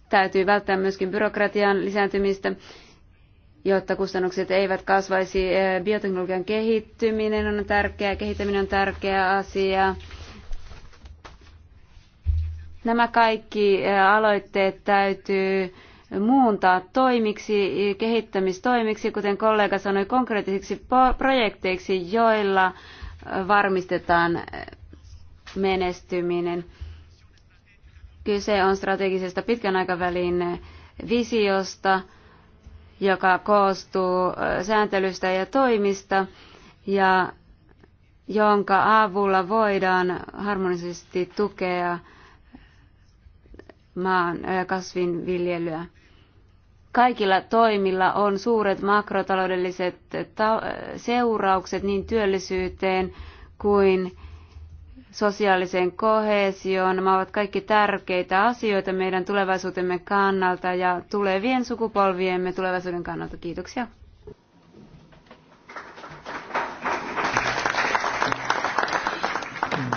Täytyy välttää myöskin byrokratian lisääntymistä jotta kustannukset eivät kasvaisi. Bioteknologian kehittyminen on tärkeää, kehittäminen on tärkeä asia. Nämä kaikki aloitteet täytyy muuntaa toimiksi, kehittämistoimiksi, kuten kollega sanoi, konkreettisiksi projekteiksi, joilla varmistetaan menestyminen. Kyse on strategisesta pitkän aikavälin visiosta – joka koostuu sääntelystä ja toimista ja jonka avulla voidaan harmonisesti tukea maan kasvinviljelyä. Kaikilla toimilla on suuret makrotaloudelliset seuraukset niin työllisyyteen kuin sosiaaliseen kohesioon. Nämä ovat kaikki tärkeitä asioita meidän tulevaisuutemme kannalta ja tulevien sukupolviemme tulevaisuuden kannalta. Kiitoksia.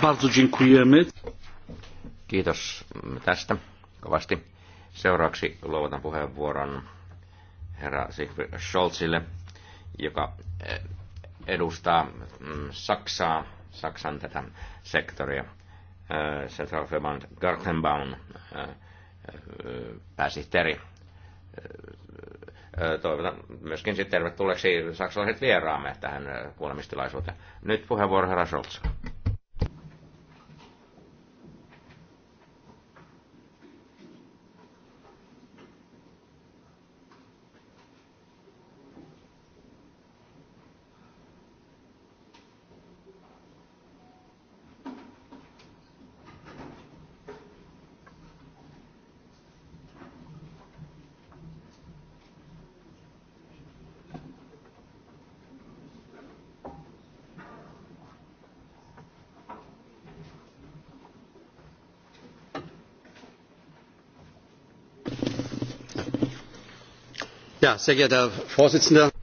Bardzo dziękujemy. Kiitos tästä kovasti. Seuraavaksi luovutan puheenvuoron herra Sigrid Scholzille, joka eh, edustaa mm, Saksaa Saksan tätä sektoria. Centralverband Gartenbaum pääsihteeri toivotan myöskin sitten tervetulleeksi saksalaiset vieraamme tähän kuulemistilaisuuteen. Nyt puheenvuoro herra Scholz.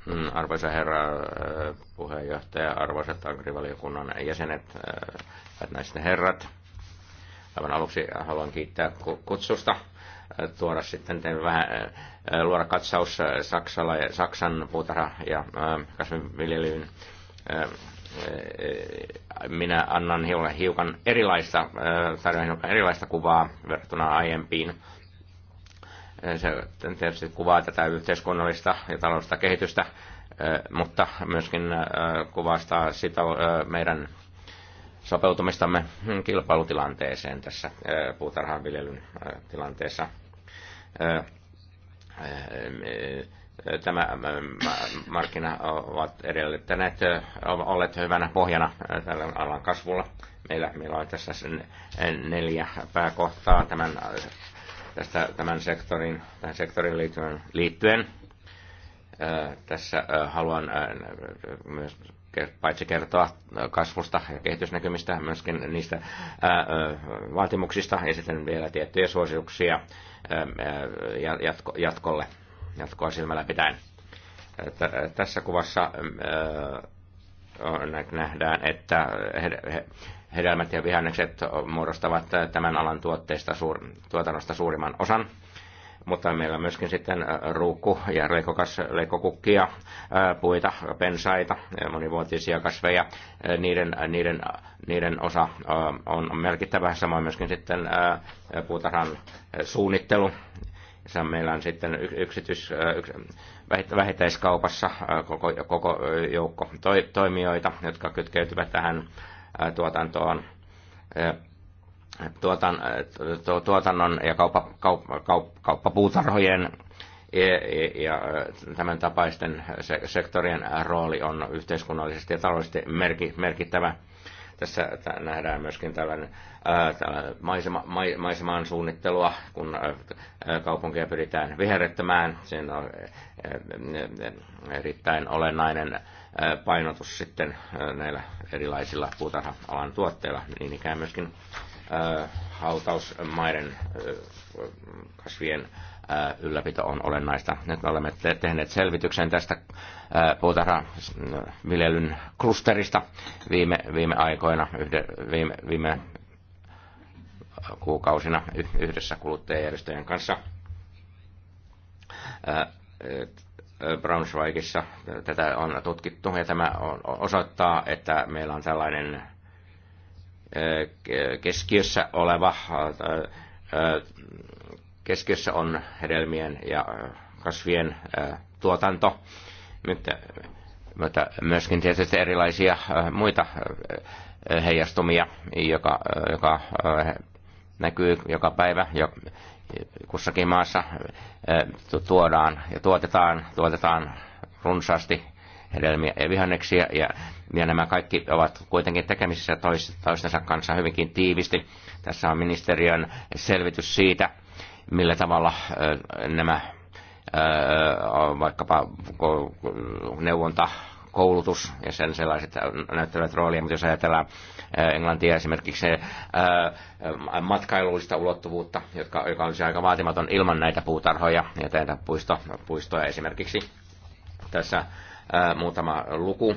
Hmm, arvoisa herra äh, puheenjohtaja, arvoisat agrivaliokunnan jäsenet, äh, hyvät naiset ja herrat. Aivan aluksi haluan kiittää kutsusta äh, tuoda sitten vähän, luoda katsaus Saksalla, Saksan puutarha- ja kasvinviljelyyn. Minä annan hiukan erilaista, tarjoan hiukan erilaista kuvaa verrattuna aiempiin se tietysti kuvaa tätä yhteiskunnallista ja taloudellista kehitystä, mutta myöskin kuvaa sitä meidän sopeutumistamme kilpailutilanteeseen tässä puutarhanviljelyn tilanteessa. Tämä markkina ovat edellyttäneet, olleet hyvänä pohjana tällä alan kasvulla. Meillä, meillä on tässä neljä pääkohtaa tämän tästä tämän sektorin, tähän sektorin liittyen. liittyen. Tässä haluan myös paitsi kertoa kasvusta ja kehitysnäkymistä, myöskin niistä vaatimuksista ja sitten vielä tiettyjä suosituksia jatko, jatkolle, jatkoa silmällä pitäen. Tässä kuvassa nähdään, että hedelmät ja vihannekset muodostavat tämän alan tuotteista suur, tuotannosta suurimman osan. Mutta meillä on myöskin sitten äh, ruukku ja leikokas, leikokukkia, äh, puita, pensaita, monivuotisia kasveja. Äh, niiden, niiden, niiden osa on merkittävä. Samoin myöskin sitten puutarhan suunnittelu. Meillä on sitten yksityis, vähittäiskaupassa äh, koko, koko joukko toimijoita, jotka kytkeytyvät tähän äh, tuotantoon tuotan, äh, tu, tuotannon ja kauppa, kauppa, kaup, kauppapuutarhojen ja, ja tämän tapaisten sektorien rooli on yhteiskunnallisesti ja taloudellisesti merkittävä tässä nähdään myöskin tällainen, tällainen maisema, ma, maisemaan suunnittelua, kun kaupunkia pyritään viherrettämään. Siinä on erittäin olennainen painotus sitten näillä erilaisilla puutarha-alan tuotteilla, niin ikään myöskin hautausmaiden kasvien ylläpito on olennaista. Nyt olemme tehneet selvityksen tästä puutarhaviljelyn klusterista viime, viime aikoina, yhde, viime, viime kuukausina yhdessä kuluttajajärjestöjen kanssa. Braunschweigissa tätä on tutkittu ja tämä osoittaa, että meillä on tällainen keskiössä oleva Keskiössä on hedelmien ja äh, kasvien äh, tuotanto, äh, mutta myöskin tietysti erilaisia muita heijastumia, joka, joka näkyy joka päivä jo kussakin maassa tuodaan ja tuotetaan, tuotetaan runsaasti hedelmiä ja vihanneksia ja, ja nämä kaikki ovat kuitenkin tekemisissä toistensa kanssa hyvinkin tiivisti. Tässä on ministeriön selvitys siitä, millä tavalla nämä vaikkapa neuvonta, koulutus ja sen sellaiset näyttävät roolia, mutta jos ajatellaan Englantia esimerkiksi matkailullista ulottuvuutta, jotka, joka olisi aika vaatimaton ilman näitä puutarhoja ja näitä puisto, puistoja esimerkiksi. Tässä muutama luku.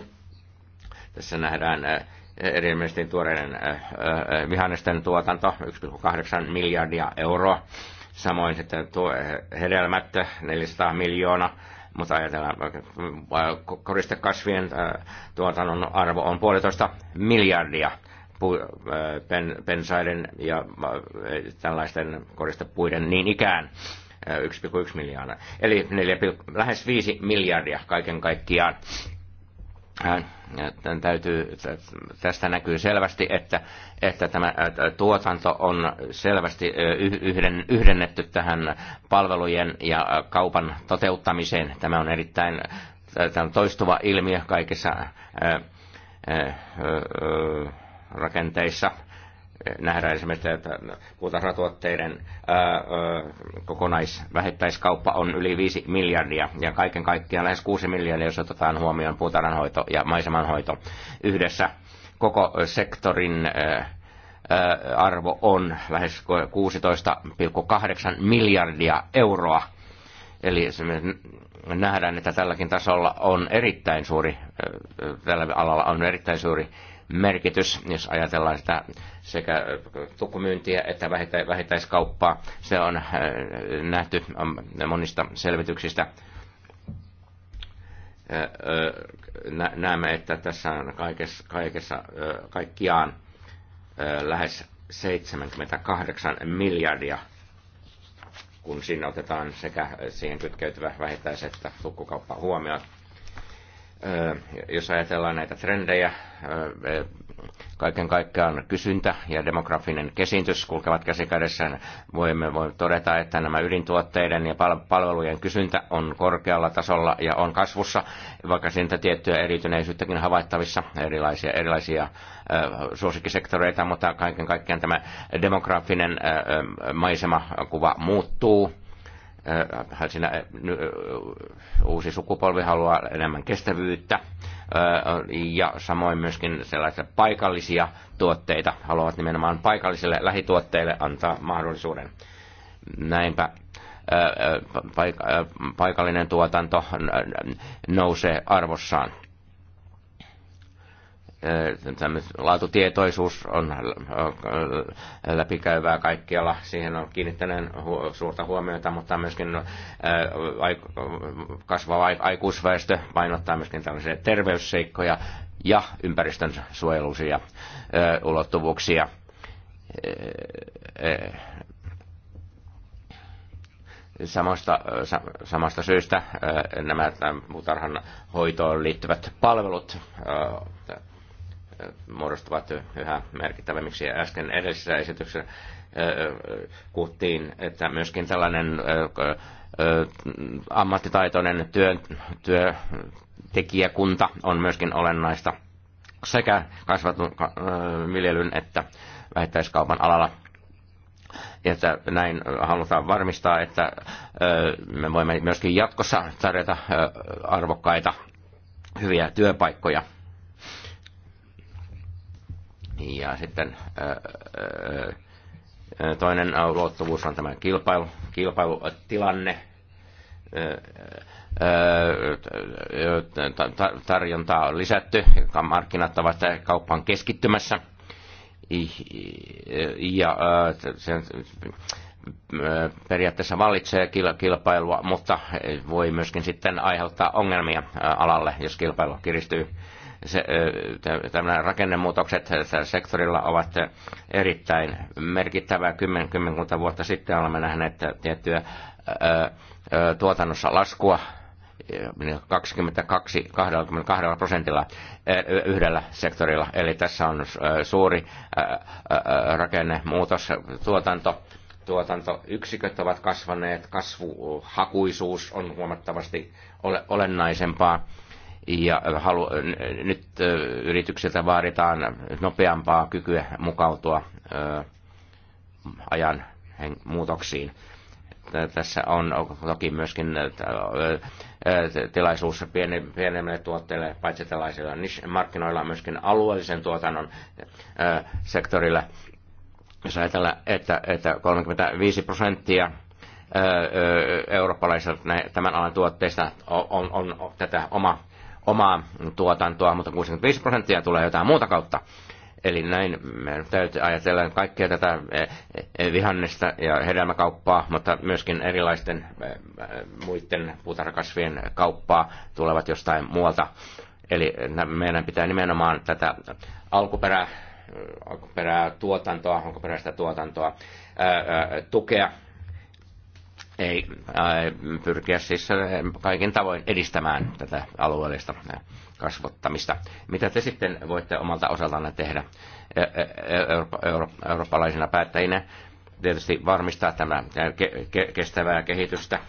Tässä nähdään erilaisesti tuoreiden vihannesten tuotanto, 1,8 miljardia euroa Samoin sitten tuo hedelmät 400 miljoonaa, mutta ajatellaan äh, koristekasvien äh, tuotannon arvo on puolitoista miljardia äh, pensaiden ja tällaisten koristepuiden niin ikään. 1,1 miljoonaa. Eli 4, lähes 5 miljardia kaiken kaikkiaan Äh, täytyy, tästä näkyy selvästi, että, että tämä äh, tuotanto on selvästi äh, yhden, yhdennetty tähän palvelujen ja kaupan toteuttamiseen. Tämä on erittäin tämä on toistuva ilmiö kaikissa rakenteissa nähdään esimerkiksi, että puutarhatuotteiden kokonaisvähittäiskauppa on yli 5 miljardia ja kaiken kaikkiaan lähes 6 miljardia, jos otetaan huomioon puutarhanhoito ja maisemanhoito yhdessä. Koko sektorin arvo on lähes 16,8 miljardia euroa. Eli nähdään, että tälläkin tasolla on erittäin suuri, tällä alalla on erittäin suuri merkitys, jos ajatellaan sitä sekä tukkumyyntiä että vähittäiskauppaa. Se on äh, nähty monista selvityksistä. Äh, äh, näemme, että tässä on kaikessa, kaikessa kaikkiaan lähes 78 miljardia, kun siinä otetaan sekä siihen kytkeytyvä vähittäis- että tukkukauppa huomioon jos ajatellaan näitä trendejä, kaiken kaikkiaan kysyntä ja demografinen kesintys kulkevat kädessä, voimme voi todeta, että nämä ydintuotteiden ja palvelujen kysyntä on korkealla tasolla ja on kasvussa, vaikka siitä tiettyä erityneisyyttäkin havaittavissa erilaisia, erilaisia suosikkisektoreita, mutta kaiken kaikkiaan tämä demografinen maisemakuva muuttuu Äh, siinä äh, äh, uusi sukupolvi haluaa enemmän kestävyyttä ja samoin myöskin sellaisia paikallisia tuotteita haluavat nimenomaan paikallisille lähituotteille antaa mahdollisuuden. Näinpä paikallinen tuotanto nousee arvossaan laatutietoisuus on äh, äh, läpikäyvää kaikkialla. Siihen on kiinnittäneen suurta huomiota, mutta myöskin äh, kasvava aikuisväestö painottaa myöskin tällaisia terveysseikkoja ja ympäristön suojeluisia ulottuvuuksia samasta, samasta syystä nämä puutarhan hoitoon liittyvät palvelut muodostuvat yhä merkittävämmiksi. Äsken edellisessä esityksessä kuhtiin, että myöskin tällainen ammattitaitoinen työ, työtekijäkunta on myöskin olennaista sekä kasvatun viljelyn että vähittäiskaupan alalla. Että näin halutaan varmistaa, että me voimme myöskin jatkossa tarjota arvokkaita hyviä työpaikkoja ja sitten toinen ulottuvuus on tämä kilpailu, kilpailutilanne, tarjontaa on lisätty, markkinat ovat kauppaan keskittymässä ja sen periaatteessa vallitsee kilpailua, mutta voi myöskin sitten aiheuttaa ongelmia alalle, jos kilpailu kiristyy se, tämä rakennemuutokset sektorilla ovat erittäin merkittävää. Kymmen, kymmenkunta vuotta sitten olemme nähneet tiettyä tuotannossa laskua 22, 22 prosentilla yhdellä sektorilla. Eli tässä on suuri rakennemuutos tuotanto tuotantoyksiköt ovat kasvaneet, kasvuhakuisuus on huomattavasti olennaisempaa ja halu, nyt yrityksiltä vaaditaan nopeampaa kykyä mukautua ajan muutoksiin. Tässä on toki myöskin tilaisuus pienemmille tuotteille, paitsi tällaisilla markkinoilla, myöskin alueellisen tuotannon sektorilla. Jos ajatellaan, että, että 35 prosenttia eurooppalaisilta tämän alan tuotteista on, on, on tätä oma omaa tuotantoa, mutta 65 prosenttia tulee jotain muuta kautta. Eli näin me täytyy ajatella kaikkea tätä e, e, vihannesta ja hedelmäkauppaa, mutta myöskin erilaisten e, muiden puutarhakasvien kauppaa tulevat jostain muualta. Eli meidän pitää nimenomaan tätä alkuperää, alkuperää tuotantoa, alkuperäistä tuotantoa tukea ei äh, pyrkiä siis äh, kaiken tavoin edistämään tätä alueellista äh, kasvattamista. Mitä te sitten voitte omalta osaltanne tehdä Eurooppa, Eurooppa, eurooppalaisina päättäjinä? Tietysti varmistaa tämä ke, kestävää kehitystä,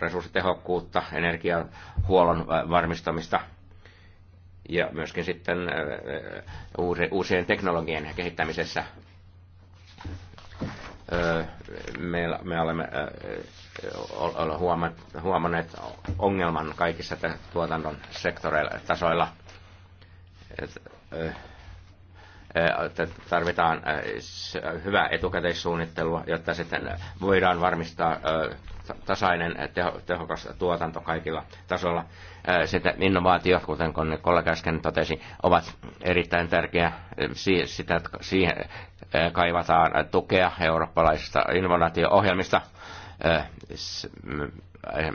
resurssitehokkuutta, energiahuollon varmistamista ja myöskin sitten uusien teknologien kehittämisessä me, me olemme huomanneet ongelman kaikissa tuotannon sektoreilla tasoilla. Tarvitaan hyvää etukäteissuunnittelua, jotta sitten voidaan varmistaa tasainen eh, teho, tehokas tuotanto kaikilla tasolla. Eh, sitä innovaatiot, kuten kollega äsken totesi, ovat erittäin tärkeä. Eh, sitä, siihen kaivataan tukea eurooppalaisista innovaatio-ohjelmista.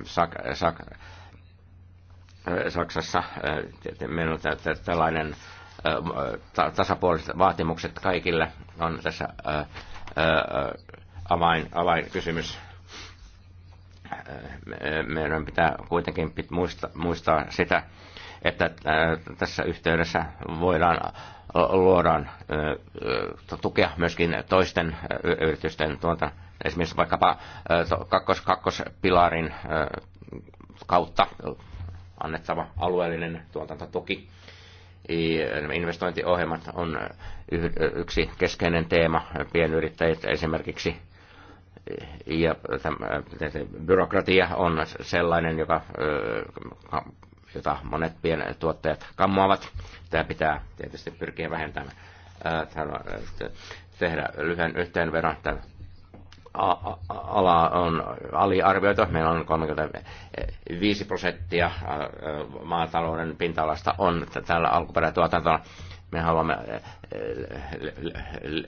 Saksassa meillä tällainen tasapuoliset vaatimukset kaikille on tässä avain, avainkysymys meidän pitää kuitenkin pitää muistaa, muistaa sitä, että tässä yhteydessä voidaan luoda tukea myöskin toisten yritysten, tuota, esimerkiksi vaikkapa kakkos, kakkospilarin kautta annettava alueellinen tuotantotuki. Investointiohjelmat on yksi keskeinen teema. Pienyrittäjät esimerkiksi ja äh, byrokratia on sellainen, joka, äh, jota monet pienet tuottajat kammoavat. Tämä pitää tietysti pyrkiä vähentämään. Äh, tehdä lyhyen yhteenvedon. Tämä ala on aliarvioitu. Meillä on 35 prosenttia maatalouden pinta-alasta on tällä alkuperätuotantona. Me haluamme eh, eh,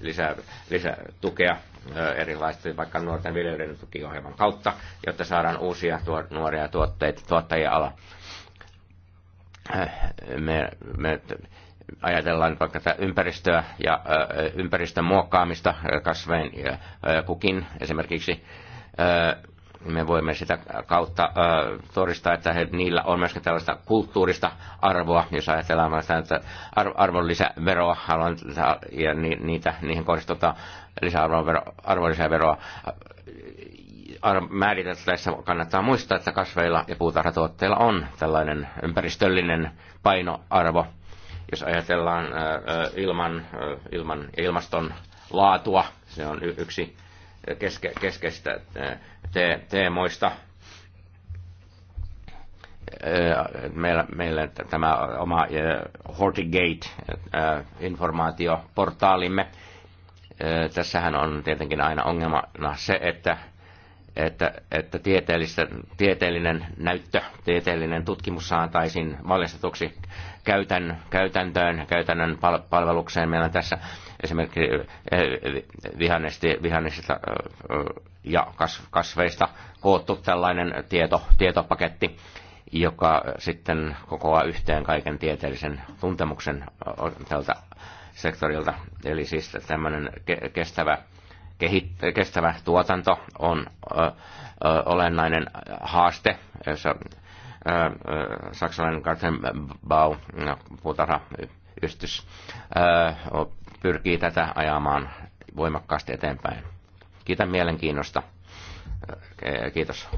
lisää, lisää tukea eh, erilaisten vaikka nuorten viljelijöiden tukiohjelman kautta, jotta saadaan uusia nuoria tuotteita tuottajia ala. Me, me ajatellaan vaikka tätä ympäristöä ja ympäristön muokkaamista kasveen kukin esimerkiksi me voimme sitä kautta äh, todistaa, että he, niillä on myöskin tällaista kulttuurista arvoa, jos ajatellaan sitä ar- arvonlisäveroa haluan, ja ni, niitä, niihin kohdistuttaa lisäarvonlisäveroa. Ar, määriteltäessä kannattaa muistaa, että kasveilla ja puutarhatuotteilla on tällainen ympäristöllinen painoarvo. Jos ajatellaan äh, ilman, äh, ilman ilmaston laatua, se on y, yksi keske, keskeistä te, teemoista. Meillä, meillä tämä oma Hortigate-informaatioportaalimme. Tässähän on tietenkin aina ongelmana se, että että, että tieteellinen näyttö, tieteellinen tutkimus saataisiin valistetuksi käytän, käytäntöön, käytännön pal- palvelukseen. Meillä on tässä esimerkiksi eh, eh, vihannesti, vihannesista eh, ja kasveista koottu tällainen tieto, tietopaketti, joka sitten kokoaa yhteen kaiken tieteellisen tuntemuksen tältä sektorilta. Eli siis tämmöinen kestävä kehit- kestävä tuotanto on ö, ö, olennainen haaste, jossa saksalainen Gartenbau no, puutarhayhdistys pyrkii tätä ajamaan voimakkaasti eteenpäin. Kiitän mielenkiinnosta. Kiitos.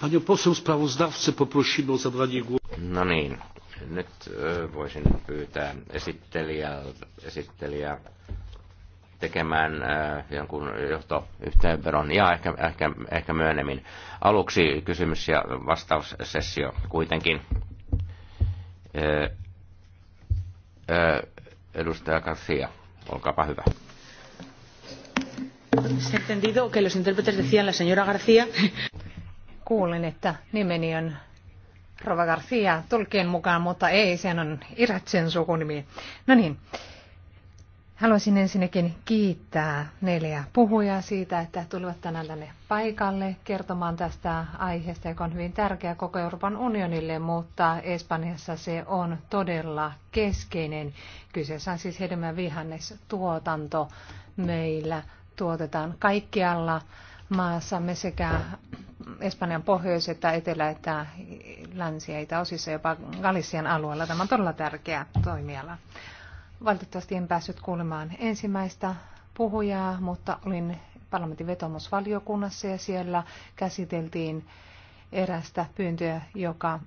Panią poseł sprawozdawcy, poprosimy o zabranie głosu. No niin, nyt voisin pyytää esittelijää, esittelijää tekemään äh, jonkun johtoyhteenveron ja ehkä, ehkä, ehkä myöhemmin. Aluksi kysymys- ja vastaussessio kuitenkin. Äh, äh, edustaja Garcia, olkaapa hyvä. entendido Kuulin, että nimeni on Rova Garcia tulkien mukaan, mutta ei, sen on Iratsen sukunimi. No niin, haluaisin ensinnäkin kiittää neljä puhujaa siitä, että tulivat tänään tänne paikalle kertomaan tästä aiheesta, joka on hyvin tärkeä koko Euroopan unionille, mutta Espanjassa se on todella keskeinen. Kyseessä on siis hedelmä vihannestuotanto. Meillä tuotetaan kaikkialla maassamme sekä Espanjan pohjois- että etelä- että länsi- ja itäosissa, jopa Galician alueella. Tämä on todella tärkeä toimiala. Valitettavasti en päässyt kuulemaan ensimmäistä puhujaa, mutta olin parlamentin vetomusvaliokunnassa ja siellä käsiteltiin erästä pyyntöä, joka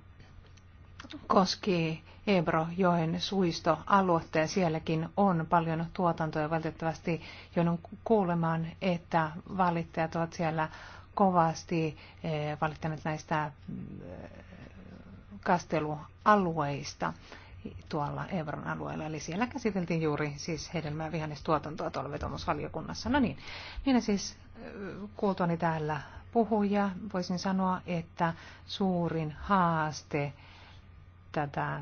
koski Ebrojoen suistoaluetta ja sielläkin on paljon tuotantoa. Valitettavasti joudun kuulemaan, että valittajat ovat siellä kovasti eh, valittaneet näistä eh, kastelualueista tuolla Evron alueella. Eli siellä käsiteltiin juuri siis hedelmää vihannistuotantoa tuolla vetomusvaliokunnassa. No niin, minä siis eh, kuultuani täällä puhuja voisin sanoa, että suurin haaste tätä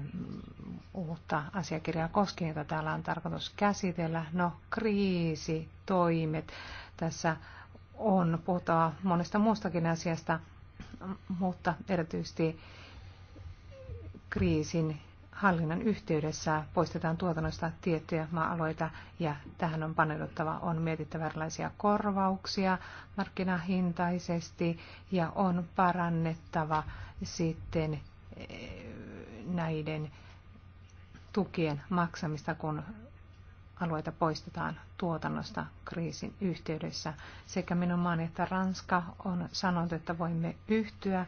uutta asiakirjaa koskien, jota täällä on tarkoitus käsitellä. No, kriisitoimet. Tässä on puhuttava monesta muustakin asiasta, mutta erityisesti kriisin hallinnan yhteydessä poistetaan tuotannosta tiettyjä maa-alueita ja tähän on paneuduttava, on mietittävä erilaisia korvauksia markkinahintaisesti ja on parannettava sitten näiden tukien maksamista, kun alueita poistetaan tuotannosta kriisin yhteydessä. Sekä minun maani että Ranska on sanonut, että voimme yhtyä.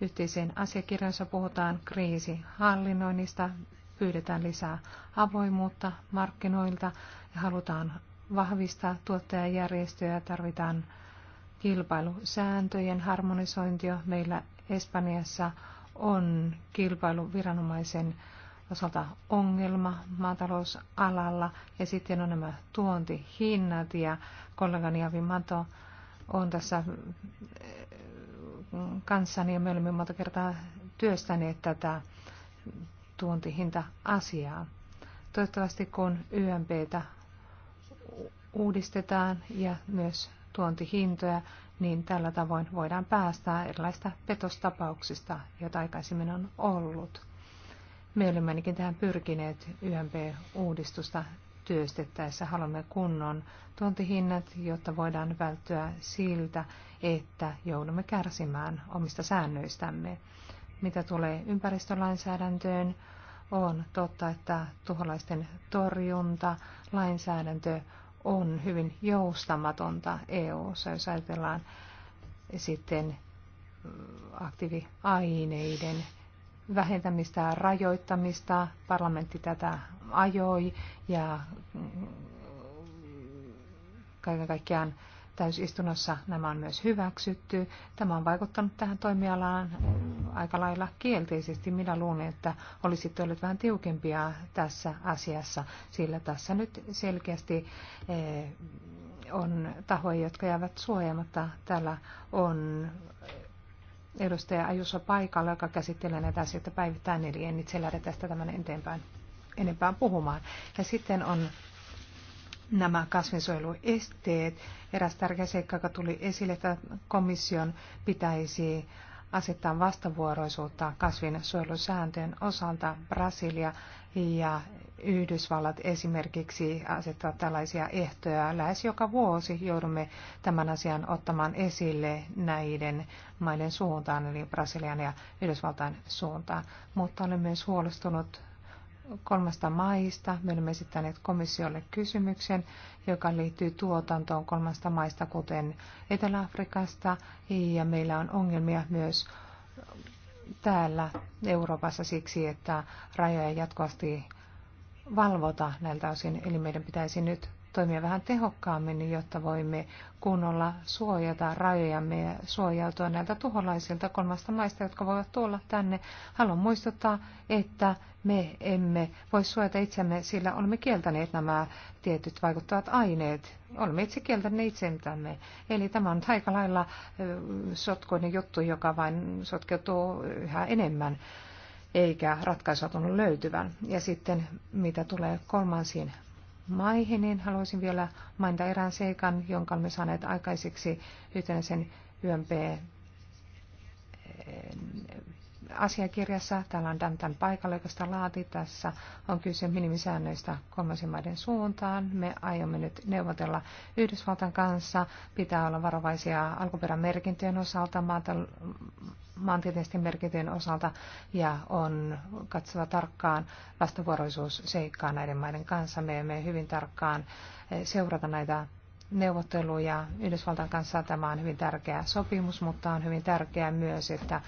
Yhteiseen asiakirjansa puhutaan kriisihallinnoinnista, pyydetään lisää avoimuutta markkinoilta ja halutaan vahvistaa tuottajajärjestöjä, tarvitaan kilpailusääntöjen harmonisointia. Meillä Espanjassa on kilpailuviranomaisen osalta ongelma maatalousalalla ja sitten on nämä tuontihinnat ja kollegani Avi Mato on tässä mm, kanssani ja me olemme monta kertaa työstäneet tätä tuontihinta-asiaa. Toivottavasti kun YMPtä uudistetaan ja myös tuontihintoja, niin tällä tavoin voidaan päästää erilaista petostapauksista, joita aikaisemmin on ollut. Me olemme ainakin tähän pyrkineet YMP-uudistusta työstettäessä haluamme kunnon tuntihinnat, jotta voidaan välttyä siltä, että joudumme kärsimään omista säännöistämme. Mitä tulee ympäristölainsäädäntöön, on totta, että tuholaisten torjunta, lainsäädäntö on hyvin joustamatonta EU-ssa, jos ajatellaan sitten mm, aktiiviaineiden vähentämistä ja rajoittamista. Parlamentti tätä ajoi ja mm, kaiken kaikkiaan täysistunnossa nämä on myös hyväksytty. Tämä on vaikuttanut tähän toimialaan aika lailla kielteisesti. Minä luulen, että olisitte olleet vähän tiukempia tässä asiassa, sillä tässä nyt selkeästi eh, on tahoja, jotka jäävät suojaamatta. Täällä on edustaja Ajussa paikalla, joka käsittelee näitä asioita päivittäin, eli en itse lähde tästä tämän eteenpäin enempää puhumaan. Ja sitten on nämä kasvinsuojeluesteet. Eräs tärkeä seikka, joka tuli esille, että komission pitäisi asettaa vastavuoroisuutta kasvinsuojelusääntöjen osalta. Brasilia ja Yhdysvallat esimerkiksi asettavat tällaisia ehtoja. Lähes joka vuosi joudumme tämän asian ottamaan esille näiden maiden suuntaan, eli Brasilian ja Yhdysvaltain suuntaan. Mutta olen myös huolestunut kolmesta maista. Me olemme esittäneet komissiolle kysymyksen, joka liittyy tuotantoon kolmesta maista, kuten Etelä-Afrikasta, ja meillä on ongelmia myös täällä Euroopassa siksi, että rajoja jatkuvasti valvota näiltä osin. Eli meidän pitäisi nyt toimia vähän tehokkaammin, jotta voimme kunnolla suojata rajojamme ja suojautua näiltä tuholaisilta kolmasta maista, jotka voivat tulla tänne. Haluan muistuttaa, että me emme voi suojata itsemme, sillä olemme kieltäneet nämä tietyt vaikuttavat aineet. Olemme itse kieltäneet itsentämme. Eli tämä on aika lailla sotkoinen juttu, joka vain sotkeutuu yhä enemmän eikä ratkaisua tunnu löytyvän. Ja sitten mitä tulee kolmansiin maihin, niin haluaisin vielä mainita erään seikan, jonka olemme saaneet aikaiseksi yhtenäisen YMP asiakirjassa. Täällä on Dantan paikalla, joka sitä laati. Tässä on kyse minimisäännöistä kolmansien maiden suuntaan. Me aiomme nyt neuvotella Yhdysvaltain kanssa. Pitää olla varovaisia alkuperämerkintöjen osalta, maantieteisten merkintöjen osalta ja on katsova tarkkaan vastavuoroisuusseikkaa näiden maiden kanssa. Me emme hyvin tarkkaan eh, seurata näitä neuvotteluja Yhdysvaltain kanssa. Tämä on hyvin tärkeä sopimus, mutta on hyvin tärkeää myös, että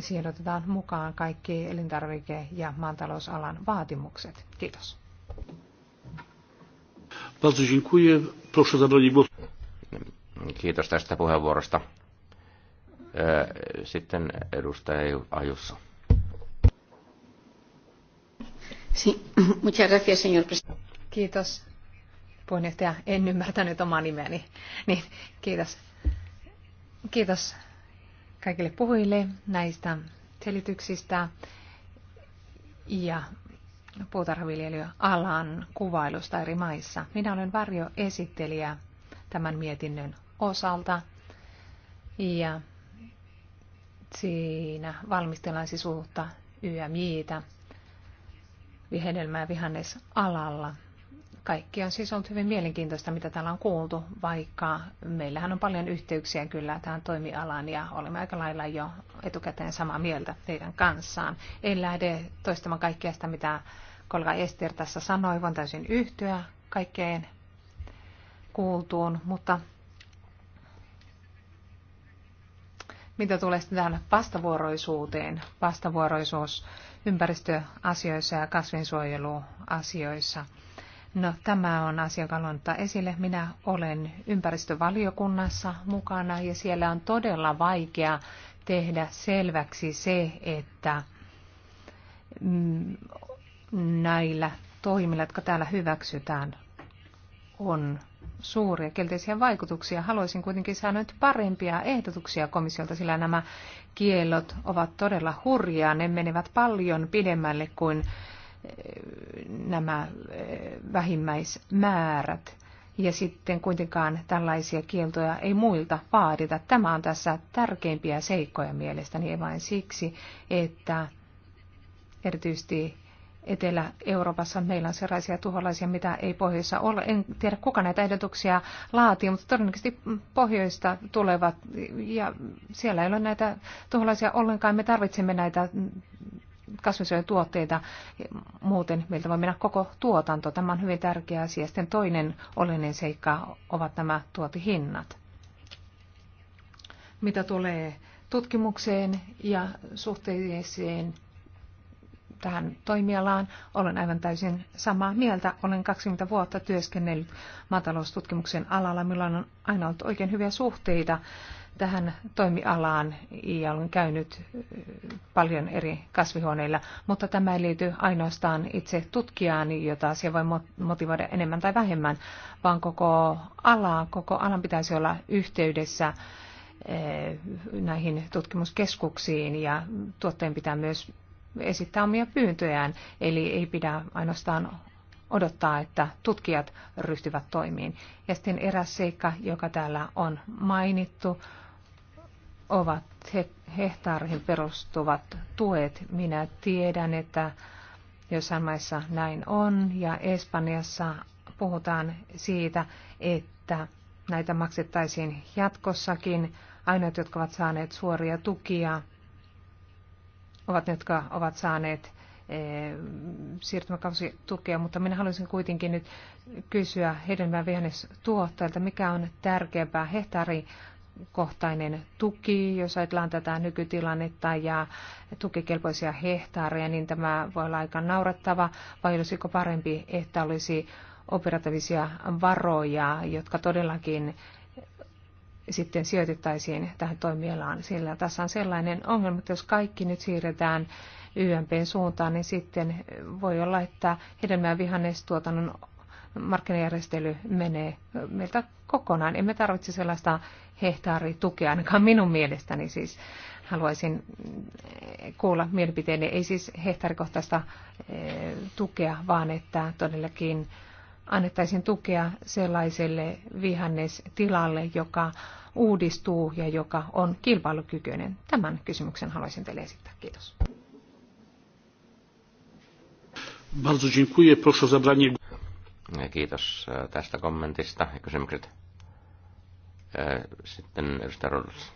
siihen otetaan mukaan kaikki elintarvike- ja maantalousalan vaatimukset. Kiitos. Kiitos tästä puheenvuorosta. Sitten edustaja Ajussa. [clears throat] Kiitos puheenjohtaja. En ymmärtänyt omaa nimeäni. Niin, kiitos. Kiitos kaikille puhujille näistä selityksistä ja puutarhaviljelyalan kuvailusta eri maissa. Minä olen esittelijä tämän mietinnön osalta ja siinä valmistellaan sisuutta uutta YMJtä, hedelmää vihannesalalla kaikki on siis ollut hyvin mielenkiintoista, mitä täällä on kuultu, vaikka meillähän on paljon yhteyksiä kyllä tähän toimialaan ja olemme aika lailla jo etukäteen samaa mieltä teidän kanssaan. En lähde toistamaan kaikkea sitä, mitä kollega Ester tässä sanoi, vaan täysin yhtyä kaikkeen kuultuun, mutta mitä tulee sitten tähän vastavuoroisuuteen, vastavuoroisuus ympäristöasioissa ja kasvinsuojeluasioissa – No, tämä on asia, joka ottaa esille. Minä olen ympäristövaliokunnassa mukana ja siellä on todella vaikea tehdä selväksi se, että mm, näillä toimilla, jotka täällä hyväksytään, on suuria kielteisiä vaikutuksia. Haluaisin kuitenkin saada nyt parempia ehdotuksia komissiolta, sillä nämä kiellot ovat todella hurjaa. Ne menevät paljon pidemmälle kuin nämä eh, vähimmäismäärät. Ja sitten kuitenkaan tällaisia kieltoja ei muilta vaadita. Tämä on tässä tärkeimpiä seikkoja mielestäni, ei vain siksi, että erityisesti Etelä-Euroopassa meillä on sellaisia tuholaisia, mitä ei pohjoissa ole. En tiedä, kuka näitä ehdotuksia laatii, mutta todennäköisesti pohjoista tulevat ja siellä ei ole näitä tuholaisia ollenkaan. Me tarvitsemme näitä kasvinsuojelutuotteita, muuten meiltä voi mennä koko tuotanto. Tämä on hyvin tärkeä asia. Sitten toinen oleellinen seikka ovat nämä tuotihinnat. Mitä tulee tutkimukseen ja suhteeseen tähän toimialaan. Olen aivan täysin samaa mieltä. Olen 20 vuotta työskennellyt maataloustutkimuksen alalla, milloin on aina ollut oikein hyviä suhteita tähän toimialaan ja olen käynyt paljon eri kasvihuoneilla, mutta tämä ei liity ainoastaan itse tutkijaan, jota asia voi motivoida enemmän tai vähemmän, vaan koko ala, koko alan pitäisi olla yhteydessä näihin tutkimuskeskuksiin ja tuotteen pitää myös esittää omia pyyntöjään, eli ei pidä ainoastaan odottaa, että tutkijat ryhtyvät toimiin. Ja sitten eräs seikka, joka täällä on mainittu, ovat he, hehtaareihin perustuvat tuet. Minä tiedän, että jossain maissa näin on ja Espanjassa puhutaan siitä, että näitä maksettaisiin jatkossakin. Ainoat, jotka ovat saaneet suoria tukia, ovat ne, jotka ovat saaneet eh, tukea, mutta minä haluaisin kuitenkin nyt kysyä hedelmän vihannestuottajilta, mikä on tärkeämpää, hehtaari kohtainen tuki, jos ajatellaan tätä nykytilannetta ja tukikelpoisia hehtaareja, niin tämä voi olla aika naurettava, vai olisiko parempi, että olisi operatiivisia varoja, jotka todellakin sitten sijoitettaisiin tähän toimialaan. Sillä tässä on sellainen ongelma, että jos kaikki nyt siirretään YMPn suuntaan, niin sitten voi olla, että hedelmä- ja vihannestuotannon markkinajärjestely menee meiltä kokonaan. Emme tarvitse sellaista hehtaaritukea, ainakaan minun mielestäni siis. Haluaisin kuulla mielipiteeni, ei siis hehtaarikohtaista eh, tukea, vaan että todellakin annettaisiin tukea sellaiselle vihannestilalle, joka uudistuu ja joka on kilpailukykyinen. Tämän kysymyksen haluaisin teille esittää. Kiitos. Bardzo dziękuję. Proszę o zabranie Kiitos tästä kommentista ja kysymykset. Sitten edustaja Rodus.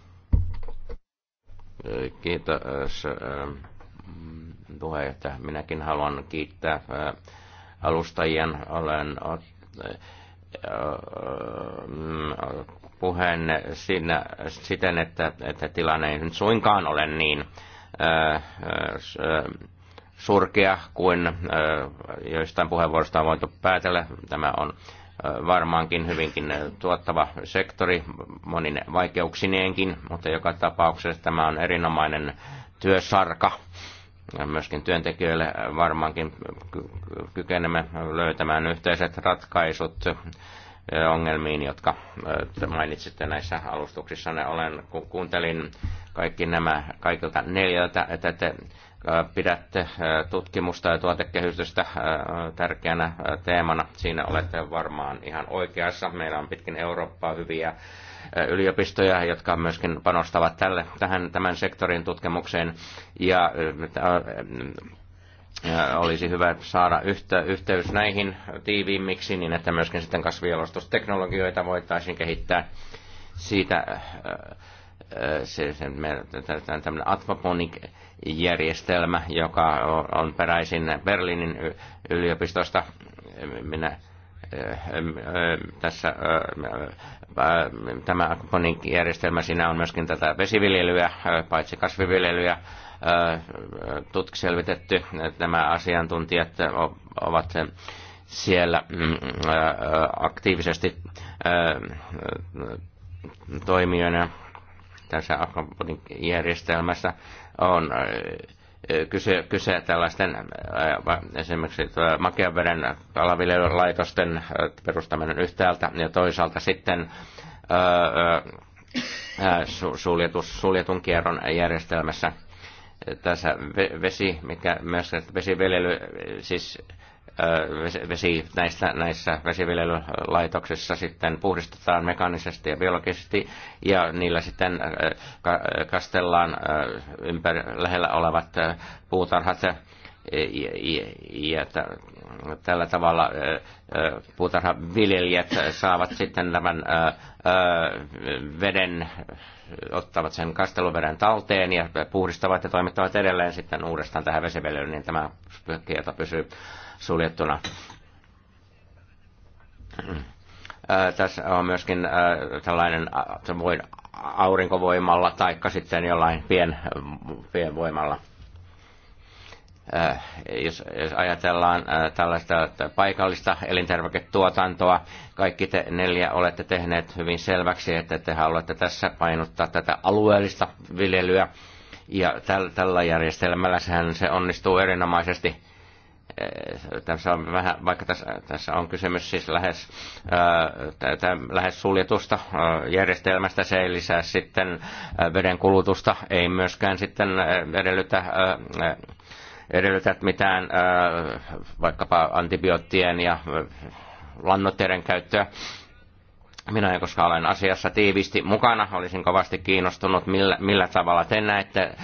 Kiitos mm, puheenjohtaja. Minäkin haluan kiittää alustajien. Olen puheen siinä, siten, että, että tilanne ei nyt suinkaan ole niin surkea kuin joistain puheenvuoroista on voitu päätellä. Tämä on varmaankin hyvinkin tuottava sektori monin vaikeuksineenkin, mutta joka tapauksessa tämä on erinomainen työsarka. Myöskin työntekijöille varmaankin kykenemme löytämään yhteiset ratkaisut ongelmiin, jotka mainitsitte näissä alustuksissa. Olen, kun kuuntelin kaikki nämä kaikilta neljältä, että te pidätte tutkimusta ja tuotekehitystä tärkeänä teemana. Siinä olette varmaan ihan oikeassa. Meillä on pitkin Eurooppaa hyviä yliopistoja, jotka myöskin panostavat tälle, tähän, tämän sektorin tutkimukseen. Ja olisi hyvä saada yhtä, yhteys näihin tiiviimmiksi niin, että myöskin sitten kasvialustusteknologioita voitaisiin kehittää siitä se, se, me, tämmöinen atmoponic järjestelmä, joka on peräisin Berliinin yliopistosta. Minä tässä tämä järjestelmä siinä on myöskin tätä vesiviljelyä, paitsi kasviviljelyä tutkiselvitetty. Nämä asiantuntijat ovat siellä mm, aktiivisesti toimijoina tässä järjestelmässä on äh, äh, kyse, kyse tällaisten äh, esimerkiksi makeaveden kalaviljelylaitosten perustaminen yhtäältä ja toisaalta sitten suljetus, suljetun kierron järjestelmässä tässä vesi, mikä myös vesiviljely, siis vesi näissä, näissä vesiviljelylaitoksissa sitten puhdistetaan mekaanisesti ja biologisesti ja niillä sitten kastellaan ympäri lähellä olevat puutarhat ja, ja, ja tällä tavalla puutarhaviljelijät saavat sitten tämän veden, ottavat sen kasteluveden talteen ja puhdistavat ja toimittavat edelleen sitten uudestaan tähän vesiviljelyyn, niin tämä kieto pysyy suljettuna. Tässä on myöskin tällainen aurinkovoimalla tai sitten jollain pien, pienvoimalla. Jos, jos ajatellaan tällaista paikallista elintarviketuotantoa, kaikki te neljä olette tehneet hyvin selväksi, että te haluatte tässä painottaa tätä alueellista viljelyä. Ja tällä järjestelmällä sehän se onnistuu erinomaisesti Äh, tässä on vähän, vaikka tässä, tässä on kysymys siis lähes, ää, äh, lähes suljetusta ää, äh, järjestelmästä, se ei lisää sitten veden kulutusta, ei myöskään sitten edellytä ää, edellytät mitään ää, vaikkapa antibioottien ja lannoitteiden käyttöä. Minä, koska olen asiassa tiivisti mukana, olisin kovasti kiinnostunut, millä, millä tavalla te näette ö, äh,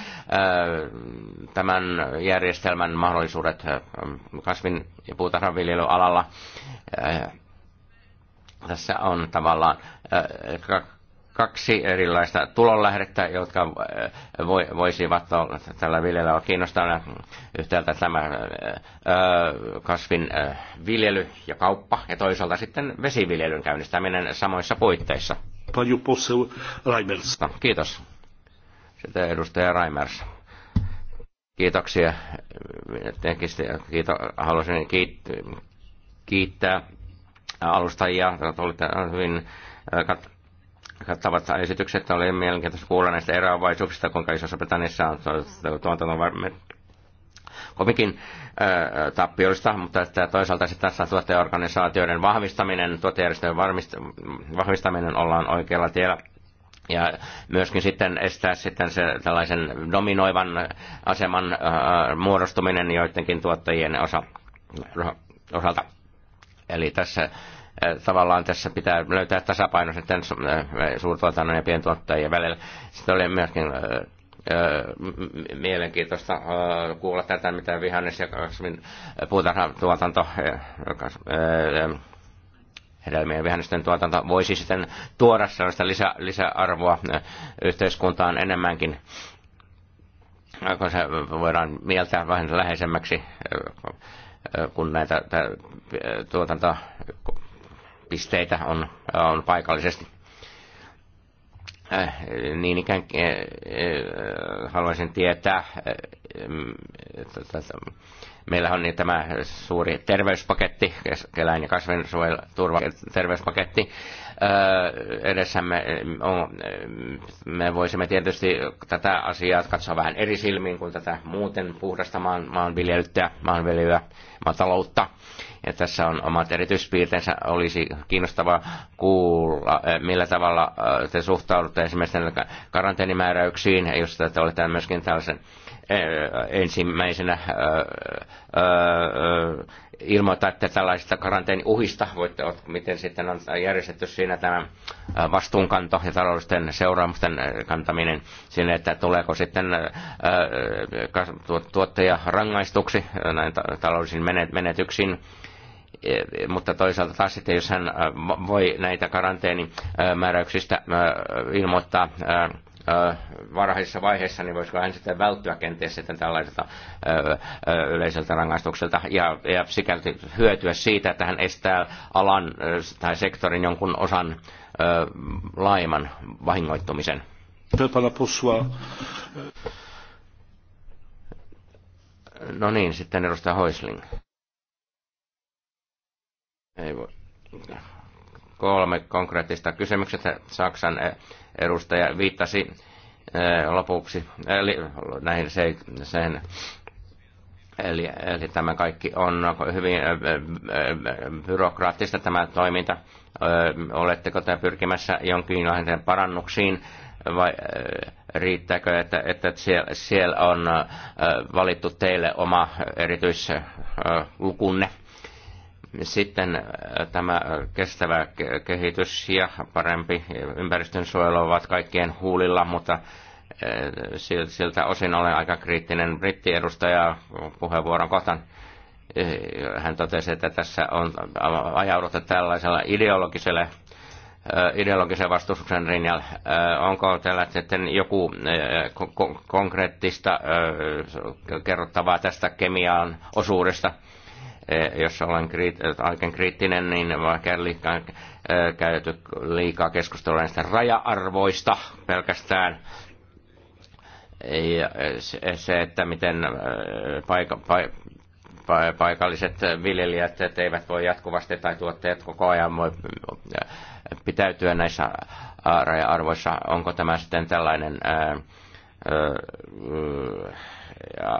tämän järjestelmän mahdollisuudet ö, äh, kasvin- ja puutarhanviljelyalalla. Ö, äh, tässä on tavallaan kaksi erilaista tulonlähdettä, jotka äh, voisivat tällä viljellä kiinnostaa yhtäältä tämä äh, kasvin äh, viljely ja kauppa ja toisaalta sitten vesiviljelyn käynnistäminen samoissa puitteissa. No, kiitos. Sitten edustaja Raimers. Kiitoksia. Kiito, haluaisin kiittää alustajia. Olette hyvin kattavat esitykset. Oli mielenkiintoista kuulla näistä eroavaisuuksista, kuinka isossa Britanniassa on tuotannon kovinkin tappiollista, mutta että toisaalta sitten tässä tuoteorganisaatioiden vahvistaminen, tuotejärjestöjen vahvistaminen ollaan oikealla tiellä. Ja myöskin sitten estää sitten se tällaisen dominoivan aseman ää, muodostuminen joidenkin tuottajien osa, osalta. Eli tässä Äh, tavallaan tässä pitää löytää tasapaino sitten äh, suurtuotannon ja pientuottajien välillä. Sitten oli myöskin äh, mielenkiintoista kuulla tätä, mitä vihannes- ja puutarhatuotanto, hedelmien ja vihannesten tuotanto voisi sitten tuoda sellaista lisä, lisäarvoa yhteiskuntaan enemmänkin kun se voidaan mieltää vähän läheisemmäksi, kun näitä tuotantoa pisteitä on, on paikallisesti. Äh, niin ikään äh, äh, haluaisin tietää, meillä on niin tämä suuri terveyspaketti, keläin- ja kasvinsuojeluturva terveyspaketti edessämme. On, me voisimme tietysti tätä asiaa katsoa vähän eri silmiin kuin tätä muuten puhdasta maan, maanviljelyä, maanviljelyä maataloutta ja tässä on omat erityispiirteensä. Olisi kiinnostavaa kuulla, eh, millä tavalla eh, te suhtaudutte esimerkiksi karanteenimääräyksiin, jos te olette myöskin tällaisen eh, ensimmäisenä ilmoitatte tällaisista karanteeniuhista, voitte, miten sitten on järjestetty siinä tämä vastuunkanto ja taloudellisten seuraamusten kantaminen sinne, että tuleeko sitten tuottaja rangaistuksi näin taloudellisiin menetyksiin Eh, mutta toisaalta taas sitten, jos hän äh, voi näitä karanteenimääräyksistä äh, äh, ilmoittaa varhaisessa vaiheessa, niin voisiko hän sitten välttyä kenties sitten tällaiselta yleiseltä rangaistukselta ja, ja sikälti hyötyä siitä, että hän estää alan tai sektorin jonkun osan laajemman vahingoittumisen. No niin, sitten edustaja Hoisling. Ei voi. Kolme konkreettista kysymystä. Saksan eh, edustaja viittasi eh, lopuksi eli näihin se, sen Eli, eli tämä kaikki on hyvin eh, byrokraattista tämä toiminta. Oletteko te pyrkimässä jonkinlaisen parannuksiin vai riittääkö, että, että siellä, siellä on valittu teille oma erityislukunne? Sitten äh, tämä äh, kestävä kehitys ja parempi ympäristönsuojelu ovat kaikkien huulilla, mutta äh, siltä osin olen aika kriittinen brittiedustaja puheenvuoron kohtaan. Hän totesi, että tässä on ajauduttu tällaisella ideologiselle ideologisen vastustuksen rinjalla. Onko teillä sitten joku konkreettista kerrottavaa tästä kemiaan osuudesta? E, jos olen kriit- kriittinen, niin vaikka käy liikaa, e, käyty liikaa keskustelua näistä raja-arvoista pelkästään. Ja e, se, että miten paika, pa, paikalliset viljelijät eivät voi jatkuvasti tai tuotteet koko ajan voi pitäytyä näissä raja-arvoissa. Onko tämä sitten tällainen ää, ää, ja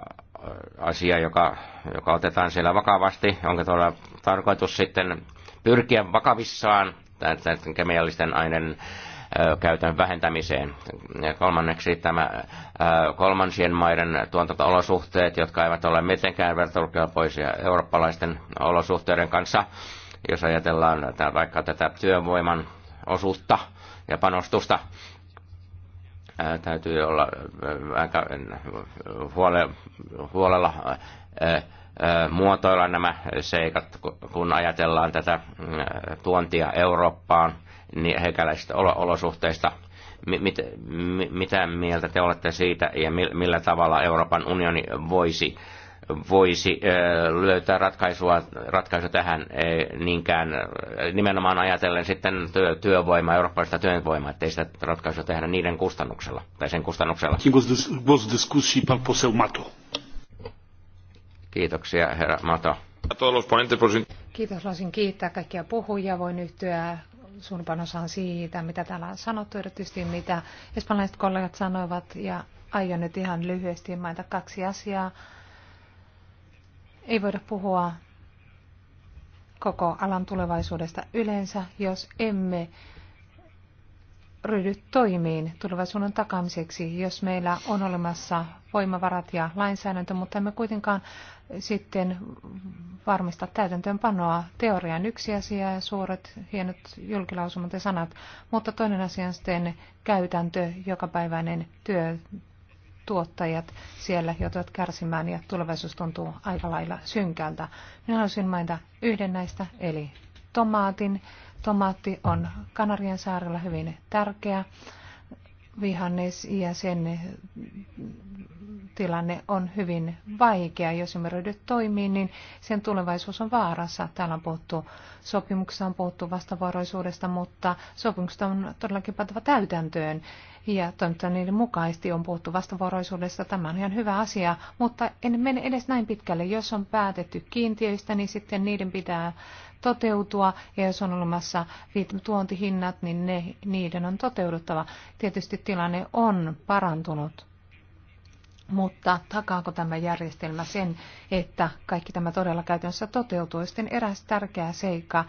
asia, joka, joka otetaan siellä vakavasti. Onko tuolla tarkoitus sitten pyrkiä vakavissaan näiden kemiallisten aineiden käytön vähentämiseen. Ja kolmanneksi tämä kolmansien maiden tuotanto jotka eivät ole mitenkään vertailukelpoisia eurooppalaisten olosuhteiden kanssa, jos ajatellaan vaikka tätä työvoiman osuutta ja panostusta täytyy olla aika huole, huolella muotoilla nämä seikat, kun ajatellaan tätä tuontia Eurooppaan, niin heikäläisistä olosuhteista. Mit, mit, mitä mieltä te olette siitä ja millä tavalla Euroopan unioni voisi voisi löytää ratkaisua, ratkaisu tähän niinkään nimenomaan ajatellen sitten työ, työvoimaa, eurooppalaista työvoimaa, ettei sitä ratkaisua tehdä niiden kustannuksella tai sen kustannuksella. Kiitoksia, herra Mato. Kiitos, haluaisin kiittää kaikkia puhujia. Voin yhtyä suurin osaan siitä, mitä täällä on sanottu, erityisesti mitä espanjalaiset kollegat sanoivat. Ja aion nyt ihan lyhyesti mainita kaksi asiaa ei voida puhua koko alan tulevaisuudesta yleensä, jos emme ryhdy toimiin tulevaisuuden takamiseksi, jos meillä on olemassa voimavarat ja lainsäädäntö, mutta emme kuitenkaan sitten varmista täytäntöönpanoa. Teorian yksi asia ja suuret hienot julkilausumat ja sanat, mutta toinen asia on sitten käytäntö, jokapäiväinen työ, tuottajat siellä joutuvat kärsimään ja tulevaisuus tuntuu aika lailla synkältä. Minä haluaisin mainita yhden näistä, eli tomaatin. Tomaatti on Kanarian saarella hyvin tärkeä vihannes ja sen tilanne on hyvin vaikea. Jos emme ryhdy toimiin, niin sen tulevaisuus on vaarassa. Täällä on puhuttu sopimuksessa on puhuttu vastavuoroisuudesta, mutta sopimukset on todellakin pantava täytäntöön. Ja toimittaa niiden mukaisesti on puhuttu vastavuoroisuudesta. Tämä on ihan hyvä asia, mutta en mene edes näin pitkälle. Jos on päätetty kiintiöistä, niin sitten niiden pitää toteutua, ja jos on olemassa tuontihinnat, niin ne, niiden on toteuduttava. Tietysti tilanne on parantunut, mutta takaako tämä järjestelmä sen, että kaikki tämä todella käytännössä toteutuu? Sitten eräs tärkeä seikka,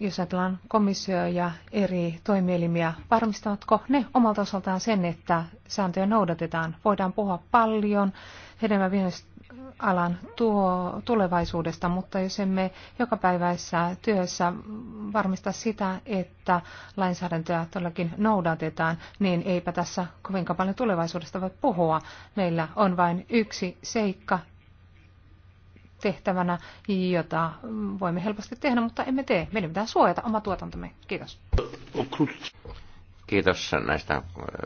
jos ajatellaan komissio ja eri toimielimiä, varmistavatko ne omalta osaltaan sen, että sääntöjä noudatetaan? Voidaan puhua paljon hedelmävihdoista alan tuo tulevaisuudesta, mutta jos emme jokapäiväisessä työssä varmista sitä, että lainsäädäntöä todellakin noudatetaan, niin eipä tässä kovinkaan paljon tulevaisuudesta voi puhua. Meillä on vain yksi seikka tehtävänä, jota voimme helposti tehdä, mutta emme tee. Meidän pitää suojata oma tuotantomme. Kiitos. Kiitos näistä äh,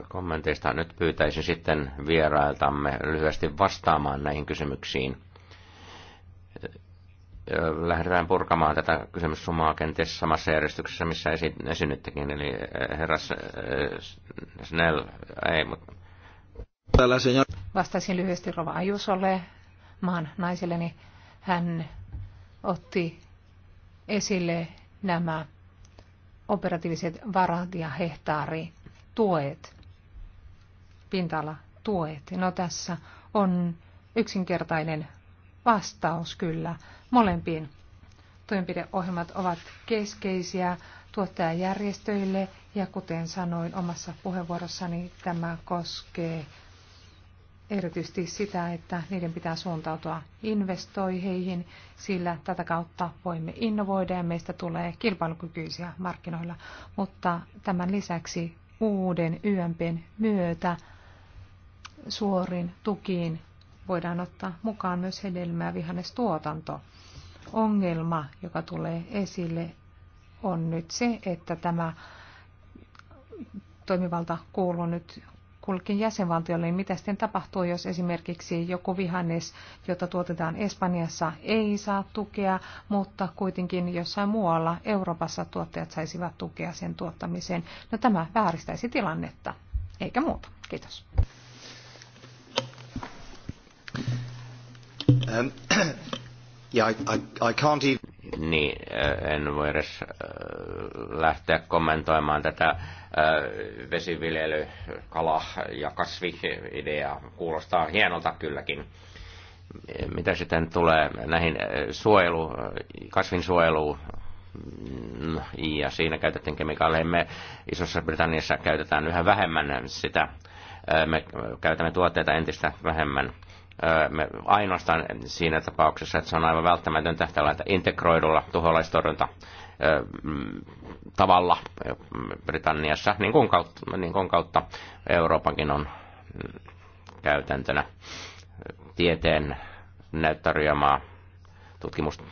kommenteista. Nyt pyytäisin sitten vierailtamme lyhyesti vastaamaan näihin kysymyksiin. Äh, äh, lähdetään purkamaan tätä kysymyssumaa kenties samassa järjestyksessä, missä esi- esinyttekin. Eli herras äh, Snell, ei, mutta... Vastaisin lyhyesti Rova Ajusolle, maan naiselleni. Hän otti esille nämä operatiiviset varat ja hehtaari tuet, pinta tuet. No tässä on yksinkertainen vastaus kyllä molempiin. Toimenpideohjelmat ovat keskeisiä tuottajajärjestöille ja kuten sanoin omassa puheenvuorossani, tämä koskee erityisesti sitä, että niiden pitää suuntautua investoihin, sillä tätä kautta voimme innovoida ja meistä tulee kilpailukykyisiä markkinoilla. Mutta tämän lisäksi uuden YMPn myötä suorin tukiin voidaan ottaa mukaan myös hedelmää vihannestuotanto. Ongelma, joka tulee esille, on nyt se, että tämä toimivalta kuuluu nyt kullekin jäsenvaltiolle, niin mitä sitten tapahtuu, jos esimerkiksi joku vihannes, jota tuotetaan Espanjassa, ei saa tukea, mutta kuitenkin jossain muualla Euroopassa tuottajat saisivat tukea sen tuottamiseen. No tämä vääristäisi tilannetta, eikä muuta. Kiitos. Um, [clears throat] yeah, I, I, I can't even niin en voi edes lähteä kommentoimaan tätä vesiviljely, kala ja kasvi idea Kuulostaa hienolta kylläkin. Mitä sitten tulee näihin suojelu, kasvinsuojeluun mm, ja siinä käytettiin kemikaaleja. Me Isossa Britanniassa käytetään yhä vähemmän sitä. Me käytämme tuotteita entistä vähemmän me ainoastaan siinä tapauksessa, että se on aivan välttämätöntä tällä integroidulla tuholaistorjunta mm, tavalla Britanniassa, niin kuin kautta, niin kuin kautta Euroopankin on mm, käytäntönä tieteen näyttörjömaa tutkimusta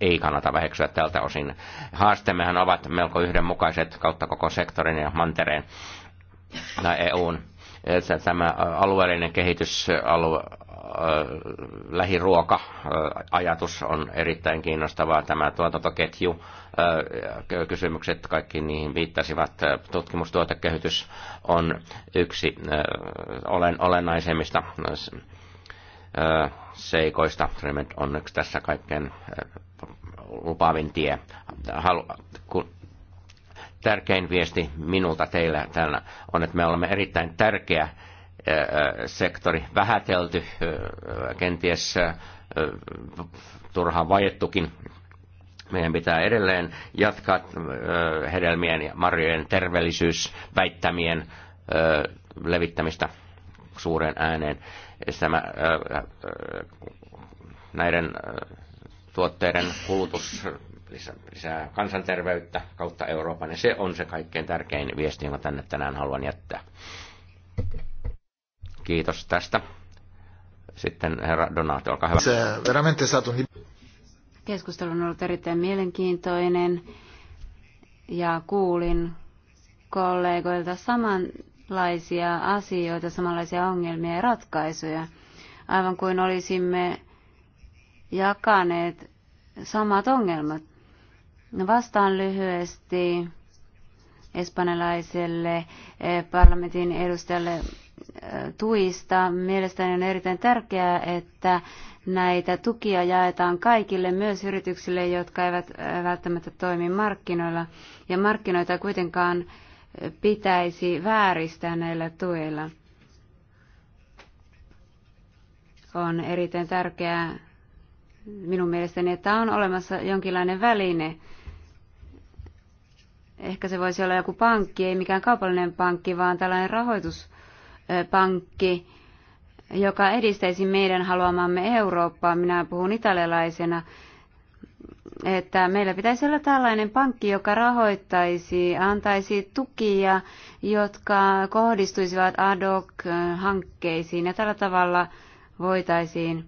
ei kannata väheksyä tältä osin. Haasteemmehan ovat melko yhdenmukaiset kautta koko sektorin ja mantereen tai EUn että tämä alueellinen kehitysalue, lähiruoka-ajatus on erittäin kiinnostavaa. Tämä tuotantoketju, kysymykset, kaikki niihin viittasivat. Tutkimustuotekehitys on yksi olen, olennaisemmista seikoista. Remed on yksi tässä kaikkein lupaavin tie tärkein viesti minulta teillä tällä on, että me olemme erittäin tärkeä sektori, vähätelty, kenties turhaan vaiettukin. Meidän pitää edelleen jatkaa hedelmien ja marjojen terveellisyysväittämien levittämistä suureen ääneen. Siis tämä, näiden tuotteiden kulutus lisää kansanterveyttä kautta Euroopan, ja se on se kaikkein tärkein viesti, jonka tänne tänään haluan jättää. Kiitos tästä. Sitten herra Donaat, olkaa hyvä. Niin- Keskustelu on ollut erittäin mielenkiintoinen, ja kuulin kollegoilta samanlaisia asioita, samanlaisia ongelmia ja ratkaisuja, aivan kuin olisimme jakaneet samat ongelmat. Vastaan lyhyesti espanjalaiselle eh, parlamentin edustajalle eh, tuista. Mielestäni on erittäin tärkeää, että näitä tukia jaetaan kaikille, myös yrityksille, jotka eivät eh, välttämättä toimi markkinoilla. Ja markkinoita kuitenkaan pitäisi vääristää näillä tuilla. On erittäin tärkeää minun mielestäni, että on olemassa jonkinlainen väline Ehkä se voisi olla joku pankki, ei mikään kaupallinen pankki, vaan tällainen rahoituspankki, joka edistäisi meidän haluamamme Eurooppaa. Minä puhun italialaisena että meillä pitäisi olla tällainen pankki, joka rahoittaisi, antaisi tukia, jotka kohdistuisivat ad hoc-hankkeisiin ja tällä tavalla voitaisiin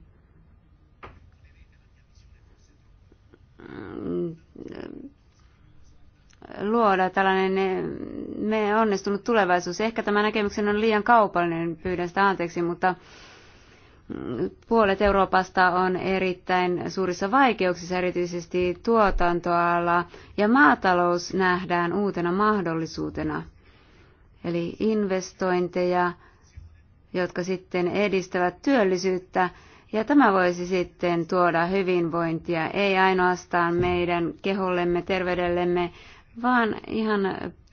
luoda tällainen niin me onnistunut tulevaisuus. Ehkä tämä näkemyksen on liian kaupallinen, niin pyydän sitä anteeksi, mutta puolet Euroopasta on erittäin suurissa vaikeuksissa, erityisesti tuotantoala, ja maatalous nähdään uutena mahdollisuutena. Eli investointeja, jotka sitten edistävät työllisyyttä, ja tämä voisi sitten tuoda hyvinvointia, ei ainoastaan meidän kehollemme, terveydellemme, vaan ihan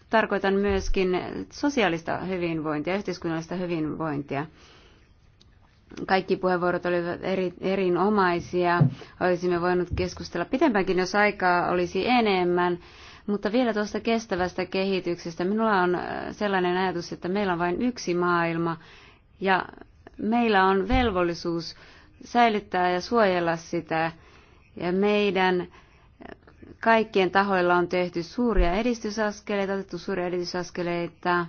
tarkoitan myöskin sosiaalista hyvinvointia, yhteiskunnallista hyvinvointia. Kaikki puheenvuorot olivat eri, erinomaisia. Olisimme voinut keskustella pitempäänkin, jos aikaa olisi enemmän. Mutta vielä tuosta kestävästä kehityksestä. Minulla on sellainen ajatus, että meillä on vain yksi maailma ja meillä on velvollisuus säilyttää ja suojella sitä. Ja meidän kaikkien tahoilla on tehty suuria edistysaskeleita, otettu suuria edistysaskeleita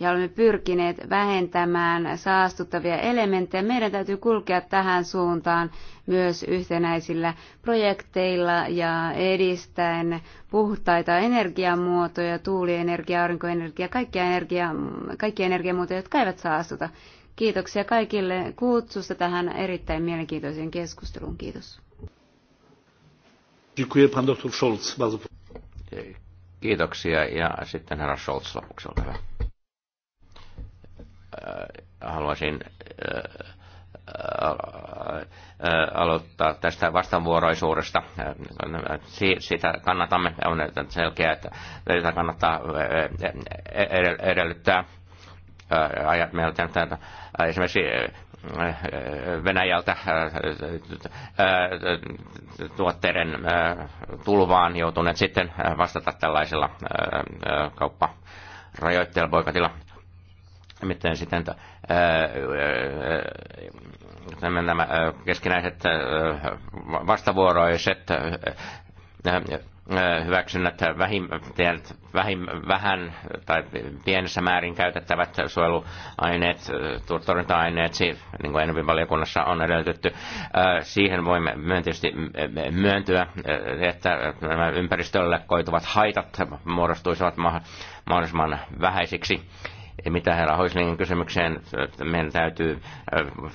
ja olemme pyrkineet vähentämään saastuttavia elementtejä. Meidän täytyy kulkea tähän suuntaan myös yhtenäisillä projekteilla ja edistäen puhtaita energiamuotoja, tuulienergia, aurinkoenergia, kaikkia, energia, kaikkia energiamuotoja, jotka eivät saastuta. Kiitoksia kaikille kutsusta tähän erittäin mielenkiintoiseen keskusteluun. Kiitos. Kiitoksia ja sitten herra Scholz lopuksi, olkaa hyvä. Äh, haluaisin äh, äh, aloittaa tästä vastavuoroisuudesta. Sitä kannatamme, on selkeää, että sitä kannattaa edellyttää. Ajat meiltä esimerkiksi Venäjältä tuotteiden tulvaan joutuneet sitten vastata tällaisella kaupparajoitteella, poikatilla. Miten sitten nämä keskinäiset vastavuoroiset hyväksynnät vähim, vähim, vähän tai pienessä määrin käytettävät suojeluaineet, torjunta-aineet, niin kuin enemmän valiokunnassa on edellytetty. Siihen voimme myönteisesti myöntyä, että nämä ympäristölle koituvat haitat muodostuisivat mahdollisimman vähäisiksi mitä herra Hoislingin kysymykseen meidän täytyy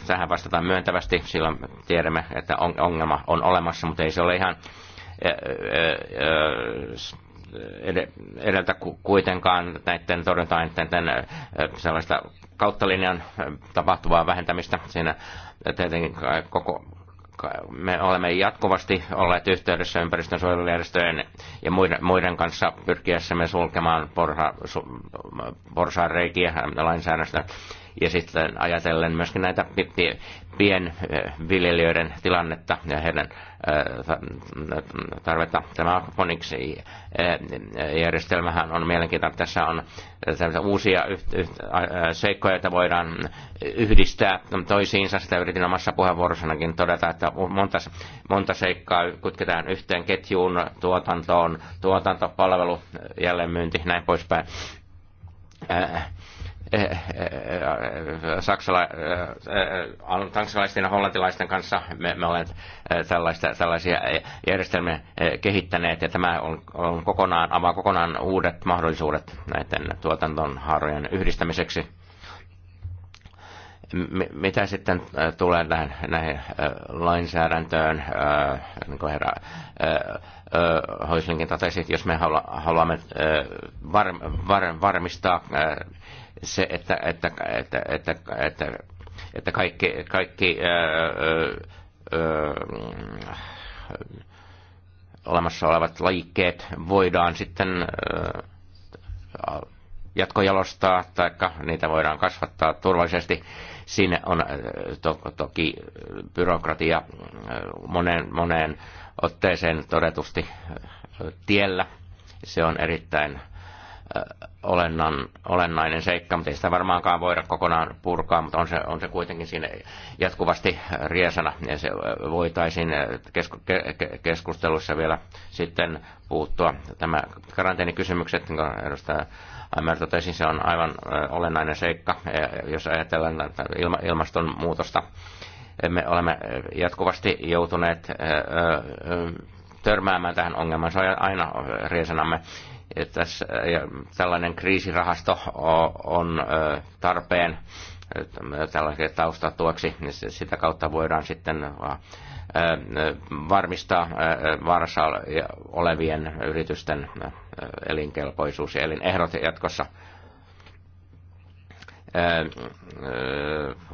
tähän vastata myöntävästi, sillä tiedämme, että ongelma on olemassa, mutta ei se ole ihan edeltä kuitenkaan näiden torjunta-aineiden sellaista kauttalinjan tapahtuvaa vähentämistä. Siinä tietenkin koko, me olemme jatkuvasti olleet yhteydessä ympäristönsuojelujärjestöjen ja muiden, muiden kanssa pyrkiessämme sulkemaan porsa, su, reikiä lainsäädännöstä ja sitten ajatellen myöskin näitä pienviljelijöiden tilannetta ja heidän tarvetta. Tämä Aquaponics-järjestelmähän on mielenkiintoinen. Tässä on uusia seikkoja, joita voidaan yhdistää toisiinsa. Sitä yritin omassa puheenvuorossanakin todeta, että monta, monta seikkaa kytketään yhteen ketjuun, tuotantoon, tuotantopalvelu, jälleenmyynti, näin poispäin Eh, eh, eh, saksalaisten ja hollantilaisten kanssa me, me olemme tällaista, tällaisia järjestelmiä kehittäneet ja tämä on, on kokonaan, avaa kokonaan uudet mahdollisuudet näiden tuotantonhaarojen haarojen yhdistämiseksi. Mitä sitten tulee näihin, näihin lainsäädäntöön, niin kuin herra Hoislinkin totesi, jos me haluamme var, var, varmistaa se, että, että, että, että, että, että kaikki, kaikki ää, ää, olemassa olevat lajikkeet voidaan sitten ää, jatkojalostaa tai niitä voidaan kasvattaa turvallisesti. Siinä on to, toki byrokratia moneen, moneen otteeseen todetusti tiellä. Se on erittäin olennan, olennainen seikka, mutta ei sitä varmaankaan voida kokonaan purkaa, mutta on se, on se kuitenkin siinä jatkuvasti riesana, ja se voitaisiin kesku, ke, keskustelussa vielä sitten puuttua. Tämä karanteenikysymykset, niin kuin edustaja Aimer totesi, se on aivan olennainen seikka, jos ajatellaan ilma, ilmastonmuutosta. Me olemme jatkuvasti joutuneet törmäämään tähän ongelmaan, se on aina riesanamme että tässä, ja tällainen kriisirahasto on tarpeen tällaisen taustatueksi, niin sitä kautta voidaan sitten varmistaa vaarassa olevien yritysten elinkelpoisuus ja elinehdot jatkossa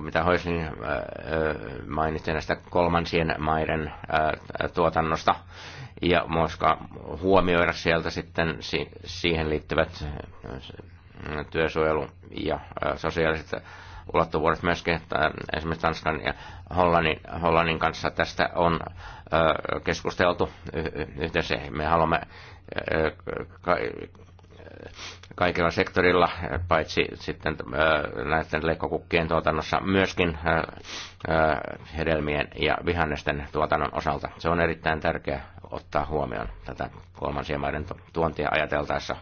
mitä hoisin mainitsin näistä kolmansien maiden tuotannosta, ja koska huomioida sieltä sitten siihen liittyvät työsuojelu- ja sosiaaliset ulottuvuudet myöskin, että esimerkiksi Tanskan ja Hollannin, Hollannin kanssa tästä on keskusteltu yhdessä. Me haluamme kaikilla sektorilla, paitsi sitten äh, näiden leikkokukkien tuotannossa, myöskin äh, äh, hedelmien ja vihannesten tuotannon osalta. Se on erittäin tärkeää ottaa huomioon tätä kolmansien maiden tuontia ajateltaessa.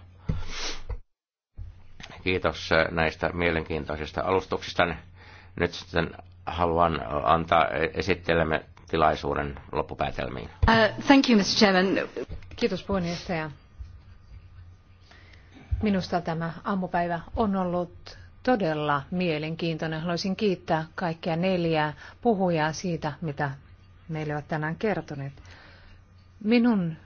Kiitos näistä mielenkiintoisista alustuksista. Nyt sitten haluan antaa esittelemme tilaisuuden loppupäätelmiin. Uh, thank you, Mr. Chairman. Kiitos puheenjohtaja. Minusta tämä aamupäivä on ollut todella mielenkiintoinen. Haluaisin kiittää kaikkia neljää puhujaa siitä, mitä meille ovat tänään kertoneet. Minun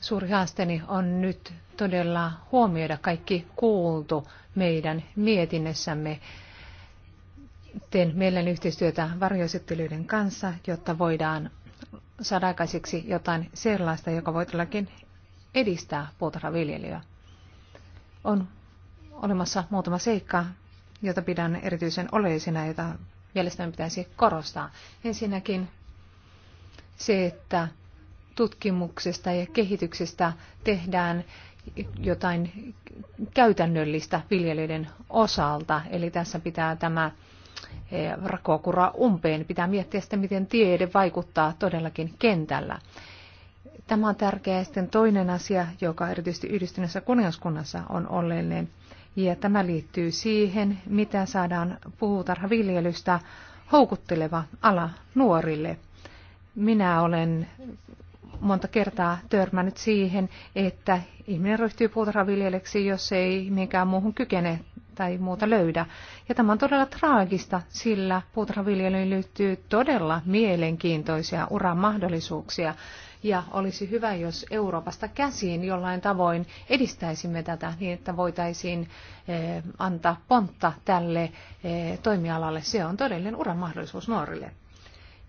suuri haasteeni on nyt todella huomioida kaikki kuultu meidän mietinnössämme. Teen mielen yhteistyötä varjoesittelyiden kanssa, jotta voidaan saada aikaiseksi jotain sellaista, joka voi todellakin edistää puutarhaviljelyä on olemassa muutama seikka, jota pidän erityisen oleellisena, jota mielestäni pitäisi korostaa. Ensinnäkin se, että tutkimuksesta ja kehityksestä tehdään jotain käytännöllistä viljelijöiden osalta. Eli tässä pitää tämä e, rakokura umpeen. Pitää miettiä sitä, miten tiede vaikuttaa todellakin kentällä. Tämä on tärkeä Sitten toinen asia, joka erityisesti yhdistyneessä kuningaskunnassa on oleellinen, ja tämä liittyy siihen, mitä saadaan puutarhaviljelystä houkutteleva ala nuorille. Minä olen monta kertaa törmännyt siihen, että ihminen ryhtyy puutarhaviljelijäksi, jos ei minkään muuhun kykene tai muuta löydä. Ja tämä on todella traagista, sillä puutarhaviljelyyn liittyy todella mielenkiintoisia uramahdollisuuksia ja olisi hyvä, jos Euroopasta käsiin jollain tavoin edistäisimme tätä niin, että voitaisiin eh, antaa pontta tälle eh, toimialalle. Se on todellinen uramahdollisuus nuorille.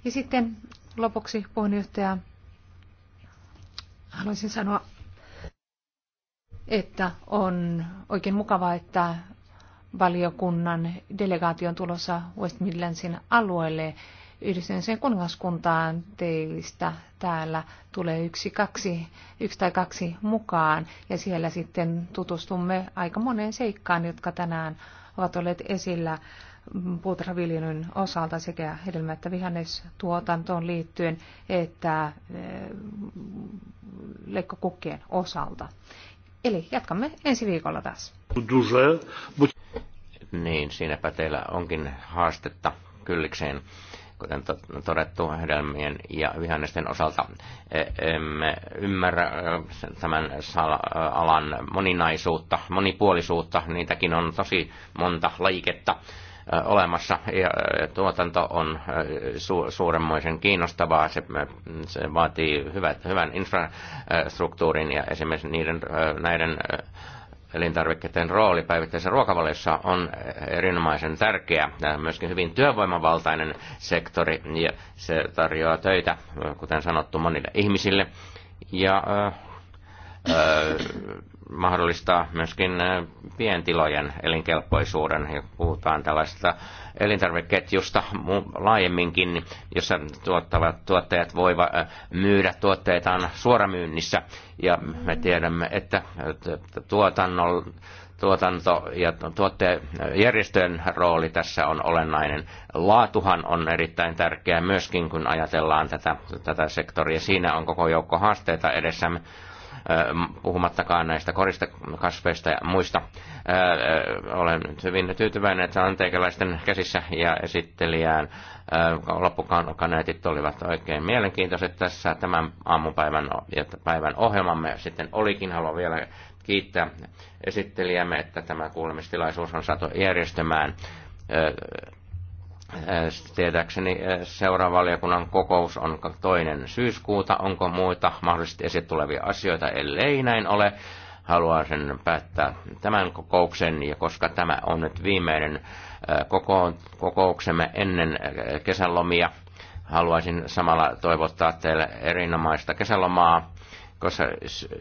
Ja sitten lopuksi puheenjohtaja haluaisin sanoa, että on oikein mukavaa, että valiokunnan delegaation tulossa West Midlandsin alueelle yhdistyneeseen kuningaskuntaan teistä täällä tulee yksi, kaksi, yksi tai kaksi mukaan ja siellä sitten tutustumme aika moneen seikkaan, jotka tänään ovat olleet esillä puutarhaviljelyn osalta sekä hedelmä- että vihannestuotantoon liittyen että eh, leikkokukkien osalta. Eli jatkamme ensi viikolla taas. Niin, siinäpä teillä onkin haastetta kyllikseen kuten todettu, hedelmien ja vihannesten osalta e, emme ymmärrä tämän alan moninaisuutta, monipuolisuutta. Niitäkin on tosi monta lajiketta olemassa ja tuotanto on su- suuremmoisen kiinnostavaa. Se, se vaatii hyvät, hyvän infrastruktuurin ja esimerkiksi niiden, näiden elintarvikkeiden rooli päivittäisessä ruokavaliossa on erinomaisen tärkeä ja myöskin hyvin työvoimavaltainen sektori ja se tarjoaa töitä, kuten sanottu, monille ihmisille. Ja mahdollistaa myöskin äh, pientilojen elinkelpoisuuden. Ja puhutaan tällaista elintarvikeketjusta laajemminkin, jossa tuottavat tuottajat voivat äh, myydä tuotteitaan suoramyynnissä. Ja me tiedämme, että tuotannon, tuotanto- ja tuottajajärjestöjen rooli tässä on olennainen. Laatuhan on erittäin tärkeää myöskin, kun ajatellaan tätä, tätä sektoria. Siinä on koko joukko haasteita edessämme, puhumattakaan näistä kasveista ja muista. Olen hyvin tyytyväinen, että anteekelaisten käsissä ja esittelijään loppukaneetit olivat oikein mielenkiintoiset tässä tämän aamupäivän ja päivän ohjelmamme sitten olikin. Haluan vielä kiittää esittelijämme, että tämä kuulemistilaisuus on saatu järjestämään Tiedäkseni seuraava valiokunnan kokous on toinen syyskuuta. Onko muita mahdollisesti esiin tulevia asioita? Ellei näin ole, haluan sen päättää tämän kokouksen. Ja koska tämä on nyt viimeinen kokouksemme ennen kesälomia, haluaisin samalla toivottaa teille erinomaista kesälomaa koska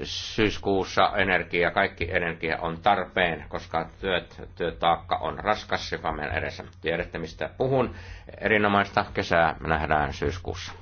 syyskuussa energia, kaikki energia on tarpeen, koska työt, työtaakka on raskas, joka meidän edessä. Tiedätte, mistä puhun. Erinomaista kesää nähdään syyskuussa.